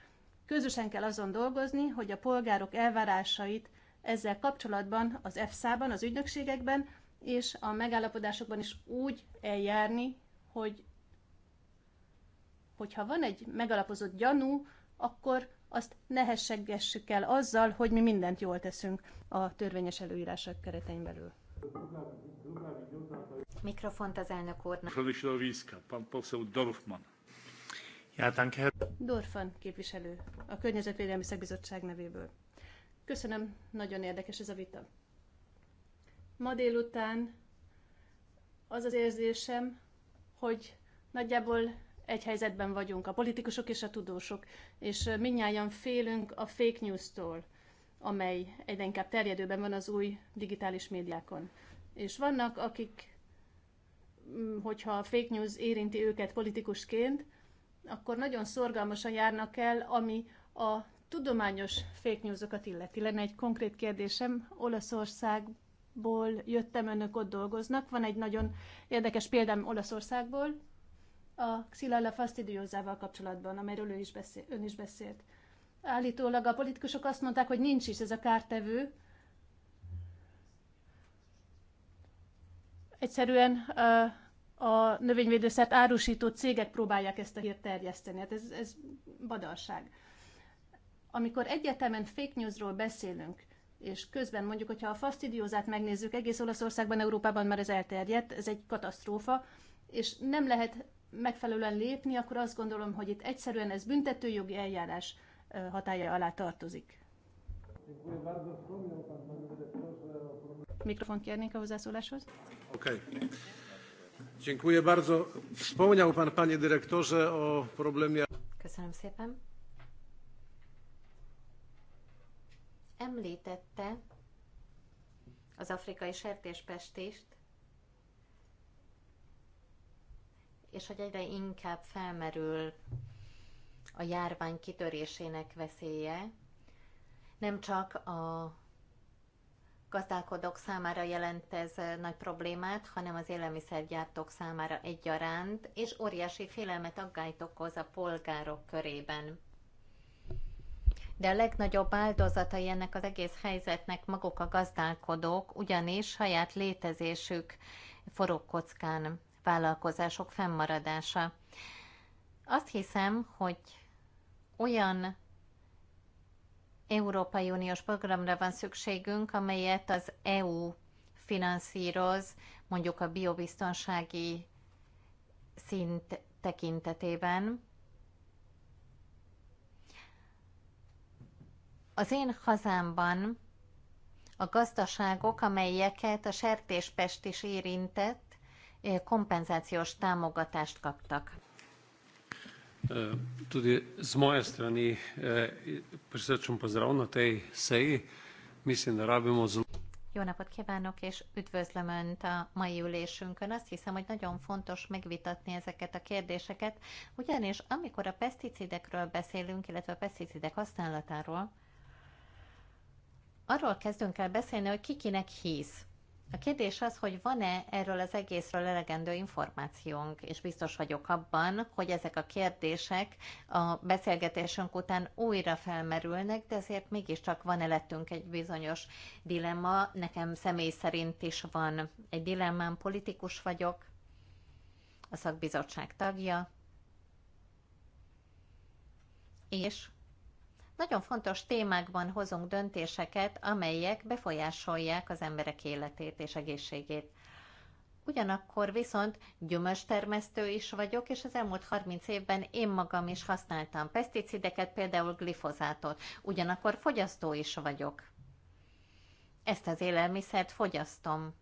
Közösen kell azon dolgozni, hogy a polgárok elvárásait ezzel kapcsolatban az EFSA-ban, az ügynökségekben és a megállapodásokban is úgy eljárni, hogy hogyha van egy megalapozott gyanú, akkor azt ne el azzal, hogy mi mindent jól teszünk a törvényes előírások keretein belül. Mikrofont az elnök úrnak. Pan poseł Dorfman. Ja, danke. Dorfan képviselő, a Környezetvédelmi Szakbizottság nevéből. Köszönöm, nagyon érdekes ez a vita. Ma délután az az érzésem, hogy nagyjából egy helyzetben vagyunk, a politikusok és a tudósok, és minnyáján félünk a fake news-tól, amely egyre inkább terjedőben van az új digitális médiákon. És vannak, akik Mm, hogyha a fake news érinti őket politikusként, akkor nagyon szorgalmasan járnak el, ami a tudományos fake newsokat illeti. Lenne egy konkrét kérdésem, Olaszországból jöttem, önök ott dolgoznak. Van egy nagyon érdekes példám Olaszországból, a Xilala fastidiózával kapcsolatban, amelyről ő is beszél, ön is beszélt. Állítólag a politikusok azt mondták, hogy nincs is ez a kártevő, Egyszerűen a növényvédőszert árusító cégek próbálják ezt a hírt terjeszteni. Hát ez, ez badalság. Amikor egyetemen fake newsról beszélünk, és közben mondjuk, hogyha a fasztidiózát megnézzük, egész Olaszországban, Európában már ez elterjedt, ez egy katasztrófa, és nem lehet megfelelően lépni, akkor azt gondolom, hogy itt egyszerűen ez büntetőjogi eljárás hatája alá tartozik. Dziękuję bardzo. Mikrofon kérnénk a hozzászóláshoz. Oké. Okay. Dziękuję bardzo. Wspomniał pan, panie dyrektorze, o problemie... Köszönöm szépen. Említette az afrikai sertéspestést, és hogy egyre inkább felmerül a járvány kitörésének veszélye, nem csak a gazdálkodók számára jelent ez nagy problémát, hanem az élelmiszergyártók számára egyaránt, és óriási félelmet aggályt okoz a polgárok körében. De a legnagyobb áldozatai ennek az egész helyzetnek maguk a gazdálkodók, ugyanis saját létezésük forog kockán vállalkozások fennmaradása. Azt hiszem, hogy olyan Európai Uniós programra van szükségünk, amelyet az EU finanszíroz, mondjuk a biobiztonsági szint tekintetében. Az én hazámban a gazdaságok, amelyeket a sertéspest is érintett, kompenzációs támogatást kaptak. E, tudi z moje strani e, prisrčen pozdrav na tej seji. Mislim, da rabimo zelo... Jó napot kívánok, és üdvözlöm Önt a mai ülésünkön. Azt hiszem, hogy nagyon fontos megvitatni ezeket a kérdéseket, ugyanis amikor a peszticidekről beszélünk, illetve a peszticidek használatáról, arról kezdünk el beszélni, hogy kikinek hisz. A kérdés az, hogy van-e erről az egészről elegendő információnk, és biztos vagyok abban, hogy ezek a kérdések a beszélgetésünk után újra felmerülnek, de azért mégiscsak van elettünk egy bizonyos dilemma. Nekem személy szerint is van egy dilemmám, politikus vagyok, a szakbizottság tagja, és nagyon fontos témákban hozunk döntéseket, amelyek befolyásolják az emberek életét és egészségét. Ugyanakkor viszont gyümölcstermesztő is vagyok, és az elmúlt 30 évben én magam is használtam peszticideket, például glifozátot. Ugyanakkor fogyasztó is vagyok. Ezt az élelmiszert fogyasztom.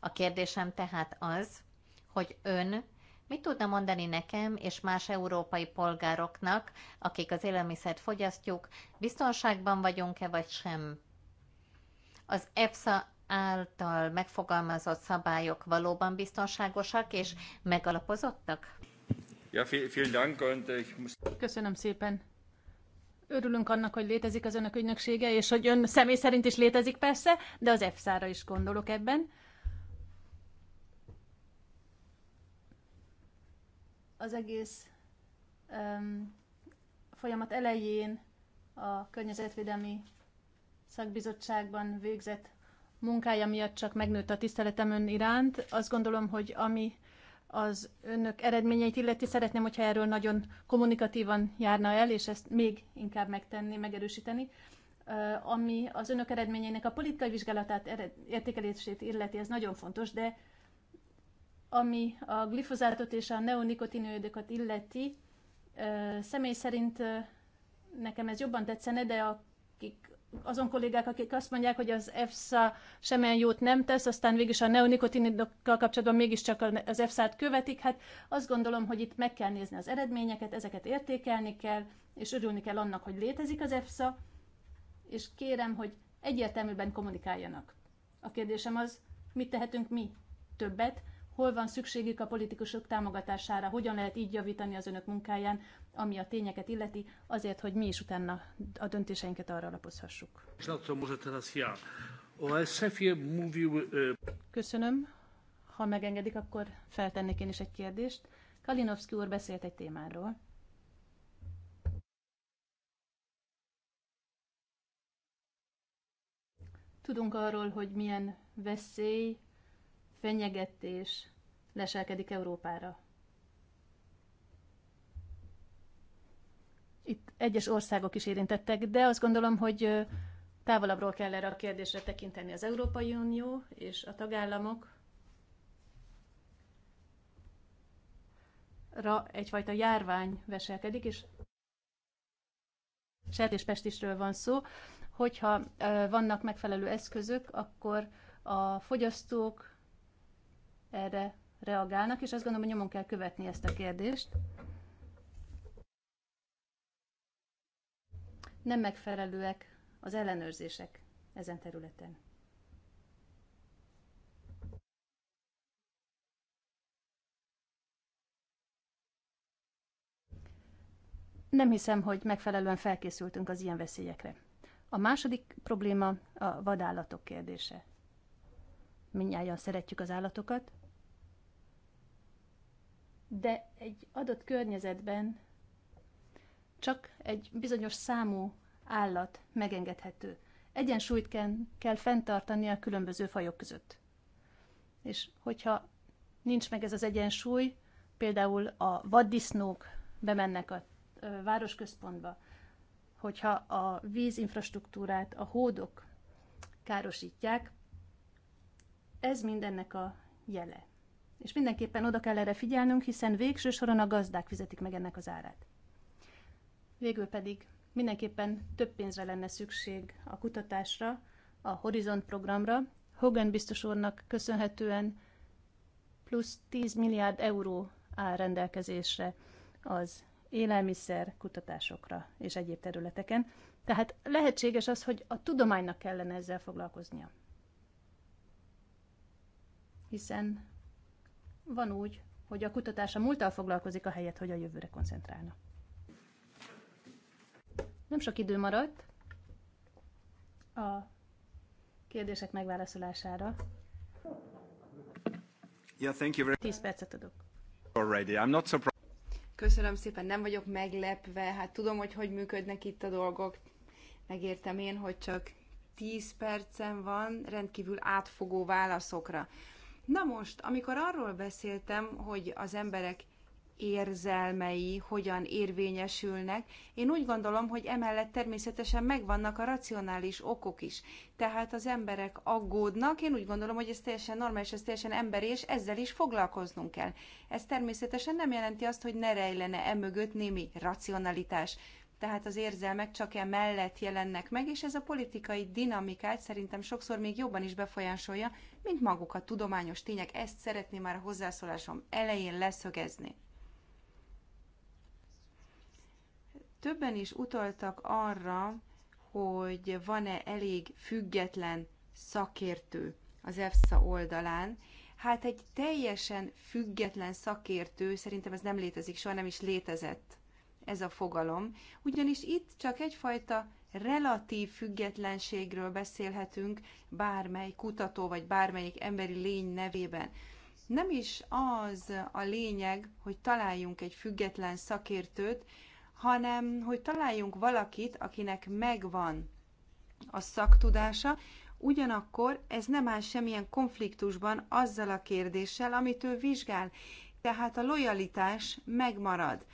A kérdésem tehát az, hogy ön Mit tudna mondani nekem és más európai polgároknak, akik az élelmiszert fogyasztjuk, biztonságban vagyunk-e vagy sem? Az EFSA által megfogalmazott szabályok valóban biztonságosak és megalapozottak? Ja, vielen Dank Köszönöm szépen. Örülünk annak, hogy létezik az önök ügynöksége, és hogy ön személy szerint is létezik persze, de az EFSA-ra is gondolok ebben. az egész um, folyamat elején a környezetvédelmi szakbizottságban végzett munkája miatt csak megnőtt a tiszteletem ön iránt. Azt gondolom, hogy ami az önök eredményeit illeti, szeretném, hogyha erről nagyon kommunikatívan járna el, és ezt még inkább megtenni, megerősíteni. Ami az önök eredményeinek a politikai vizsgálatát, értékelését illeti, ez nagyon fontos, de ami a glifozátot és a neonikotinoidokat illeti, személy szerint nekem ez jobban tetszene, de akik, azon kollégák, akik azt mondják, hogy az EFSA semmilyen jót nem tesz, aztán végig a neonikotinokkal kapcsolatban mégiscsak az EFSA-t követik, hát azt gondolom, hogy itt meg kell nézni az eredményeket, ezeket értékelni kell, és örülni kell annak, hogy létezik az EFSA, és kérem, hogy egyértelműben kommunikáljanak. A kérdésem az, mit tehetünk mi többet, hol van szükségük a politikusok támogatására, hogyan lehet így javítani az önök munkáján, ami a tényeket illeti, azért, hogy mi is utána a döntéseinket arra alapozhassuk. Köszönöm. Ha megengedik, akkor feltennék én is egy kérdést. Kalinowski úr beszélt egy témáról. Tudunk arról, hogy milyen veszély fenyegetés leselkedik Európára. Itt egyes országok is érintettek, de azt gondolom, hogy távolabbról kell erre a kérdésre tekinteni az Európai Unió és a tagállamok. Ra egyfajta járvány veselkedik, és sertéspestisről van szó, hogyha vannak megfelelő eszközök, akkor a fogyasztók, erre reagálnak, és azt gondolom, hogy nyomon kell követni ezt a kérdést. Nem megfelelőek az ellenőrzések ezen területen. Nem hiszem, hogy megfelelően felkészültünk az ilyen veszélyekre. A második probléma a vadállatok kérdése. Mindnyáján szeretjük az állatokat, de egy adott környezetben csak egy bizonyos számú állat megengedhető. Egyensúlyt kell, kell fenntartani a különböző fajok között. És hogyha nincs meg ez az egyensúly, például a vaddisznók bemennek a városközpontba, hogyha a vízinfrastruktúrát a hódok károsítják, ez mindennek a jele. És mindenképpen oda kell erre figyelnünk, hiszen végső soron a gazdák fizetik meg ennek az árát. Végül pedig mindenképpen több pénzre lenne szükség a kutatásra, a Horizont programra. Hogan biztos úrnak köszönhetően plusz 10 milliárd euró áll rendelkezésre az élelmiszer kutatásokra és egyéb területeken. Tehát lehetséges az, hogy a tudománynak kellene ezzel foglalkoznia. Hiszen van úgy, hogy a kutatása múltal múlttal foglalkozik a helyet, hogy a jövőre koncentrálna. Nem sok idő maradt a kérdések megválaszolására. Yeah, thank you very... 10 percet adok. Already. I'm not surprised. Köszönöm szépen, nem vagyok meglepve, hát tudom, hogy hogy működnek itt a dolgok. Megértem én, hogy csak 10 percen van rendkívül átfogó válaszokra. Na most, amikor arról beszéltem, hogy az emberek érzelmei hogyan érvényesülnek. Én úgy gondolom, hogy emellett természetesen megvannak a racionális okok is. Tehát az emberek aggódnak, én úgy gondolom, hogy ez teljesen normális, ez teljesen emberi, és ezzel is foglalkoznunk kell. Ez természetesen nem jelenti azt, hogy ne rejlene emögött némi racionalitás tehát az érzelmek csak emellett jelennek meg, és ez a politikai dinamikát szerintem sokszor még jobban is befolyásolja, mint maguk a tudományos tények. Ezt szeretném már a hozzászólásom elején leszögezni. Többen is utaltak arra, hogy van-e elég független szakértő az EFSA oldalán. Hát egy teljesen független szakértő, szerintem ez nem létezik, soha nem is létezett ez a fogalom, ugyanis itt csak egyfajta relatív függetlenségről beszélhetünk bármely kutató vagy bármelyik emberi lény nevében. Nem is az a lényeg, hogy találjunk egy független szakértőt, hanem hogy találjunk valakit, akinek megvan a szaktudása, ugyanakkor ez nem áll semmilyen konfliktusban azzal a kérdéssel, amit ő vizsgál. Tehát a lojalitás megmarad.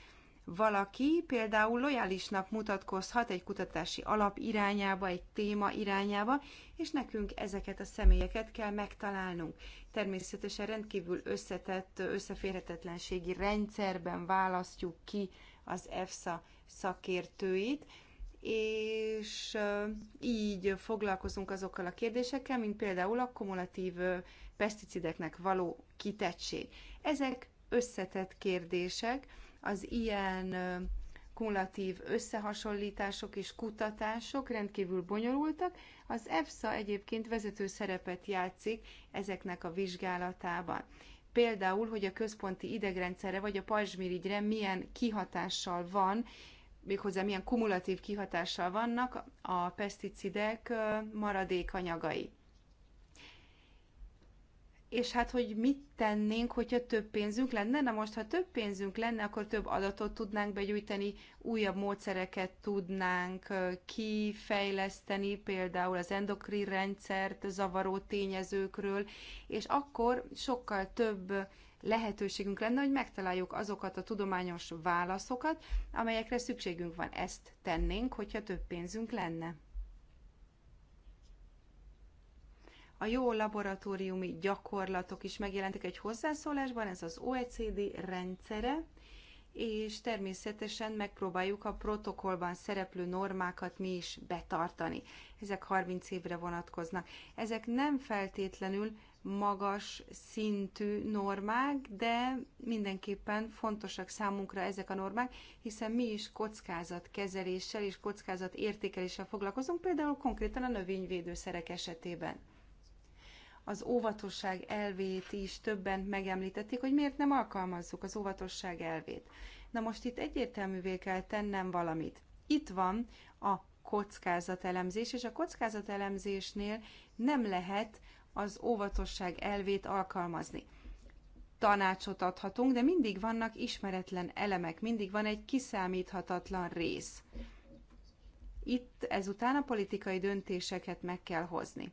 Valaki például lojálisnak mutatkozhat egy kutatási alap irányába, egy téma irányába, és nekünk ezeket a személyeket kell megtalálnunk. Természetesen rendkívül összetett, összeférhetetlenségi rendszerben választjuk ki az EFSA szakértőit, és így foglalkozunk azokkal a kérdésekkel, mint például a kumulatív peszticideknek való kitettség. Ezek összetett kérdések, az ilyen kumulatív összehasonlítások és kutatások rendkívül bonyolultak. Az EFSA egyébként vezető szerepet játszik ezeknek a vizsgálatában. Például, hogy a központi idegrendszerre vagy a pajzsmirigyre milyen kihatással van, méghozzá milyen kumulatív kihatással vannak a peszticidek maradékanyagai és hát, hogy mit tennénk, hogyha több pénzünk lenne? Na most, ha több pénzünk lenne, akkor több adatot tudnánk begyűjteni, újabb módszereket tudnánk kifejleszteni, például az endokrin rendszert zavaró tényezőkről, és akkor sokkal több lehetőségünk lenne, hogy megtaláljuk azokat a tudományos válaszokat, amelyekre szükségünk van. Ezt tennénk, hogyha több pénzünk lenne. A jó laboratóriumi gyakorlatok is megjelentek egy hozzászólásban, ez az OECD rendszere, és természetesen megpróbáljuk a protokollban szereplő normákat mi is betartani. Ezek 30 évre vonatkoznak. Ezek nem feltétlenül magas szintű normák, de mindenképpen fontosak számunkra ezek a normák, hiszen mi is kockázatkezeléssel és kockázatértékeléssel foglalkozunk, például konkrétan a növényvédőszerek esetében az óvatosság elvét is többen megemlítették, hogy miért nem alkalmazzuk az óvatosság elvét. Na most itt egyértelművé kell tennem valamit. Itt van a kockázatelemzés, és a kockázatelemzésnél nem lehet az óvatosság elvét alkalmazni. Tanácsot adhatunk, de mindig vannak ismeretlen elemek, mindig van egy kiszámíthatatlan rész. Itt ezután a politikai döntéseket meg kell hozni.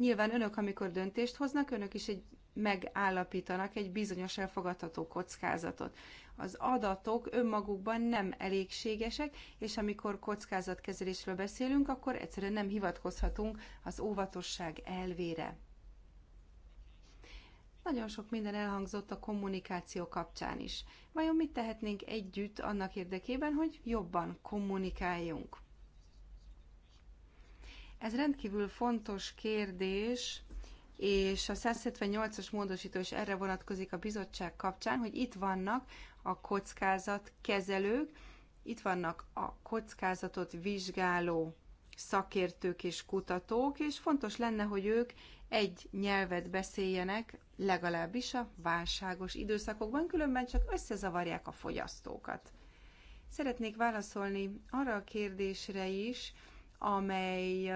Nyilván önök, amikor döntést hoznak, önök is egy megállapítanak egy bizonyos elfogadható kockázatot. Az adatok önmagukban nem elégségesek, és amikor kockázatkezelésről beszélünk, akkor egyszerűen nem hivatkozhatunk az óvatosság elvére. Nagyon sok minden elhangzott a kommunikáció kapcsán is. Vajon mit tehetnénk együtt annak érdekében, hogy jobban kommunikáljunk? Ez rendkívül fontos kérdés, és a 178-as módosító is erre vonatkozik a bizottság kapcsán, hogy itt vannak a kockázatkezelők, itt vannak a kockázatot vizsgáló szakértők és kutatók, és fontos lenne, hogy ők egy nyelvet beszéljenek, legalábbis a válságos időszakokban, különben csak összezavarják a fogyasztókat. Szeretnék válaszolni arra a kérdésre is, amely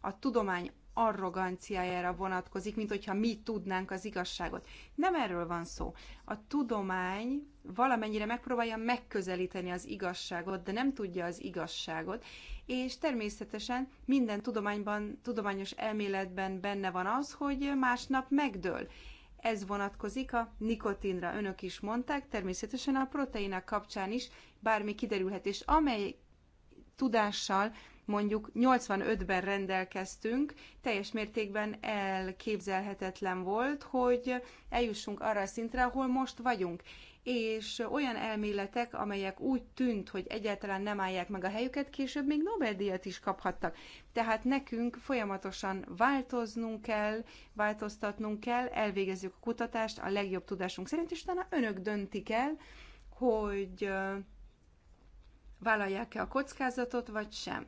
a tudomány arroganciájára vonatkozik, mint hogyha mi tudnánk az igazságot. Nem erről van szó. A tudomány valamennyire megpróbálja megközelíteni az igazságot, de nem tudja az igazságot, és természetesen minden tudományban, tudományos elméletben benne van az, hogy másnap megdől. Ez vonatkozik a nikotinra, önök is mondták, természetesen a proteinak kapcsán is bármi kiderülhet, és amely tudással mondjuk 85-ben rendelkeztünk, teljes mértékben elképzelhetetlen volt, hogy eljussunk arra a szintre, ahol most vagyunk és olyan elméletek, amelyek úgy tűnt, hogy egyáltalán nem állják meg a helyüket, később még Nobel-díjat is kaphattak. Tehát nekünk folyamatosan változnunk kell, változtatnunk kell, elvégezzük a kutatást a legjobb tudásunk szerint, és utána önök döntik el, hogy vállalják-e a kockázatot, vagy sem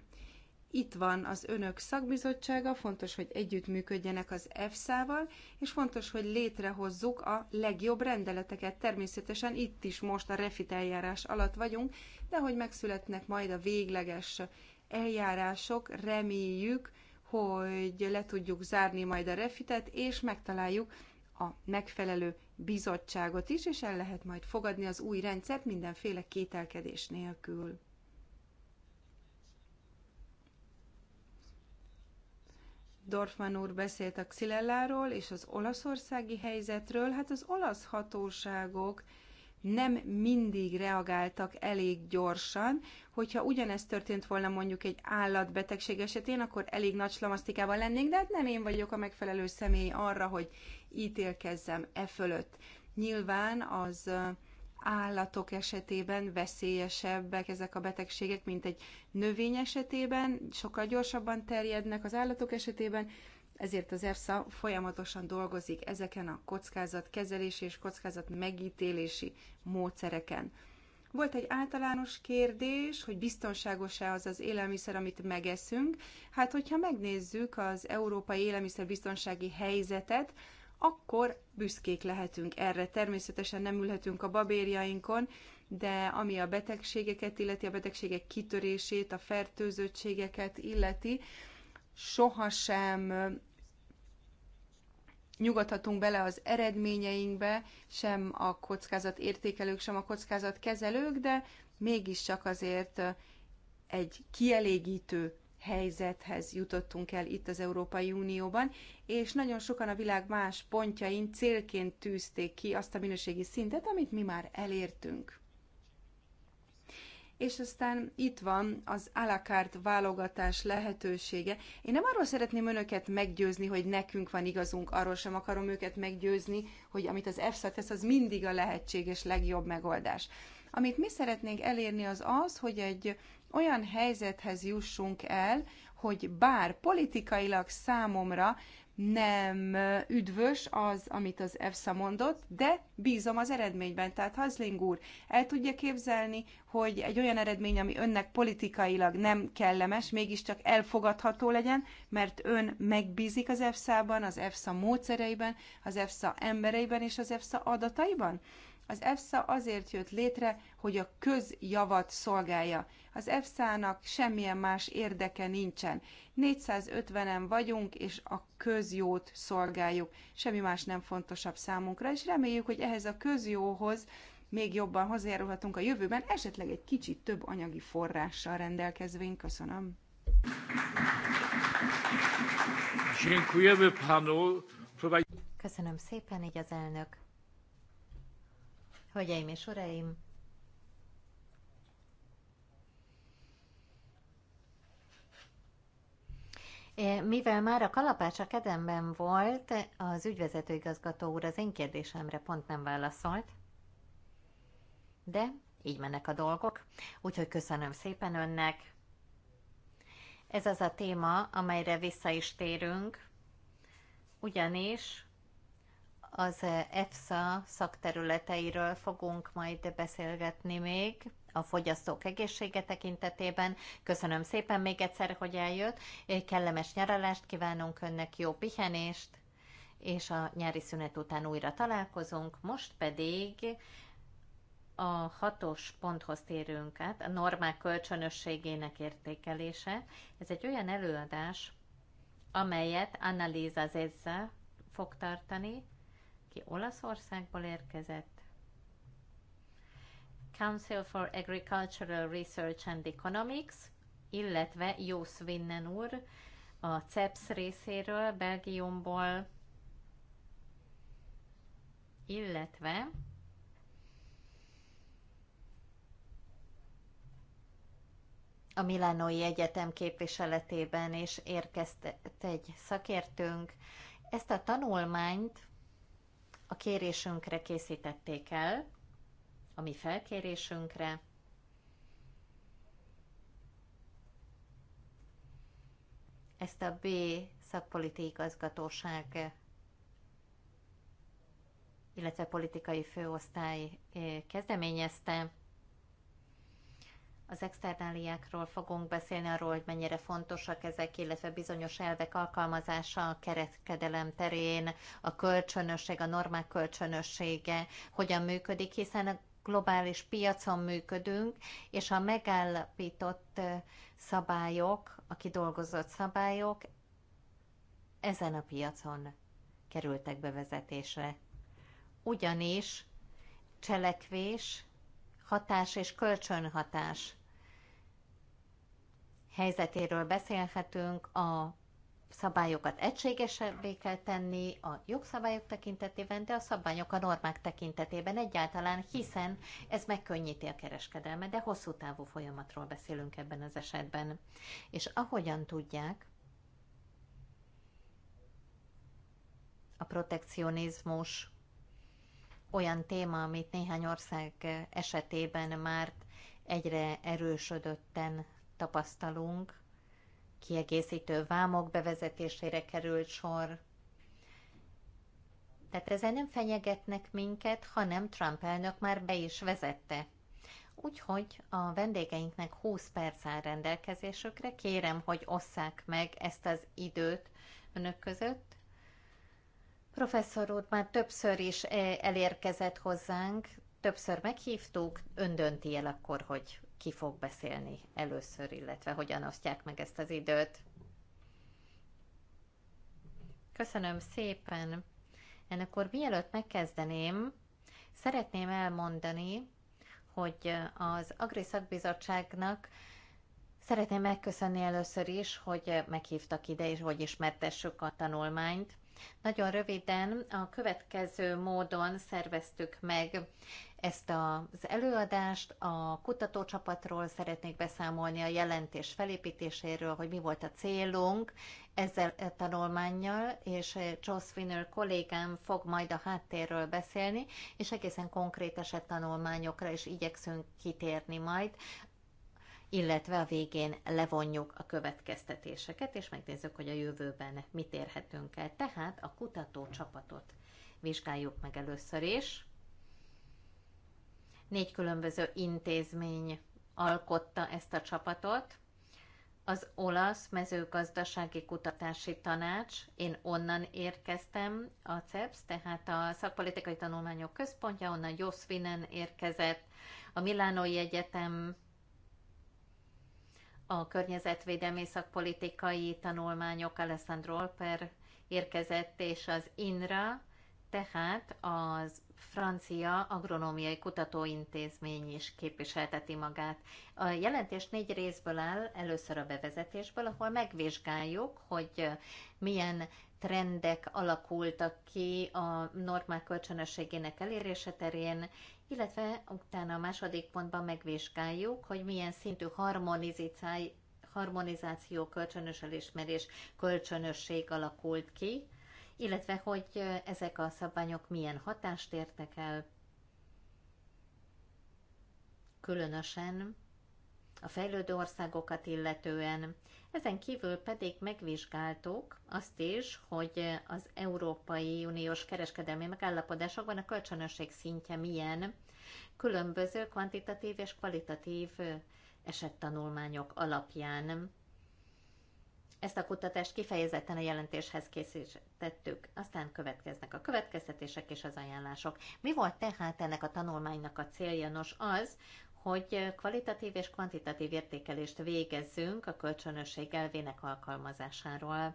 itt van az önök szakbizottsága, fontos, hogy együttműködjenek az EFSA-val, és fontos, hogy létrehozzuk a legjobb rendeleteket. Természetesen itt is most a refit eljárás alatt vagyunk, de hogy megszületnek majd a végleges eljárások, reméljük, hogy le tudjuk zárni majd a refitet, és megtaláljuk a megfelelő bizottságot is, és el lehet majd fogadni az új rendszert mindenféle kételkedés nélkül. Dorfman úr beszélt a Xilelláról és az olaszországi helyzetről. Hát az olasz hatóságok nem mindig reagáltak elég gyorsan. Hogyha ugyanezt történt volna mondjuk egy állatbetegség esetén, akkor elég nagy slamasztikában lennénk, de hát nem én vagyok a megfelelő személy arra, hogy ítélkezzem e fölött. Nyilván az állatok esetében veszélyesebbek ezek a betegségek, mint egy növény esetében, sokkal gyorsabban terjednek az állatok esetében, ezért az EFSA folyamatosan dolgozik ezeken a kezelési és kockázat megítélési módszereken. Volt egy általános kérdés, hogy biztonságos-e az az élelmiszer, amit megeszünk. Hát, hogyha megnézzük az európai élelmiszerbiztonsági helyzetet, akkor büszkék lehetünk erre. Természetesen nem ülhetünk a babérjainkon, de ami a betegségeket illeti, a betegségek kitörését, a fertőzöttségeket illeti, sohasem nyugodhatunk bele az eredményeinkbe, sem a kockázat értékelők, sem a kockázat kezelők, de mégiscsak azért egy kielégítő helyzethez jutottunk el itt az Európai Unióban, és nagyon sokan a világ más pontjain célként tűzték ki azt a minőségi szintet, amit mi már elértünk. És aztán itt van az alakárt válogatás lehetősége. Én nem arról szeretném önöket meggyőzni, hogy nekünk van igazunk, arról sem akarom őket meggyőzni, hogy amit az EFSA tesz, az mindig a lehetséges legjobb megoldás. Amit mi szeretnénk elérni az az, hogy egy olyan helyzethez jussunk el, hogy bár politikailag számomra nem üdvös az, amit az EFSA mondott, de bízom az eredményben. Tehát Hazling úr el tudja képzelni, hogy egy olyan eredmény, ami önnek politikailag nem kellemes, mégiscsak elfogadható legyen, mert ön megbízik az EFSA-ban, az EFSA módszereiben, az EFSA embereiben és az EFSA adataiban? Az EFSA azért jött létre, hogy a közjavat szolgálja. Az EFSA-nak semmilyen más érdeke nincsen. 450-en vagyunk, és a közjót szolgáljuk. Semmi más nem fontosabb számunkra, és reméljük, hogy ehhez a közjóhoz még jobban hozzájárulhatunk a jövőben, esetleg egy kicsit több anyagi forrással rendelkezvén. Köszönöm. Köszönöm szépen, így az elnök Hölgyeim és uraim! Eh, mivel már a kalapács a kedemben volt, az ügyvezető igazgató úr az én kérdésemre pont nem válaszolt, de így mennek a dolgok, úgyhogy köszönöm szépen önnek. Ez az a téma, amelyre vissza is térünk, ugyanis az eh, EFSA szakterületeiről fogunk majd beszélgetni még a fogyasztók egészsége tekintetében. Köszönöm szépen még egyszer, hogy eljött. Kellemes nyaralást kívánunk önnek, jó pihenést, és a nyári szünet után újra találkozunk. Most pedig a hatos ponthoz térünk át, a normák kölcsönösségének értékelése. Ez egy olyan előadás, amelyet Annalisa Zezza fog tartani, aki Olaszországból érkezett. Council for Agricultural Research and Economics, illetve Jó Winnen úr a CEPS részéről, Belgiumból, illetve a Milánói Egyetem képviseletében is érkezett egy szakértőnk. Ezt a tanulmányt kérésünkre készítették el, a mi felkérésünkre, ezt a B szakpolitikai igazgatóság, illetve politikai főosztály eh, kezdeményezte, az externáliákról fogunk beszélni, arról, hogy mennyire fontosak ezek, illetve bizonyos elvek alkalmazása a kereskedelem terén, a kölcsönösség, a normák kölcsönössége hogyan működik, hiszen a globális piacon működünk, és a megállapított szabályok, a kidolgozott szabályok ezen a piacon kerültek bevezetésre. Ugyanis cselekvés hatás és kölcsönhatás helyzetéről beszélhetünk, a szabályokat egységesebbé kell tenni a jogszabályok tekintetében, de a szabályok a normák tekintetében egyáltalán, hiszen ez megkönnyíti a kereskedelmet, de hosszú távú folyamatról beszélünk ebben az esetben. És ahogyan tudják, a protekcionizmus olyan téma, amit néhány ország esetében már egyre erősödötten tapasztalunk. Kiegészítő vámok bevezetésére került sor. Tehát ezzel nem fenyegetnek minket, hanem Trump elnök már be is vezette. Úgyhogy a vendégeinknek 20 perc áll rendelkezésükre. Kérem, hogy osszák meg ezt az időt önök között. Professzor úr már többször is eh, elérkezett hozzánk, többször meghívtuk, ön dönti el akkor, hogy ki fog beszélni először, illetve hogyan osztják meg ezt az időt. Köszönöm szépen. Ennek akkor mielőtt megkezdeném, szeretném elmondani, hogy az Agri Szakbizottságnak szeretném megköszönni először is, hogy meghívtak ide, és hogy ismertessük a tanulmányt. Nagyon röviden a következő módon szerveztük meg ezt az előadást. A kutatócsapatról szeretnék beszámolni a jelentés felépítéséről, hogy mi volt a célunk ezzel a tanulmányjal, és Joss Winner kollégám fog majd a háttérről beszélni, és egészen konkrét esettanulmányokra is igyekszünk kitérni majd illetve a végén levonjuk a következtetéseket, és megnézzük, hogy a jövőben mit érhetünk el. Tehát a kutatócsapatot vizsgáljuk meg először is. Négy különböző intézmény alkotta ezt a csapatot. Az olasz mezőgazdasági kutatási tanács, én onnan érkeztem, a CEPS, tehát a szakpolitikai tanulmányok központja, onnan Josvinen érkezett, a Milánói Egyetem a környezetvédelmi szakpolitikai tanulmányok Alessandro Alper érkezett, és az INRA, tehát az francia agronómiai kutatóintézmény is képviselteti magát. A jelentés négy részből áll, először a bevezetésből, ahol megvizsgáljuk, hogy milyen trendek alakultak ki a normák kölcsönösségének elérése terén, illetve utána a második pontban megvizsgáljuk, hogy milyen szintű harmonizáció, kölcsönös elismerés, kölcsönösség alakult ki, illetve hogy ezek a szabványok milyen hatást értek el, különösen a fejlődő országokat illetően. Ezen kívül pedig megvizsgáltuk azt is, hogy az Európai Uniós kereskedelmi megállapodásokban a kölcsönösség szintje milyen, különböző kvantitatív és kvalitatív esettanulmányok alapján. Ezt a kutatást kifejezetten a jelentéshez készítettük, aztán következnek a következtetések és az ajánlások. Mi volt tehát ennek a tanulmánynak a célja? Nos, az, hogy kvalitatív és kvantitatív értékelést végezzünk a kölcsönösség elvének alkalmazásáról.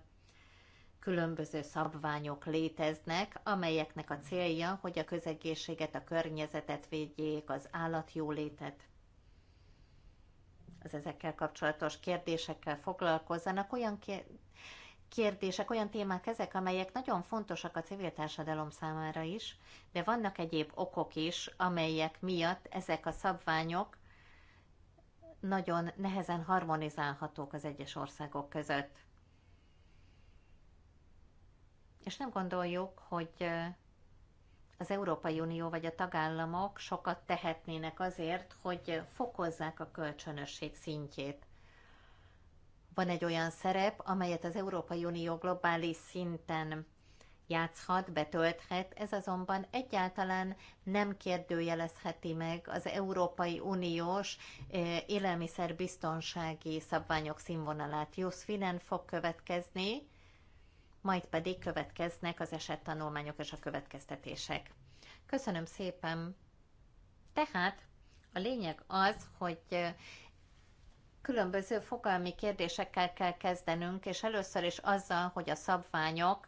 Különböző szabványok léteznek, amelyeknek a célja, hogy a közegészséget, a környezetet védjék, az állatjólétet az ezekkel kapcsolatos kérdésekkel foglalkozzanak, olyan kérdések, olyan témák ezek, amelyek nagyon fontosak a civil társadalom számára is, de vannak egyéb okok is, amelyek miatt ezek a szabványok nagyon nehezen harmonizálhatók az egyes országok között. És nem gondoljuk, hogy az Európai Unió vagy a tagállamok sokat tehetnének azért, hogy fokozzák a kölcsönösség szintjét. Van egy olyan szerep, amelyet az Európai Unió globális szinten játszhat, betölthet, ez azonban egyáltalán nem kérdőjelezheti meg az Európai Uniós eh, élelmiszerbiztonsági szabványok színvonalát. Jussz Finen fog következni, majd pedig következnek az esettanulmányok és a következtetések. Köszönöm szépen! Tehát a lényeg az, hogy különböző fogalmi kérdésekkel kell kezdenünk, és először is azzal, hogy a szabványok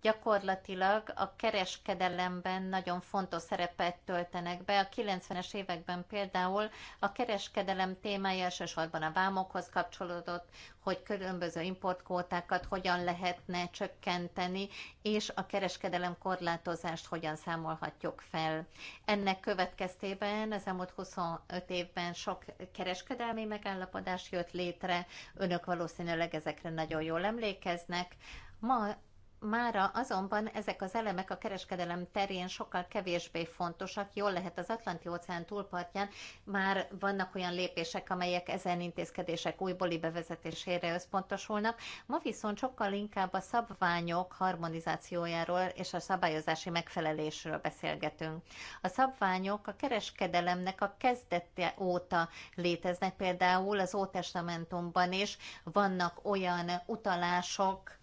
gyakorlatilag a kereskedelemben nagyon fontos szerepet töltenek be. A 90-es években például a kereskedelem témája elsősorban a vámokhoz kapcsolódott, hogy különböző importkótákat hogyan lehetne csökkenteni, és a kereskedelem korlátozást hogyan számolhatjuk fel. Ennek következtében az elmúlt 25 évben sok kereskedelmi megállapodás jött létre, önök valószínűleg ezekre nagyon jól emlékeznek. Ma Mára azonban ezek az elemek a kereskedelem terén sokkal kevésbé fontosak. Jól lehet az Atlanti-óceán túlpartján már vannak olyan lépések, amelyek ezen intézkedések újbóli bevezetésére összpontosulnak. Ma viszont sokkal inkább a szabványok harmonizációjáról és a szabályozási megfelelésről beszélgetünk. A szabványok a kereskedelemnek a kezdete óta léteznek, például az Ótestamentumban is vannak olyan utalások,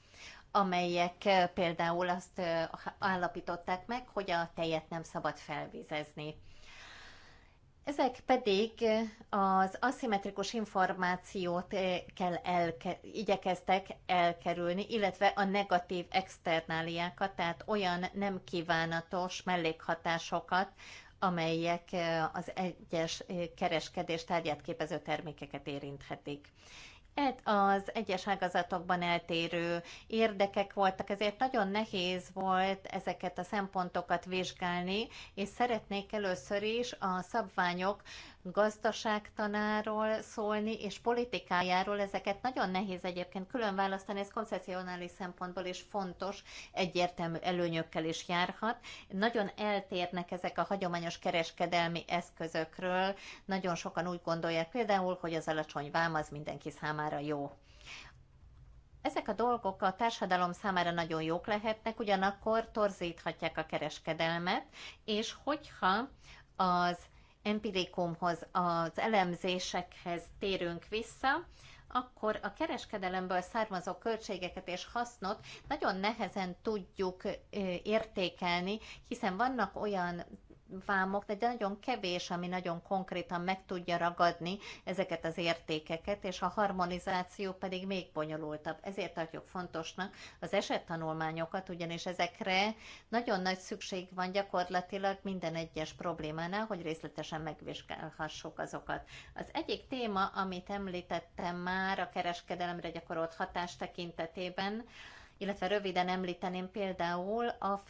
amelyek eh, például azt eh, állapították meg, hogy a tejet nem szabad felvizezni. Ezek pedig eh, az aszimmetrikus információt kell elke, igyekeztek elkerülni, illetve a negatív externáliákat, tehát olyan nem kívánatos mellékhatásokat, amelyek az egyes kereskedés tárgyát képező termékeket érinthetik. Ed az egyes ágazatokban eltérő érdekek voltak, ezért nagyon nehéz volt ezeket a szempontokat vizsgálni, és szeretnék először is a szabványok gazdaságtanáról szólni, és politikájáról, ezeket nagyon nehéz egyébként külön választani, ez koncepcionális szempontból is fontos, egyértelmű előnyökkel is járhat. Nagyon eltérnek ezek a hagyományos kereskedelmi eszközökről, nagyon sokan úgy gondolják például, hogy az alacsony vám az mindenki számára jó. Ezek a dolgok a társadalom számára nagyon jók lehetnek, ugyanakkor torzíthatják a kereskedelmet, és hogyha az empirikumhoz, az elemzésekhez térünk vissza, akkor a kereskedelemből származó költségeket és hasznot nagyon nehezen tudjuk értékelni, hiszen vannak olyan vámok, de nagyon kevés, ami nagyon konkrétan meg tudja ragadni ezeket az értékeket, és a harmonizáció pedig még bonyolultabb. Ezért tartjuk fontosnak az esettanulmányokat, ugyanis ezekre nagyon nagy szükség van gyakorlatilag minden egyes problémánál, hogy részletesen megvizsgálhassuk azokat. Az egyik téma, amit említettem már a kereskedelemre gyakorolt hatás tekintetében, illetve röviden említeném például a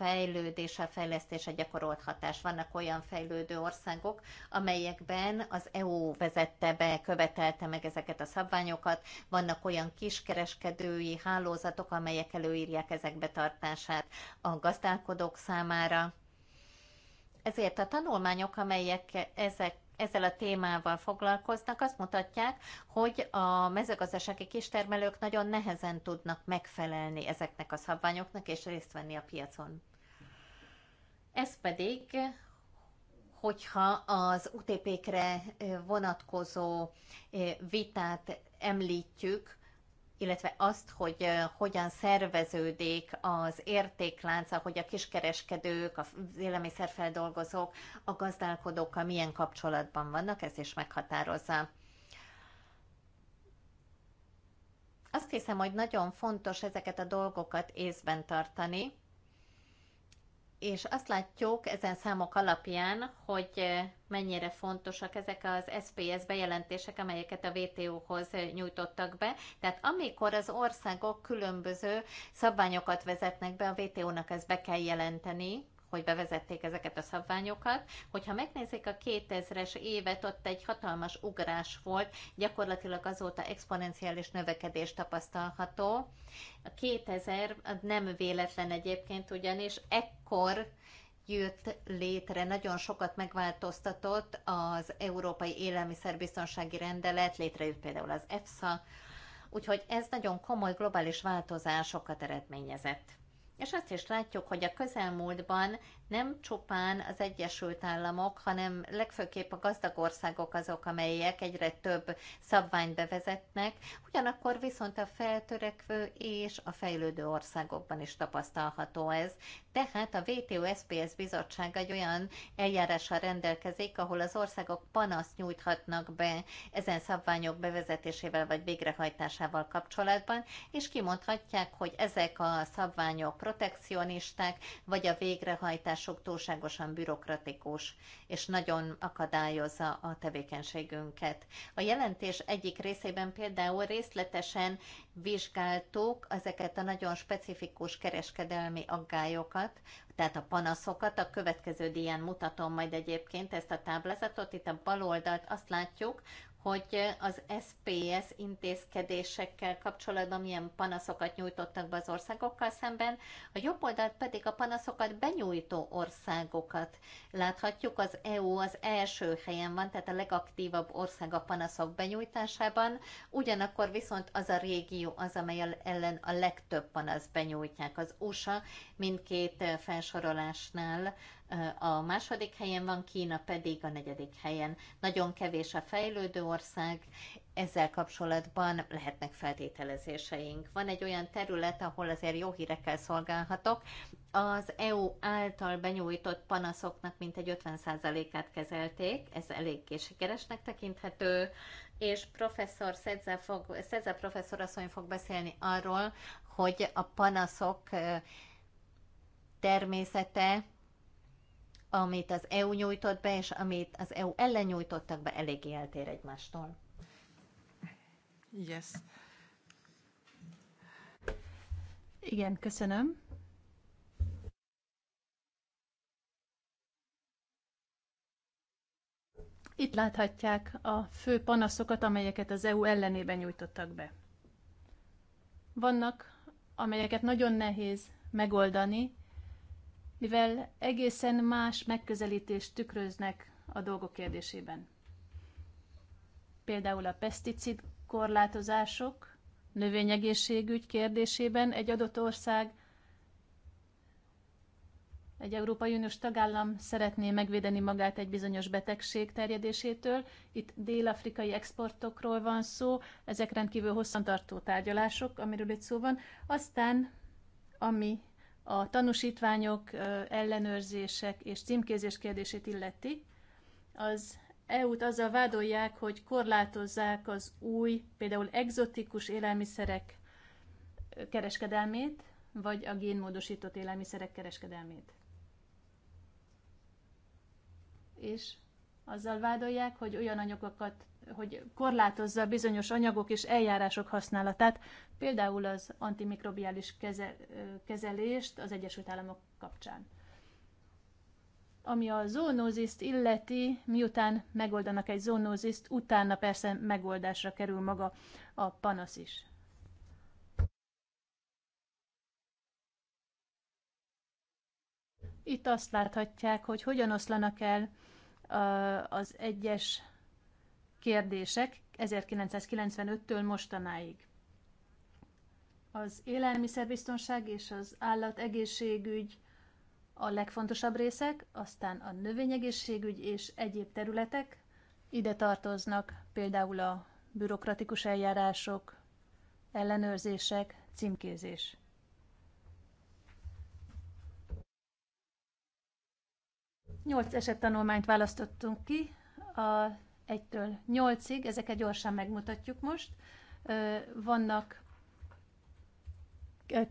a fejlesztése gyakorolt hatás. Vannak olyan fejlődő országok, amelyekben az EU vezette be, követelte meg ezeket a szabványokat, vannak olyan kiskereskedői hálózatok, amelyek előírják ezek betartását a gazdálkodók számára. Ezért a tanulmányok, amelyek ezek ezzel a témával foglalkoznak, azt mutatják, hogy a mezőgazdasági kistermelők nagyon nehezen tudnak megfelelni ezeknek a szabványoknak és részt venni a piacon. Ez pedig, hogyha az UTP-kre vonatkozó vitát említjük, illetve azt, hogy hogyan szerveződik az értéklánca, hogy a kiskereskedők, az élelmiszerfeldolgozók, a gazdálkodókkal milyen kapcsolatban vannak, ez is meghatározza. Azt hiszem, hogy nagyon fontos ezeket a dolgokat észben tartani, és azt látjuk ezen számok alapján, hogy mennyire fontosak ezek az SPS bejelentések, amelyeket a WTO-hoz nyújtottak be. Tehát amikor az országok különböző szabványokat vezetnek be, a WTO-nak ezt be kell jelenteni, hogy bevezették ezeket a szabványokat. Hogyha megnézzék a 2000-es évet, ott egy hatalmas ugrás volt, gyakorlatilag azóta exponenciális növekedés tapasztalható. A 2000 nem véletlen egyébként, ugyanis ekkor jött létre, nagyon sokat megváltoztatott az Európai Élelmiszerbiztonsági Rendelet, létrejött például az EFSA, úgyhogy ez nagyon komoly globális változásokat eredményezett. És azt is látjuk, hogy a közelmúltban nem csupán az Egyesült Államok, hanem legfőképp a gazdag országok azok, amelyek egyre több szabványt bevezetnek, ugyanakkor viszont a feltörekvő és a fejlődő országokban is tapasztalható ez. Tehát a WTO-SPS bizottság egy olyan eljárással rendelkezik, ahol az országok panaszt nyújthatnak be ezen szabványok bevezetésével vagy végrehajtásával kapcsolatban, és kimondhatják, hogy ezek a szabványok protekcionisták, vagy a végrehajtás szabályozások túlságosan bürokratikus, és nagyon akadályozza a tevékenységünket. A jelentés egyik részében például részletesen vizsgáltuk ezeket a nagyon specifikus kereskedelmi aggályokat, tehát a panaszokat. A következő díján mutatom majd egyébként ezt a táblázatot. Itt a bal oldalt azt látjuk, hogy az SPS intézkedésekkel kapcsolatban milyen panaszokat nyújtottak be az országokkal szemben, a jobb oldalt pedig a panaszokat benyújtó országokat. Láthatjuk, az EU az első helyen van, tehát a legaktívabb ország a panaszok benyújtásában, ugyanakkor viszont az a régió az, amely ellen a legtöbb panasz benyújtják. Az USA mindkét eh, felsorolásnál a második helyen van, Kína pedig a negyedik helyen. Nagyon kevés a fejlődő ország, ezzel kapcsolatban lehetnek feltételezéseink. Van egy olyan terület, ahol azért jó hírekkel szolgálhatok. Az EU által benyújtott panaszoknak mintegy 50%-át kezelték, ez eléggé sikeresnek tekinthető, és professzor Szedze, fog, Szedze professzor asszony fog beszélni arról, hogy a panaszok természete amit az EU nyújtott be, és amit az EU ellen nyújtottak be, eléggé eltér egymástól. Yes. Igen, köszönöm. Itt láthatják a fő panaszokat, amelyeket az EU ellenében nyújtottak be. Vannak, amelyeket nagyon nehéz megoldani, mivel egészen más megközelítést tükröznek a dolgok kérdésében. Például a peszticid korlátozások, növényegészségügy kérdésében egy adott ország, egy Európai Uniós tagállam szeretné megvédeni magát egy bizonyos betegség terjedésétől. Itt dél-afrikai exportokról van szó, ezek rendkívül hosszantartó tárgyalások, amiről itt szó van. Aztán, ami a tanúsítványok, ellenőrzések és címkézés kérdését illeti, az EU-t azzal vádolják, hogy korlátozzák az új, például egzotikus élelmiszerek kereskedelmét, vagy a génmódosított élelmiszerek kereskedelmét. És azzal vádolják, hogy olyan anyagokat hogy korlátozza bizonyos anyagok és eljárások használatát, például az antimikrobiális kezelést az Egyesült Államok kapcsán. Ami a zoonóziszt illeti, miután megoldanak egy zoonóziszt, utána persze megoldásra kerül maga a panasz is. Itt azt láthatják, hogy hogyan oszlanak el az egyes kérdések 1995-től mostanáig. Az élelmiszerbiztonság és az állategészségügy a legfontosabb részek, aztán a növényegészségügy és egyéb területek. Ide tartoznak például a bürokratikus eljárások, ellenőrzések, címkézés. Nyolc esettanulmányt választottunk ki a 1-től 8-ig, ezeket gyorsan megmutatjuk most. Vannak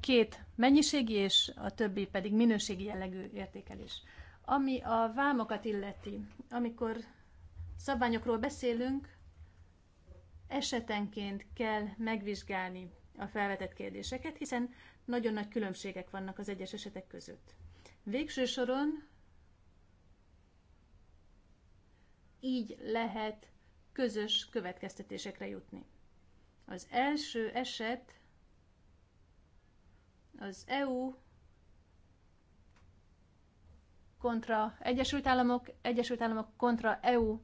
két mennyiségi és a többi pedig minőségi jellegű értékelés. Ami a vámokat illeti, amikor szabványokról beszélünk, esetenként kell megvizsgálni a felvetett kérdéseket, hiszen nagyon nagy különbségek vannak az egyes esetek között. Végső soron így lehet közös következtetésekre jutni. Az első eset az EU kontra Egyesült Államok, Egyesült Államok kontra EU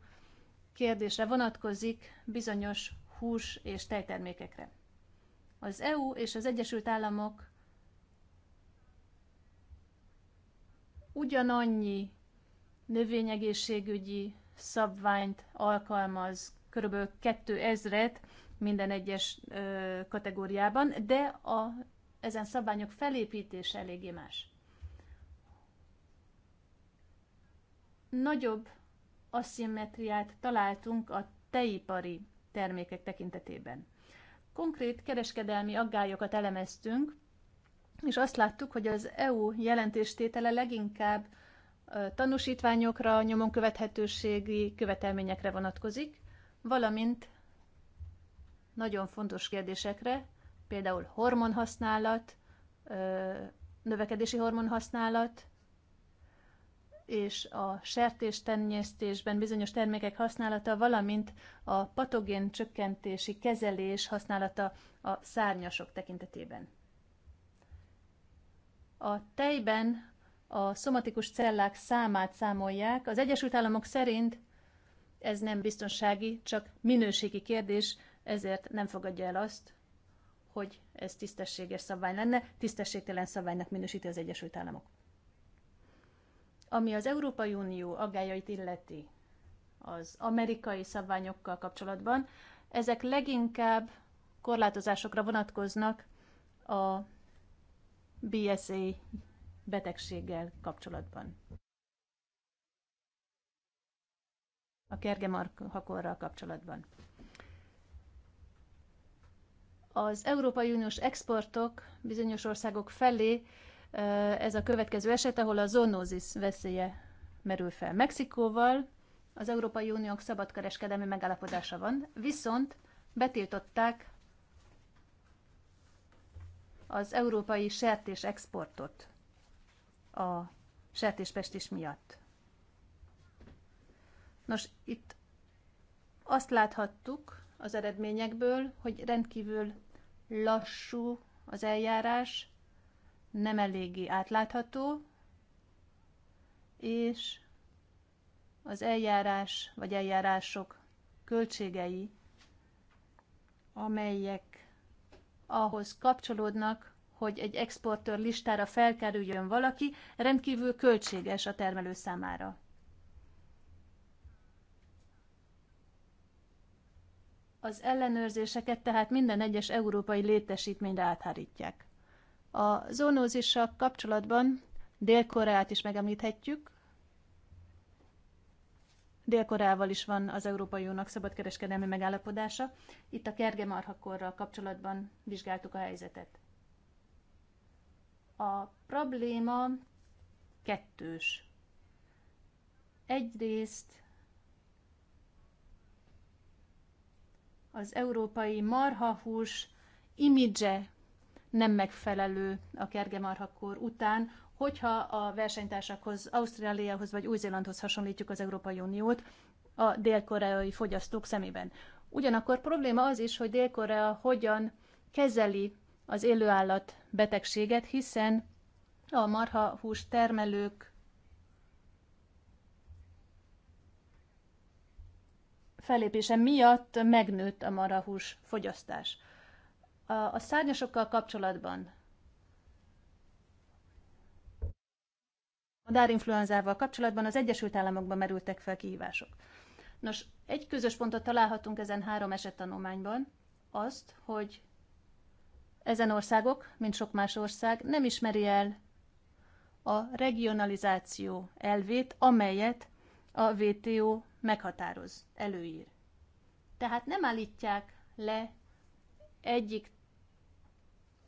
kérdésre vonatkozik bizonyos hús és tejtermékekre. Az EU és az Egyesült Államok ugyanannyi növényegészségügyi szabványt alkalmaz, kb. 2000-et minden egyes ö, kategóriában, de a, ezen szabványok felépítése eléggé más. Nagyobb aszimmetriát találtunk a teipari termékek tekintetében. Konkrét kereskedelmi aggályokat elemeztünk, és azt láttuk, hogy az EU jelentéstétele leginkább tanúsítványokra, nyomon követhetőségi követelményekre vonatkozik, valamint nagyon fontos kérdésekre, például hormonhasználat, növekedési hormonhasználat, és a sertéstenyésztésben bizonyos termékek használata, valamint a patogén csökkentési kezelés használata a szárnyasok tekintetében. A tejben a szomatikus cellák számát számolják. Az Egyesült Államok szerint ez nem biztonsági, csak minőségi kérdés, ezért nem fogadja el azt, hogy ez tisztességes szabvány lenne, tisztességtelen szabványnak minősíti az Egyesült Államok. Ami az Európai Unió aggájait illeti az amerikai szabványokkal kapcsolatban, ezek leginkább korlátozásokra vonatkoznak a BSA betegséggel kapcsolatban. A kergemarhakorral kapcsolatban. Az Európai Uniós exportok bizonyos országok felé ez a következő eset, ahol a zoonózis veszélye merül fel. Mexikóval az Európai Uniók szabadkereskedelmi megállapodása van, viszont betiltották az európai sertés exportot a sertéspestis miatt. Nos, itt azt láthattuk az eredményekből, hogy rendkívül lassú az eljárás, nem eléggé átlátható, és az eljárás vagy eljárások költségei, amelyek ahhoz kapcsolódnak, hogy egy exportőr listára felkerüljön valaki, rendkívül költséges a termelő számára. Az ellenőrzéseket tehát minden egyes európai létesítményre áthárítják. A zónózissal kapcsolatban Dél-Koreát is megemlíthetjük. Dél-Koreával is van az Európai Uniónak szabadkereskedelmi megállapodása. Itt a kergemarhakorral kapcsolatban vizsgáltuk a helyzetet. A probléma kettős. Egyrészt az európai marhahús imidzse nem megfelelő a kergemarhakor után, hogyha a versenytársakhoz, Ausztráliához vagy Új-Zélandhoz hasonlítjuk az Európai Uniót a dél-koreai fogyasztók szemében. Ugyanakkor probléma az is, hogy Dél-Korea hogyan kezeli az élőállat betegséget, hiszen a marhahús termelők felépése miatt megnőtt a marhahús fogyasztás. A szárnyasokkal kapcsolatban A dárinfluenzával kapcsolatban az Egyesült Államokban merültek fel kihívások. Nos, egy közös pontot találhatunk ezen három esettanulmányban, azt, hogy ezen országok, mint sok más ország, nem ismeri el a regionalizáció elvét, amelyet a WTO meghatároz, előír. Tehát nem állítják le egyik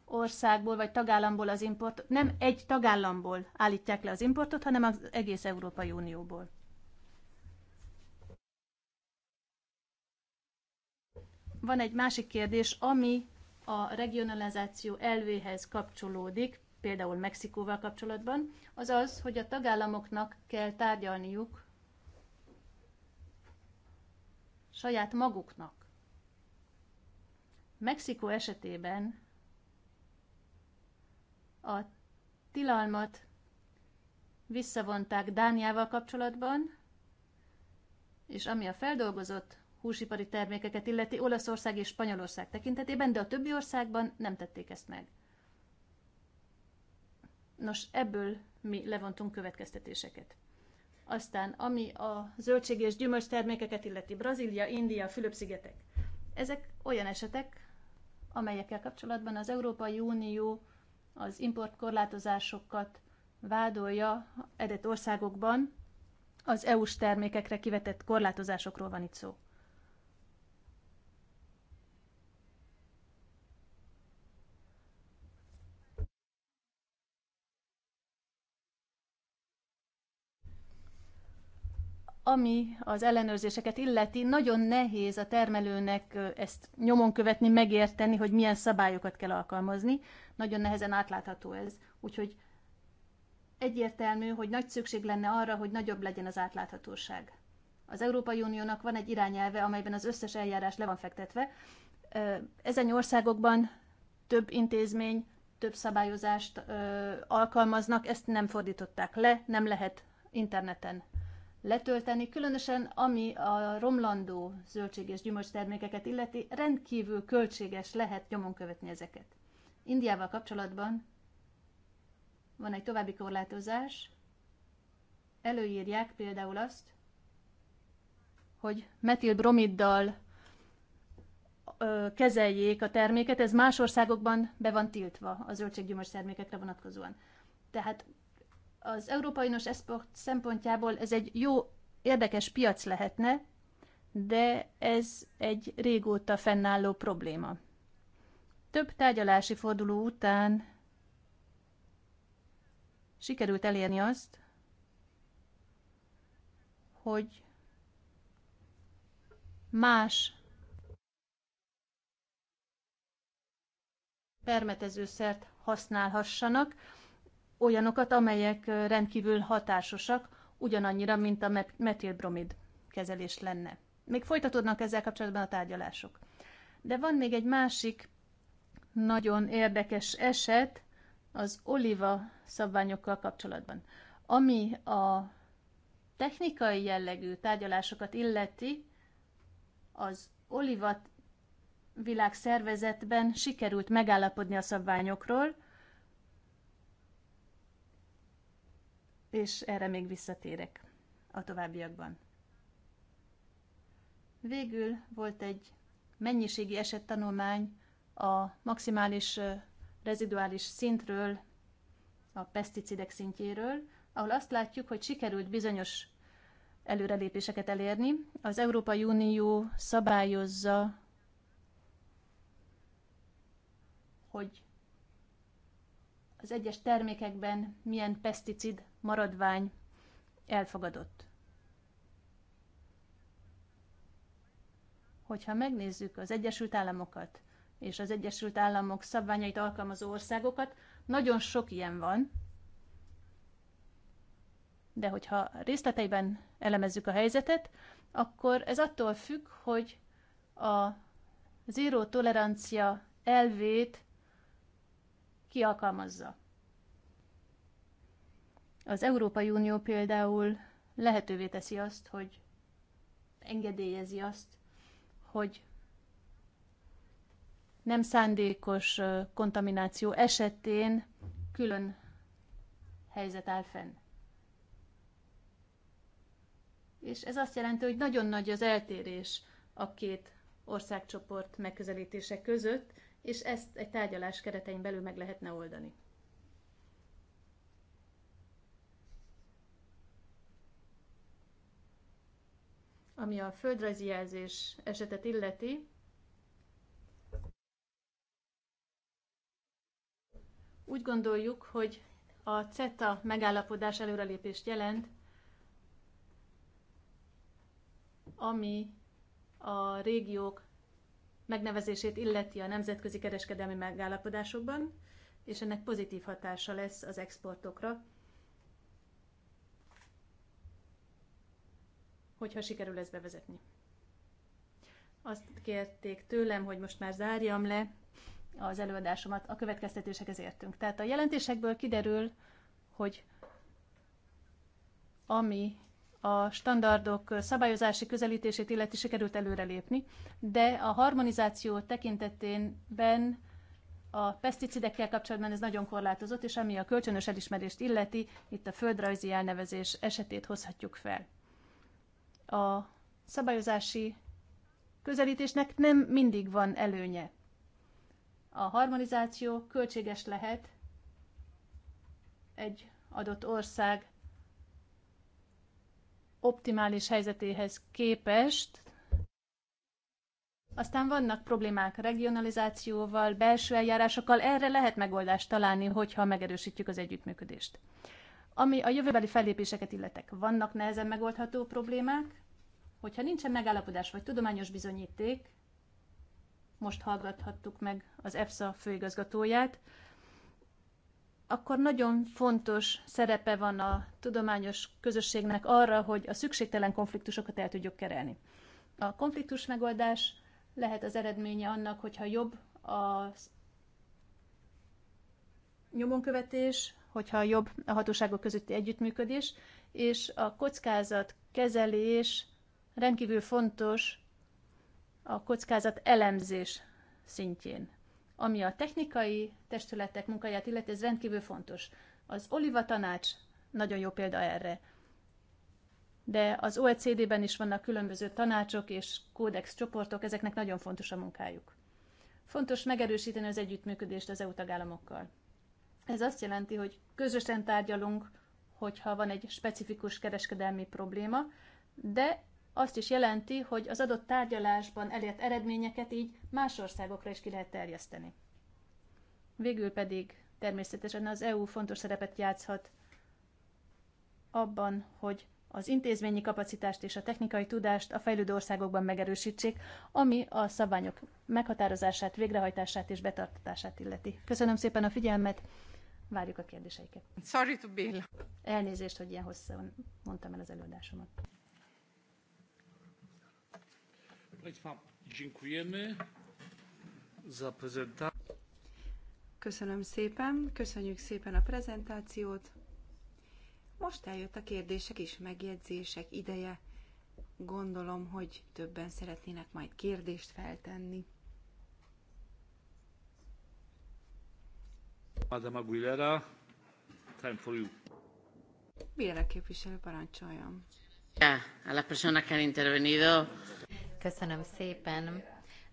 országból vagy tagállamból az importot, nem egy tagállamból állítják le az importot, hanem az egész Európai Unióból. Van egy másik kérdés, ami a regionalizáció elvéhez kapcsolódik, például Mexikóval kapcsolatban, az az, hogy a tagállamoknak kell tárgyalniuk saját maguknak. Mexikó esetében a tilalmat visszavonták Dániával kapcsolatban, és ami a feldolgozott húsipari termékeket illeti Olaszország és Spanyolország tekintetében, de a többi országban nem tették ezt meg. Nos, ebből mi levontunk következtetéseket. Aztán, ami a zöldség és gyümölcs termékeket illeti, Brazília, India, Fülöp-szigetek. Ezek olyan esetek, amelyekkel kapcsolatban az Európai Unió az importkorlátozásokat vádolja edett országokban, az EU-s termékekre kivetett korlátozásokról van itt szó. ami az ellenőrzéseket illeti, nagyon nehéz a termelőnek ezt nyomon követni, megérteni, hogy milyen szabályokat kell alkalmazni. Nagyon nehezen átlátható ez. Úgyhogy egyértelmű, hogy nagy szükség lenne arra, hogy nagyobb legyen az átláthatóság. Az Európai Uniónak van egy irányelve, amelyben az összes eljárás le van fektetve. Ezen országokban több intézmény, több szabályozást alkalmaznak, ezt nem fordították le, nem lehet interneten letölteni, különösen ami a romlandó zöldség és gyümölcs termékeket illeti, rendkívül költséges lehet nyomon követni ezeket. Indiával kapcsolatban van egy további korlátozás, előírják például azt, hogy metilbromiddal kezeljék a terméket, ez más országokban be van tiltva a zöldséggyümölcs termékekre vonatkozóan. Tehát az Európai Nos Esport szempontjából ez egy jó, érdekes piac lehetne, de ez egy régóta fennálló probléma. Több tárgyalási forduló után sikerült elérni azt, hogy más permetezőszert használhassanak, olyanokat, amelyek rendkívül hatásosak, ugyanannyira, mint a metilbromid kezelés lenne. Még folytatódnak ezzel kapcsolatban a tárgyalások. De van még egy másik nagyon érdekes eset az oliva szabványokkal kapcsolatban. Ami a technikai jellegű tárgyalásokat illeti, az oliva világszervezetben sikerült megállapodni a szabványokról, és erre még visszatérek a továbbiakban. Végül volt egy mennyiségi esettanulmány a maximális reziduális szintről, a peszticidek szintjéről, ahol azt látjuk, hogy sikerült bizonyos előrelépéseket elérni. Az Európai Unió szabályozza, hogy az egyes termékekben milyen peszticid maradvány elfogadott. Hogyha megnézzük az Egyesült Államokat és az Egyesült Államok szabványait alkalmazó országokat, nagyon sok ilyen van, de hogyha részleteiben elemezzük a helyzetet, akkor ez attól függ, hogy a zéró tolerancia elvét ki alkalmazza. Az Európai Unió például lehetővé teszi azt, hogy engedélyezi azt, hogy nem szándékos kontamináció esetén külön helyzet áll fenn. És ez azt jelenti, hogy nagyon nagy az eltérés a két országcsoport megközelítése között, és ezt egy tárgyalás keretein belül meg lehetne oldani. Ami a földrajzi jelzés esetet illeti, úgy gondoljuk, hogy a CETA megállapodás előrelépést jelent, ami a régiók megnevezését illeti a nemzetközi kereskedelmi megállapodásokban, és ennek pozitív hatása lesz az exportokra, hogyha sikerül ezt bevezetni. Azt kérték tőlem, hogy most már zárjam le az előadásomat, a következtetésekhez értünk. Tehát a jelentésekből kiderül, hogy ami a standardok szabályozási közelítését illeti sikerült előrelépni, de a harmonizáció tekintetében a peszticidekkel kapcsolatban ez nagyon korlátozott, és ami a kölcsönös elismerést illeti, itt a földrajzi elnevezés esetét hozhatjuk fel. A szabályozási közelítésnek nem mindig van előnye. A harmonizáció költséges lehet egy adott ország optimális helyzetéhez képest. Aztán vannak problémák regionalizációval, belső eljárásokkal, erre lehet megoldást találni, hogyha megerősítjük az együttműködést. Ami a jövőbeli fellépéseket illetek, vannak nehezen megoldható problémák, hogyha nincsen megállapodás vagy tudományos bizonyíték, most hallgathattuk meg az EFSA főigazgatóját, akkor nagyon fontos szerepe van a tudományos közösségnek arra, hogy a szükségtelen konfliktusokat el tudjuk kerelni. A konfliktus megoldás lehet az eredménye annak, hogyha jobb a nyomonkövetés, hogyha jobb a hatóságok közötti együttműködés, és a kockázat kezelés rendkívül fontos a kockázat elemzés szintjén. Ami a technikai testületek munkáját illeti, ez rendkívül fontos. Az Oliva Tanács nagyon jó példa erre. De az OECD-ben is vannak különböző tanácsok és kódex csoportok, ezeknek nagyon fontos a munkájuk. Fontos megerősíteni az együttműködést az EU tagállamokkal. Ez azt jelenti, hogy közösen tárgyalunk, hogyha van egy specifikus kereskedelmi probléma, de azt is jelenti, hogy az adott tárgyalásban elért eredményeket így más országokra is ki lehet terjeszteni. Végül pedig természetesen az EU fontos szerepet játszhat abban, hogy az intézményi kapacitást és a technikai tudást a fejlődő országokban megerősítsék, ami a szabványok meghatározását, végrehajtását és betartatását illeti. Köszönöm szépen a figyelmet, várjuk a kérdéseiket. Sorry to be. Elnézést, hogy ilyen hosszan mondtam el az előadásomat. Köszönöm szépen, köszönjük szépen a prezentációt. Most eljött a kérdések és megjegyzések ideje. Gondolom, hogy többen szeretnének majd kérdést feltenni. Madame Aguilera, time for you. Biela képviselő parancsoljon. A la persona que han intervenido. Köszönöm szépen.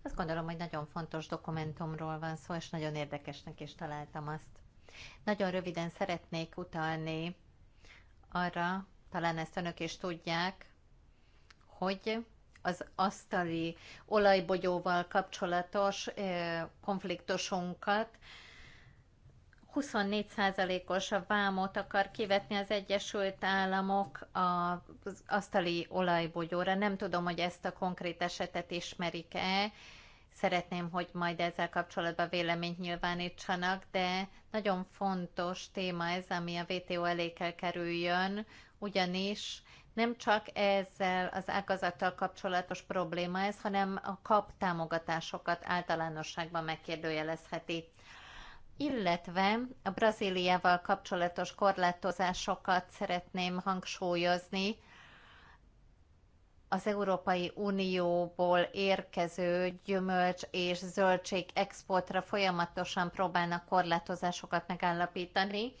Azt gondolom, hogy nagyon fontos dokumentumról van szó, és nagyon érdekesnek is találtam azt. Nagyon röviden szeretnék utalni arra, talán ezt önök is tudják, hogy az asztali olajbogyóval kapcsolatos konfliktusunkat 24%-os a vámot akar kivetni az Egyesült Államok az asztali olajbogyóra. Nem tudom, hogy ezt a konkrét esetet ismerik-e. Szeretném, hogy majd ezzel kapcsolatban véleményt nyilvánítsanak, de nagyon fontos téma ez, ami a WTO elé kell kerüljön, ugyanis nem csak ezzel az ágazattal kapcsolatos probléma ez, hanem a kap támogatásokat általánosságban megkérdőjelezheti illetve a Brazíliával kapcsolatos korlátozásokat szeretném hangsúlyozni. Az Európai Unióból érkező gyümölcs és zöldség exportra folyamatosan próbálnak korlátozásokat megállapítani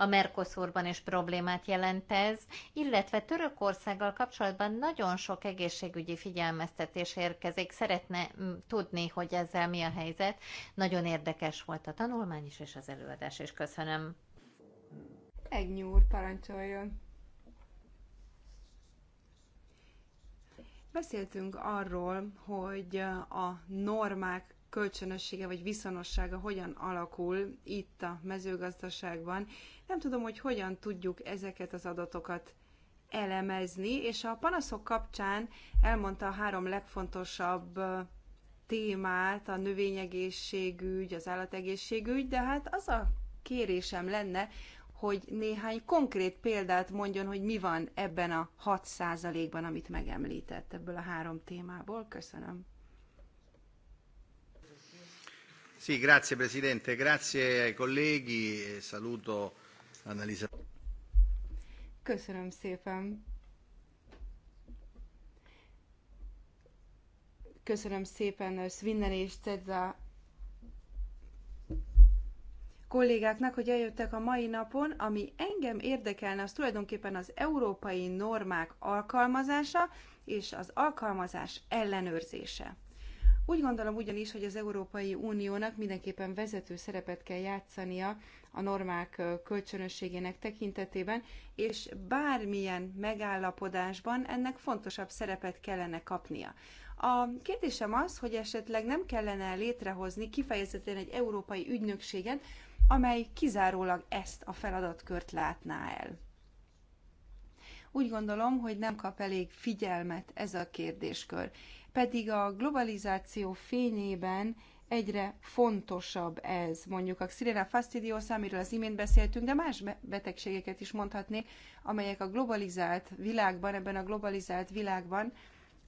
a Mercosurban is problémát jelent ez, illetve Törökországgal kapcsolatban nagyon sok egészségügyi figyelmeztetés érkezik. Szeretne mm, tudni, hogy ezzel mi a helyzet. Nagyon érdekes volt a tanulmány is, és az előadás is. Köszönöm. Egy nyúr parancsoljon. Beszéltünk arról, hogy a normák kölcsönössége vagy viszonossága hogyan alakul itt a mezőgazdaságban. Nem tudom, hogy hogyan tudjuk ezeket az adatokat elemezni, és a panaszok kapcsán elmondta a három legfontosabb témát, a növényegészségügy, az állategészségügy, de hát az a kérésem lenne, hogy néhány konkrét példát mondjon, hogy mi van ebben a 6%-ban, amit megemlített ebből a három témából. Köszönöm. Sì, grazie Presidente, grazie ai colleghi, e saluto Annalisa. Köszönöm szépen. Köszönöm szépen eh, Svinnen és Cedza kollégáknak, hogy eljöttek a mai napon. Ami engem érdekelne, az tulajdonképpen az európai normák alkalmazása és az alkalmazás ellenőrzése. Úgy gondolom ugyanis, hogy az Európai Uniónak mindenképpen vezető szerepet kell játszania a normák kölcsönösségének tekintetében, és bármilyen megállapodásban ennek fontosabb szerepet kellene kapnia. A kérdésem az, hogy esetleg nem kellene létrehozni kifejezetten egy európai ügynökséget, amely kizárólag ezt a feladatkört látná el. Úgy gondolom, hogy nem kap elég figyelmet ez a kérdéskör pedig a globalizáció fényében egyre fontosabb ez. Mondjuk a Xirena fastidiosa, amiről az imént beszéltünk, de más betegségeket is mondhatnék, amelyek a globalizált világban, ebben a globalizált világban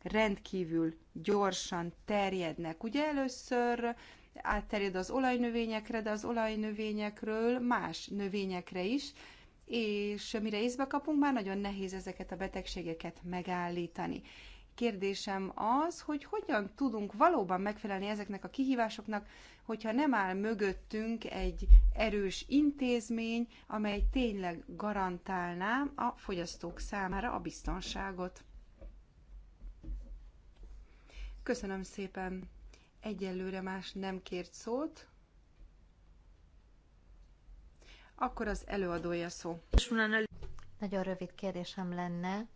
rendkívül gyorsan terjednek. Ugye először átterjed az olajnövényekre, de az olajnövényekről más növényekre is, és mire észbe kapunk, már nagyon nehéz ezeket a betegségeket megállítani. Kérdésem az, hogy hogyan tudunk valóban megfelelni ezeknek a kihívásoknak, hogyha nem áll mögöttünk egy erős intézmény, amely tényleg garantálná a fogyasztók számára a biztonságot. Köszönöm szépen. Egyelőre más nem kért szót. Akkor az előadója szó. Nagyon rövid kérdésem lenne.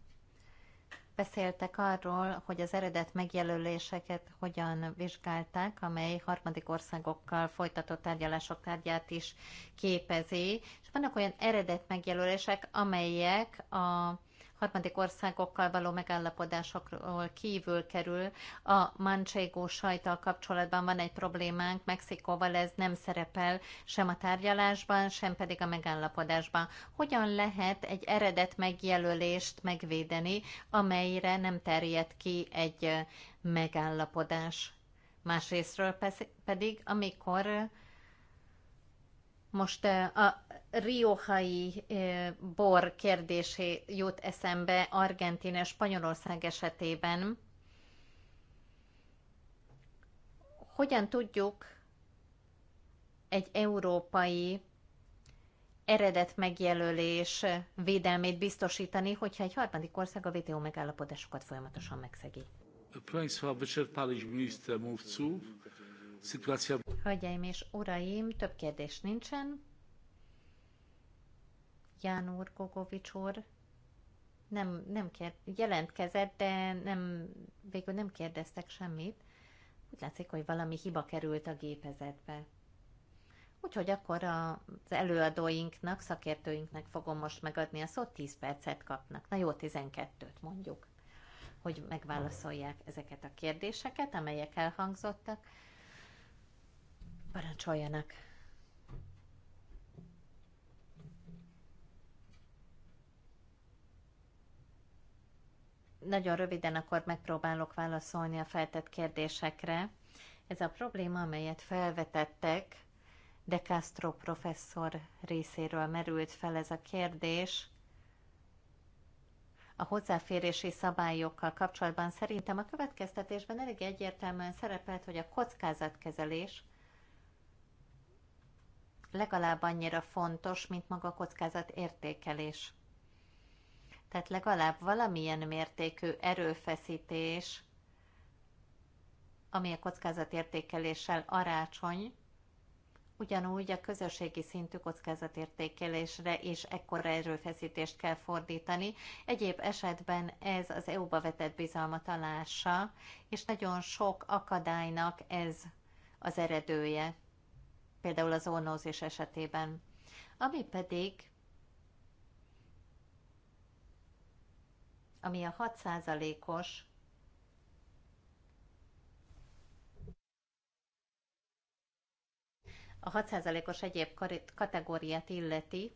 Beszéltek arról, hogy az eredet megjelöléseket hogyan vizsgálták, amely harmadik országokkal folytatott tárgyalások tárgyát is képezi, és vannak olyan eredet megjelölések, amelyek a harmadik országokkal való megállapodásokról kívül kerül. A manchego sajtal kapcsolatban van egy problémánk, Mexikóval ez nem szerepel sem a tárgyalásban, sem pedig a megállapodásban. Hogyan lehet egy eredet megjelölést megvédeni, amelyre nem terjed ki egy megállapodás? Másrésztről pedig, amikor most eh, a riohai eh, bor kérdésé jut eszembe Argentina, Spanyolország esetében. Hogyan tudjuk egy európai eredet megjelölés védelmét biztosítani, hogyha egy harmadik ország a WTO megállapodásokat folyamatosan megszegi? Szituáció... Hölgyeim és uraim, több kérdés nincsen. Ján úr, Gogovics úr, nem, nem kér, jelentkezett, de nem, végül nem kérdeztek semmit. Úgy látszik, hogy valami hiba került a gépezetbe. Úgyhogy akkor az előadóinknak, szakértőinknek fogom most megadni a szót, 10 percet kapnak. Na jó, 12-t mondjuk, hogy megválaszolják ezeket a kérdéseket, amelyek elhangzottak. Parancsoljanak! Nagyon röviden akkor megpróbálok válaszolni a feltett kérdésekre. Ez a probléma, amelyet felvetettek, De Castro professzor részéről merült fel ez a kérdés – a hozzáférési szabályokkal kapcsolatban szerintem a következtetésben elég egyértelműen szerepelt, hogy a kockázatkezelés legalább annyira fontos, mint maga a kockázat értékelés. Tehát legalább valamilyen mértékű erőfeszítés, ami a kockázat értékeléssel arácsony, ugyanúgy a közösségi szintű kockázatértékelésre is ekkora erőfeszítést kell fordítani. Egyéb esetben ez az EU-ba vetett bizalmat alása, és nagyon sok akadálynak ez az eredője például az ónózis esetében. Ami pedig, ami a 6%-os a 6%-os egyéb kategóriát illeti,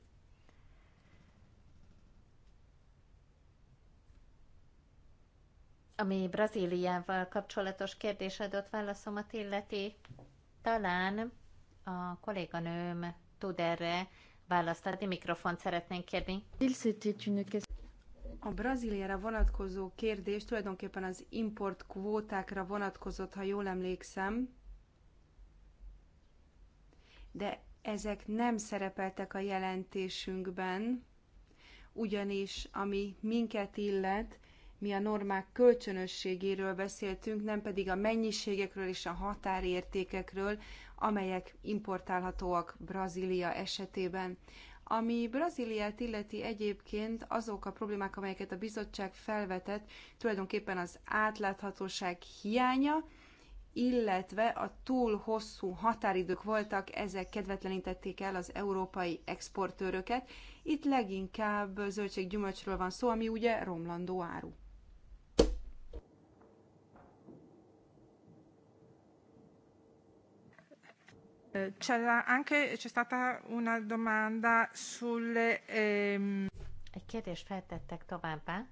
ami Brazíliával kapcsolatos kérdésedott válaszomat illeti, talán a kolléganőm tud erre választ adni. Mikrofont szeretnénk kérni. A Brazíliára vonatkozó kérdés tulajdonképpen az import kvótákra vonatkozott, ha jól emlékszem, de ezek nem szerepeltek a jelentésünkben, ugyanis ami minket illet, mi a normák kölcsönösségéről beszéltünk, nem pedig a mennyiségekről és a határértékekről, amelyek importálhatóak Brazília esetében. Ami Brazíliát illeti egyébként azok a problémák, amelyeket a bizottság felvetett, tulajdonképpen az átláthatóság hiánya, illetve a túl hosszú határidők voltak, ezek kedvetlenítették el az európai exportőröket. Itt leginkább zöldséggyümölcsről van szó, ami ugye romlandó áru. Eh, c'era anche, c'è stata una domanda sulle... Ehm... Egy kérdést feltettek továbbá.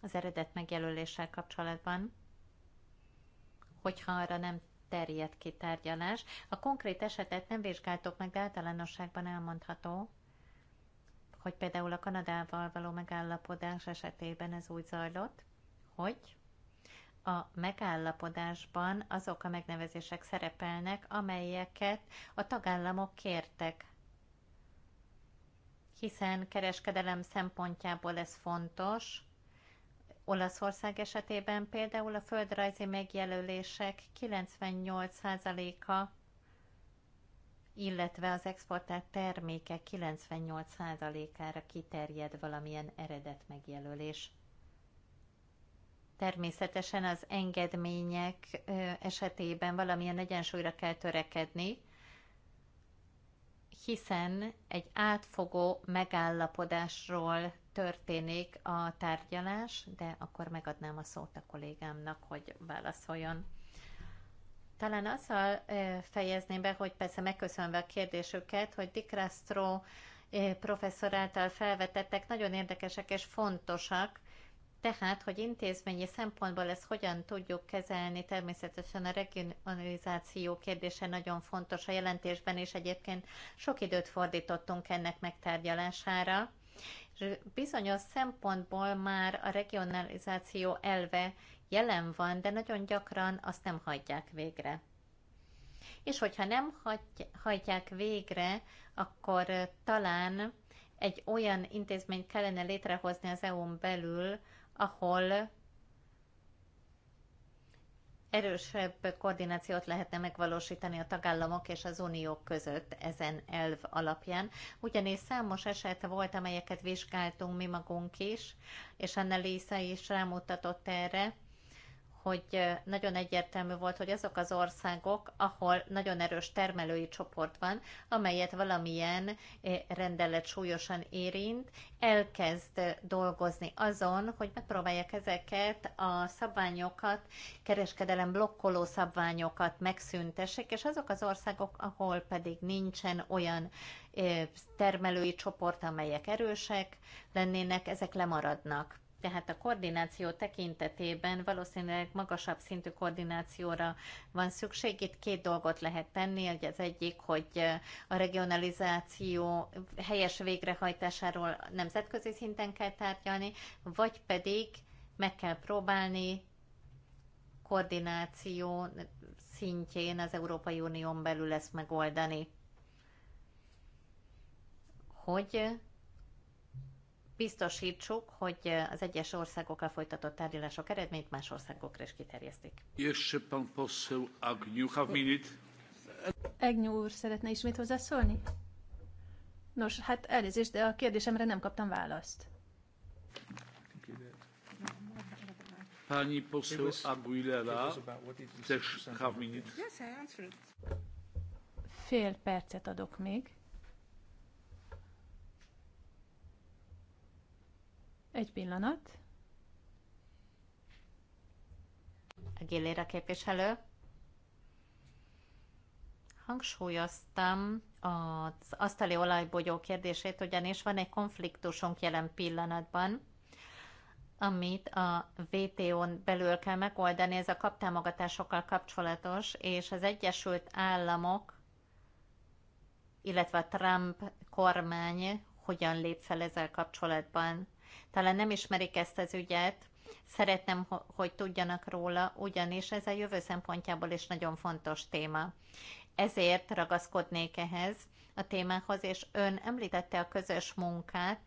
Az eredet megjelöléssel kapcsolatban, hogyha arra nem terjed ki tárgyalás. A konkrét esetet nem vizsgáltok meg, de általánosságban elmondható, hogy például a Kanadával való megállapodás esetében ez úgy zajlott, hogy a megállapodásban azok a megnevezések szerepelnek, amelyeket a tagállamok kértek. Hiszen kereskedelem szempontjából ez fontos. Olaszország esetében például a földrajzi megjelölések 98%-a, illetve az exportált termékek 98%-ára kiterjed valamilyen eredet megjelölés természetesen az engedmények esetében valamilyen egyensúlyra kell törekedni, hiszen egy átfogó megállapodásról történik a tárgyalás, de akkor megadnám a szót a kollégámnak, hogy válaszoljon. Talán azzal fejezném be, hogy persze megköszönve a kérdésüket, hogy Dick Rastro professzor által felvetettek nagyon érdekesek és fontosak, tehát, hogy intézményi szempontból ezt hogyan tudjuk kezelni, természetesen a regionalizáció kérdése nagyon fontos a jelentésben, és egyébként sok időt fordítottunk ennek megtárgyalására. És bizonyos szempontból már a regionalizáció elve jelen van, de nagyon gyakran azt nem hagyják végre. És hogyha nem hagy, hagyják végre, akkor talán egy olyan intézményt kellene létrehozni az EU-n belül, ahol erősebb koordinációt lehetne megvalósítani a tagállamok és az uniók között ezen elv alapján, ugyanis számos eset volt, amelyeket vizsgáltunk mi magunk is, és Annelisa is rámutatott erre, hogy nagyon egyértelmű volt, hogy azok az országok, ahol nagyon erős termelői csoport van, amelyet valamilyen rendelet súlyosan érint, elkezd dolgozni azon, hogy megpróbálják ezeket a szabványokat, kereskedelem blokkoló szabványokat megszüntessék, és azok az országok, ahol pedig nincsen olyan termelői csoport, amelyek erősek lennének, ezek lemaradnak. Tehát a koordináció tekintetében valószínűleg magasabb szintű koordinációra van szükség. Itt két dolgot lehet tenni, hogy az egyik, hogy a regionalizáció helyes végrehajtásáról nemzetközi szinten kell tárgyalni, vagy pedig meg kell próbálni koordináció szintjén az Európai Unión belül ezt megoldani. Hogy biztosítsuk, hogy az egyes országokkal folytatott tárgyalások eredményt más országokra is kiterjesztik. Egnyú úr szeretne ismét hozzászólni? Nos, hát elnézést, de a kérdésemre nem kaptam választ. Pani poseł Aguilera, też have minute. Fél percet adok még. Egy pillanat. A Aguilera képviselő. Hangsúlyoztam az asztali olajbogyó kérdését, ugyanis van egy konfliktusunk jelen pillanatban, amit a WTO-n belül kell megoldani, ez a kaptámogatásokkal kapcsolatos, és az Egyesült Államok, illetve a Trump kormány hogyan lép fel ezzel kapcsolatban talán nem ismerik ezt az ügyet, szeretném, hogy tudjanak róla, ugyanis ez a jövő szempontjából is nagyon fontos téma. Ezért ragaszkodnék ehhez a témához, és ön említette a közös munkát,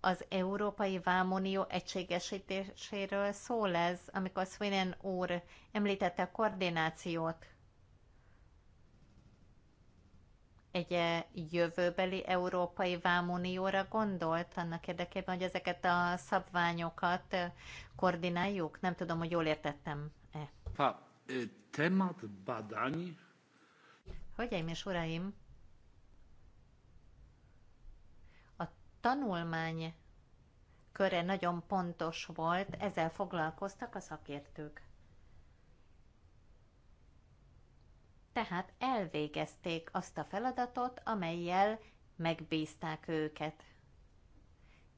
az Európai Vámunió egységesítéséről szól ez, amikor Swinen úr említette a koordinációt. egy e, jövőbeli Európai Vámunióra gondolt annak érdekében, hogy ezeket a szabványokat e, koordináljuk? Nem tudom, hogy jól értettem-e. Ha, e, temat badány. Hölgyeim és uraim, a tanulmány köre nagyon pontos volt, ezzel foglalkoztak a szakértők. tehát elvégezték azt a feladatot, amelyel megbízták őket.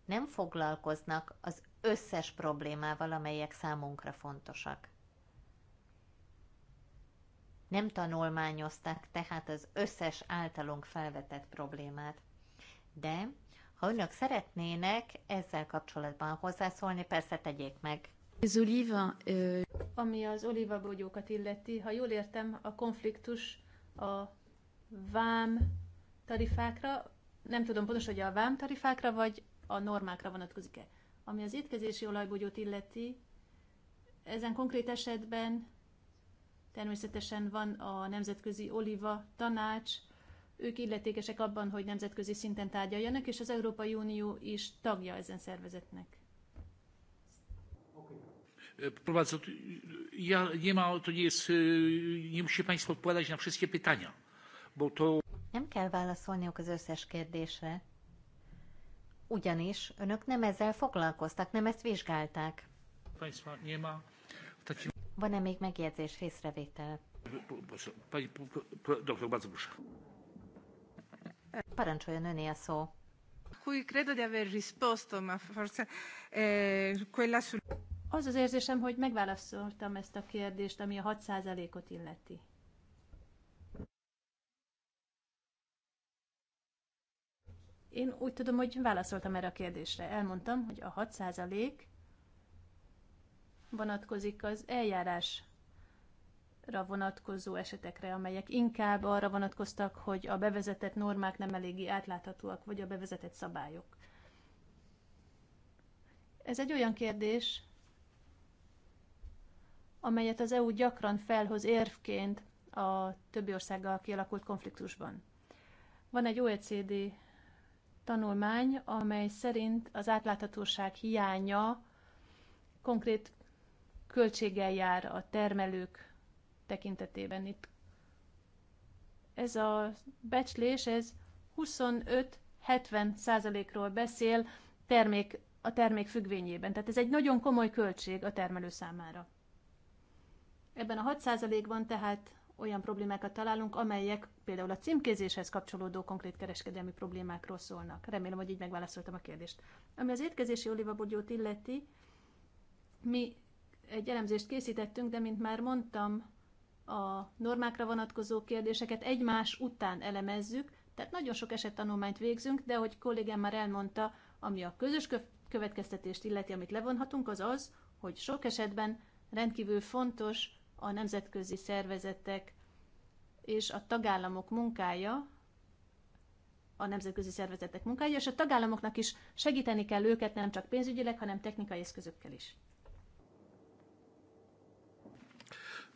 Nem foglalkoznak az összes problémával, amelyek számunkra fontosak. Nem tanulmányozták tehát az összes általunk felvetett problémát. De ha önök szeretnének ezzel kapcsolatban hozzászólni, persze tegyék meg. Az oliva, euh, ami az olívabogyókat illeti, ha jól értem, a konfliktus a vám tarifákra, nem tudom pontosan, hogy a vám tarifákra, vagy a normákra vonatkozik-e. Ami az étkezési olajbogyót illeti, ezen konkrét esetben természetesen van a Nemzetközi Oliva Tanács, ők illetékesek abban, hogy nemzetközi szinten tárgyaljanak, és az Európai Unió is tagja ezen szervezetnek. Ja nie ma, to nie jest, nie musi Państwo odpowiadać na wszystkie pytania, bo to... Nem kell válaszolniuk az összes kérdésre, ugyanis önök nem ezzel foglalkoztak, nem ezt vizsgálták. Państwa nie ma. Takim... Van-e még megjegyzés, észrevétel? Pani doktor, bardzo proszę. Parancsoljon öné a szó. Cui credo di aver risposto, ma forse eh, quella sul... Az az érzésem, hogy megválaszoltam ezt a kérdést, ami a 6%-ot illeti. Én úgy tudom, hogy válaszoltam erre a kérdésre. Elmondtam, hogy a 6% vonatkozik az eljárás vonatkozó esetekre, amelyek inkább arra vonatkoztak, hogy a bevezetett normák nem eléggé átláthatóak, vagy a bevezetett szabályok. Ez egy olyan kérdés, amelyet az EU gyakran felhoz érvként a többi országgal kialakult konfliktusban. Van egy OECD tanulmány, amely szerint az átláthatóság hiánya konkrét költséggel jár a termelők tekintetében. Itt ez a becslés, ez 25-70 százalékról beszél termék, a termék függvényében. Tehát ez egy nagyon komoly költség a termelő számára. Ebben a 6%-ban tehát olyan problémákat találunk, amelyek például a címkézéshez kapcsolódó konkrét kereskedelmi problémákról szólnak. Remélem, hogy így megválaszoltam a kérdést. Ami az étkezési olivabogyót illeti, mi egy elemzést készítettünk, de mint már mondtam, a normákra vonatkozó kérdéseket egymás után elemezzük, tehát nagyon sok esettanulmányt végzünk, de hogy kollégám már elmondta, ami a közös következtetést illeti, amit levonhatunk, az az, hogy sok esetben rendkívül fontos a nemzetközi szervezetek és a tagállamok munkája, a nemzetközi szervezetek munkája, és a tagállamoknak is segíteni kell őket nem csak pénzügyileg, hanem technikai eszközökkel is.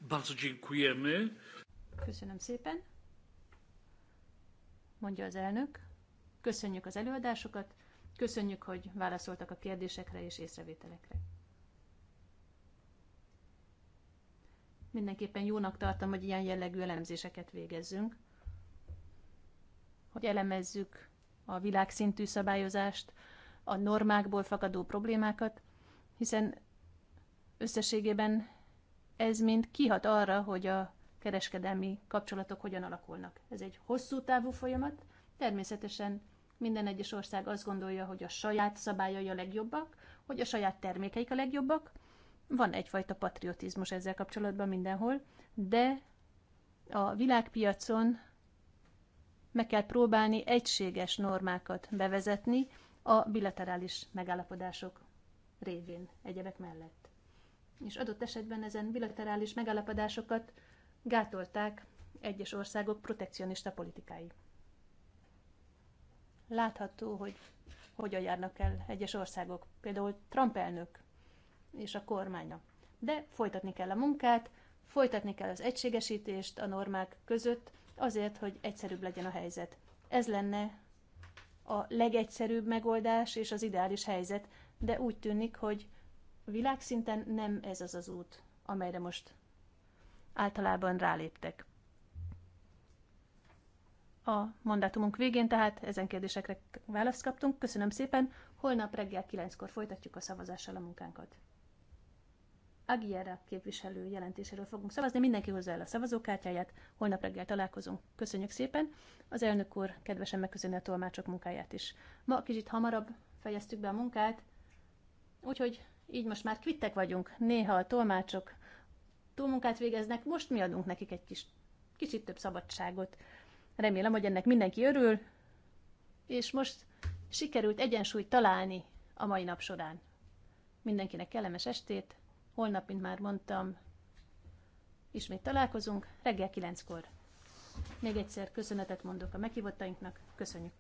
Bardzo dziękujemy. Köszönöm szépen, mondja az elnök. Köszönjük az előadásokat, köszönjük, hogy válaszoltak a kérdésekre és észrevételekre. mindenképpen jónak tartom, hogy ilyen jellegű elemzéseket végezzünk, hogy elemezzük a világszintű szabályozást, a normákból fakadó problémákat, hiszen összességében ez mind kihat arra, hogy a kereskedelmi kapcsolatok hogyan alakulnak. Ez egy hosszú távú folyamat, természetesen minden egyes ország azt gondolja, hogy a saját szabályai a legjobbak, hogy a saját termékeik a legjobbak, van egyfajta patriotizmus ezzel kapcsolatban mindenhol, de a világpiacon meg kell próbálni egységes normákat bevezetni a bilaterális megállapodások révén, egyebek mellett. És adott esetben ezen bilaterális megállapodásokat gátolták egyes országok protekcionista politikái. Látható, hogy hogyan járnak el egyes országok. Például Trump elnök és a kormányra. De folytatni kell a munkát, folytatni kell az egységesítést a normák között, azért, hogy egyszerűbb legyen a helyzet. Ez lenne a legegyszerűbb megoldás és az ideális helyzet, de úgy tűnik, hogy világszinten nem ez az az út, amelyre most általában ráléptek. A mandátumunk végén tehát ezen kérdésekre választ kaptunk. Köszönöm szépen, holnap reggel 9-kor folytatjuk a szavazással a munkánkat. Aguilera képviselő jelentéséről fogunk szavazni. Mindenki hozzá el a szavazókártyáját, holnap reggel találkozunk. Köszönjük szépen. Az elnök úr kedvesen megköszönni a tolmácsok munkáját is. Ma kicsit hamarabb fejeztük be a munkát, úgyhogy így most már kvittek vagyunk. Néha a tolmácsok túlmunkát végeznek, most mi adunk nekik egy kis, kicsit több szabadságot. Remélem, hogy ennek mindenki örül, és most sikerült egyensúlyt találni a mai nap során. Mindenkinek kellemes estét, Holnap, mint már mondtam, ismét találkozunk, reggel 9-kor. Még egyszer köszönetet mondok a meghívottainknak, köszönjük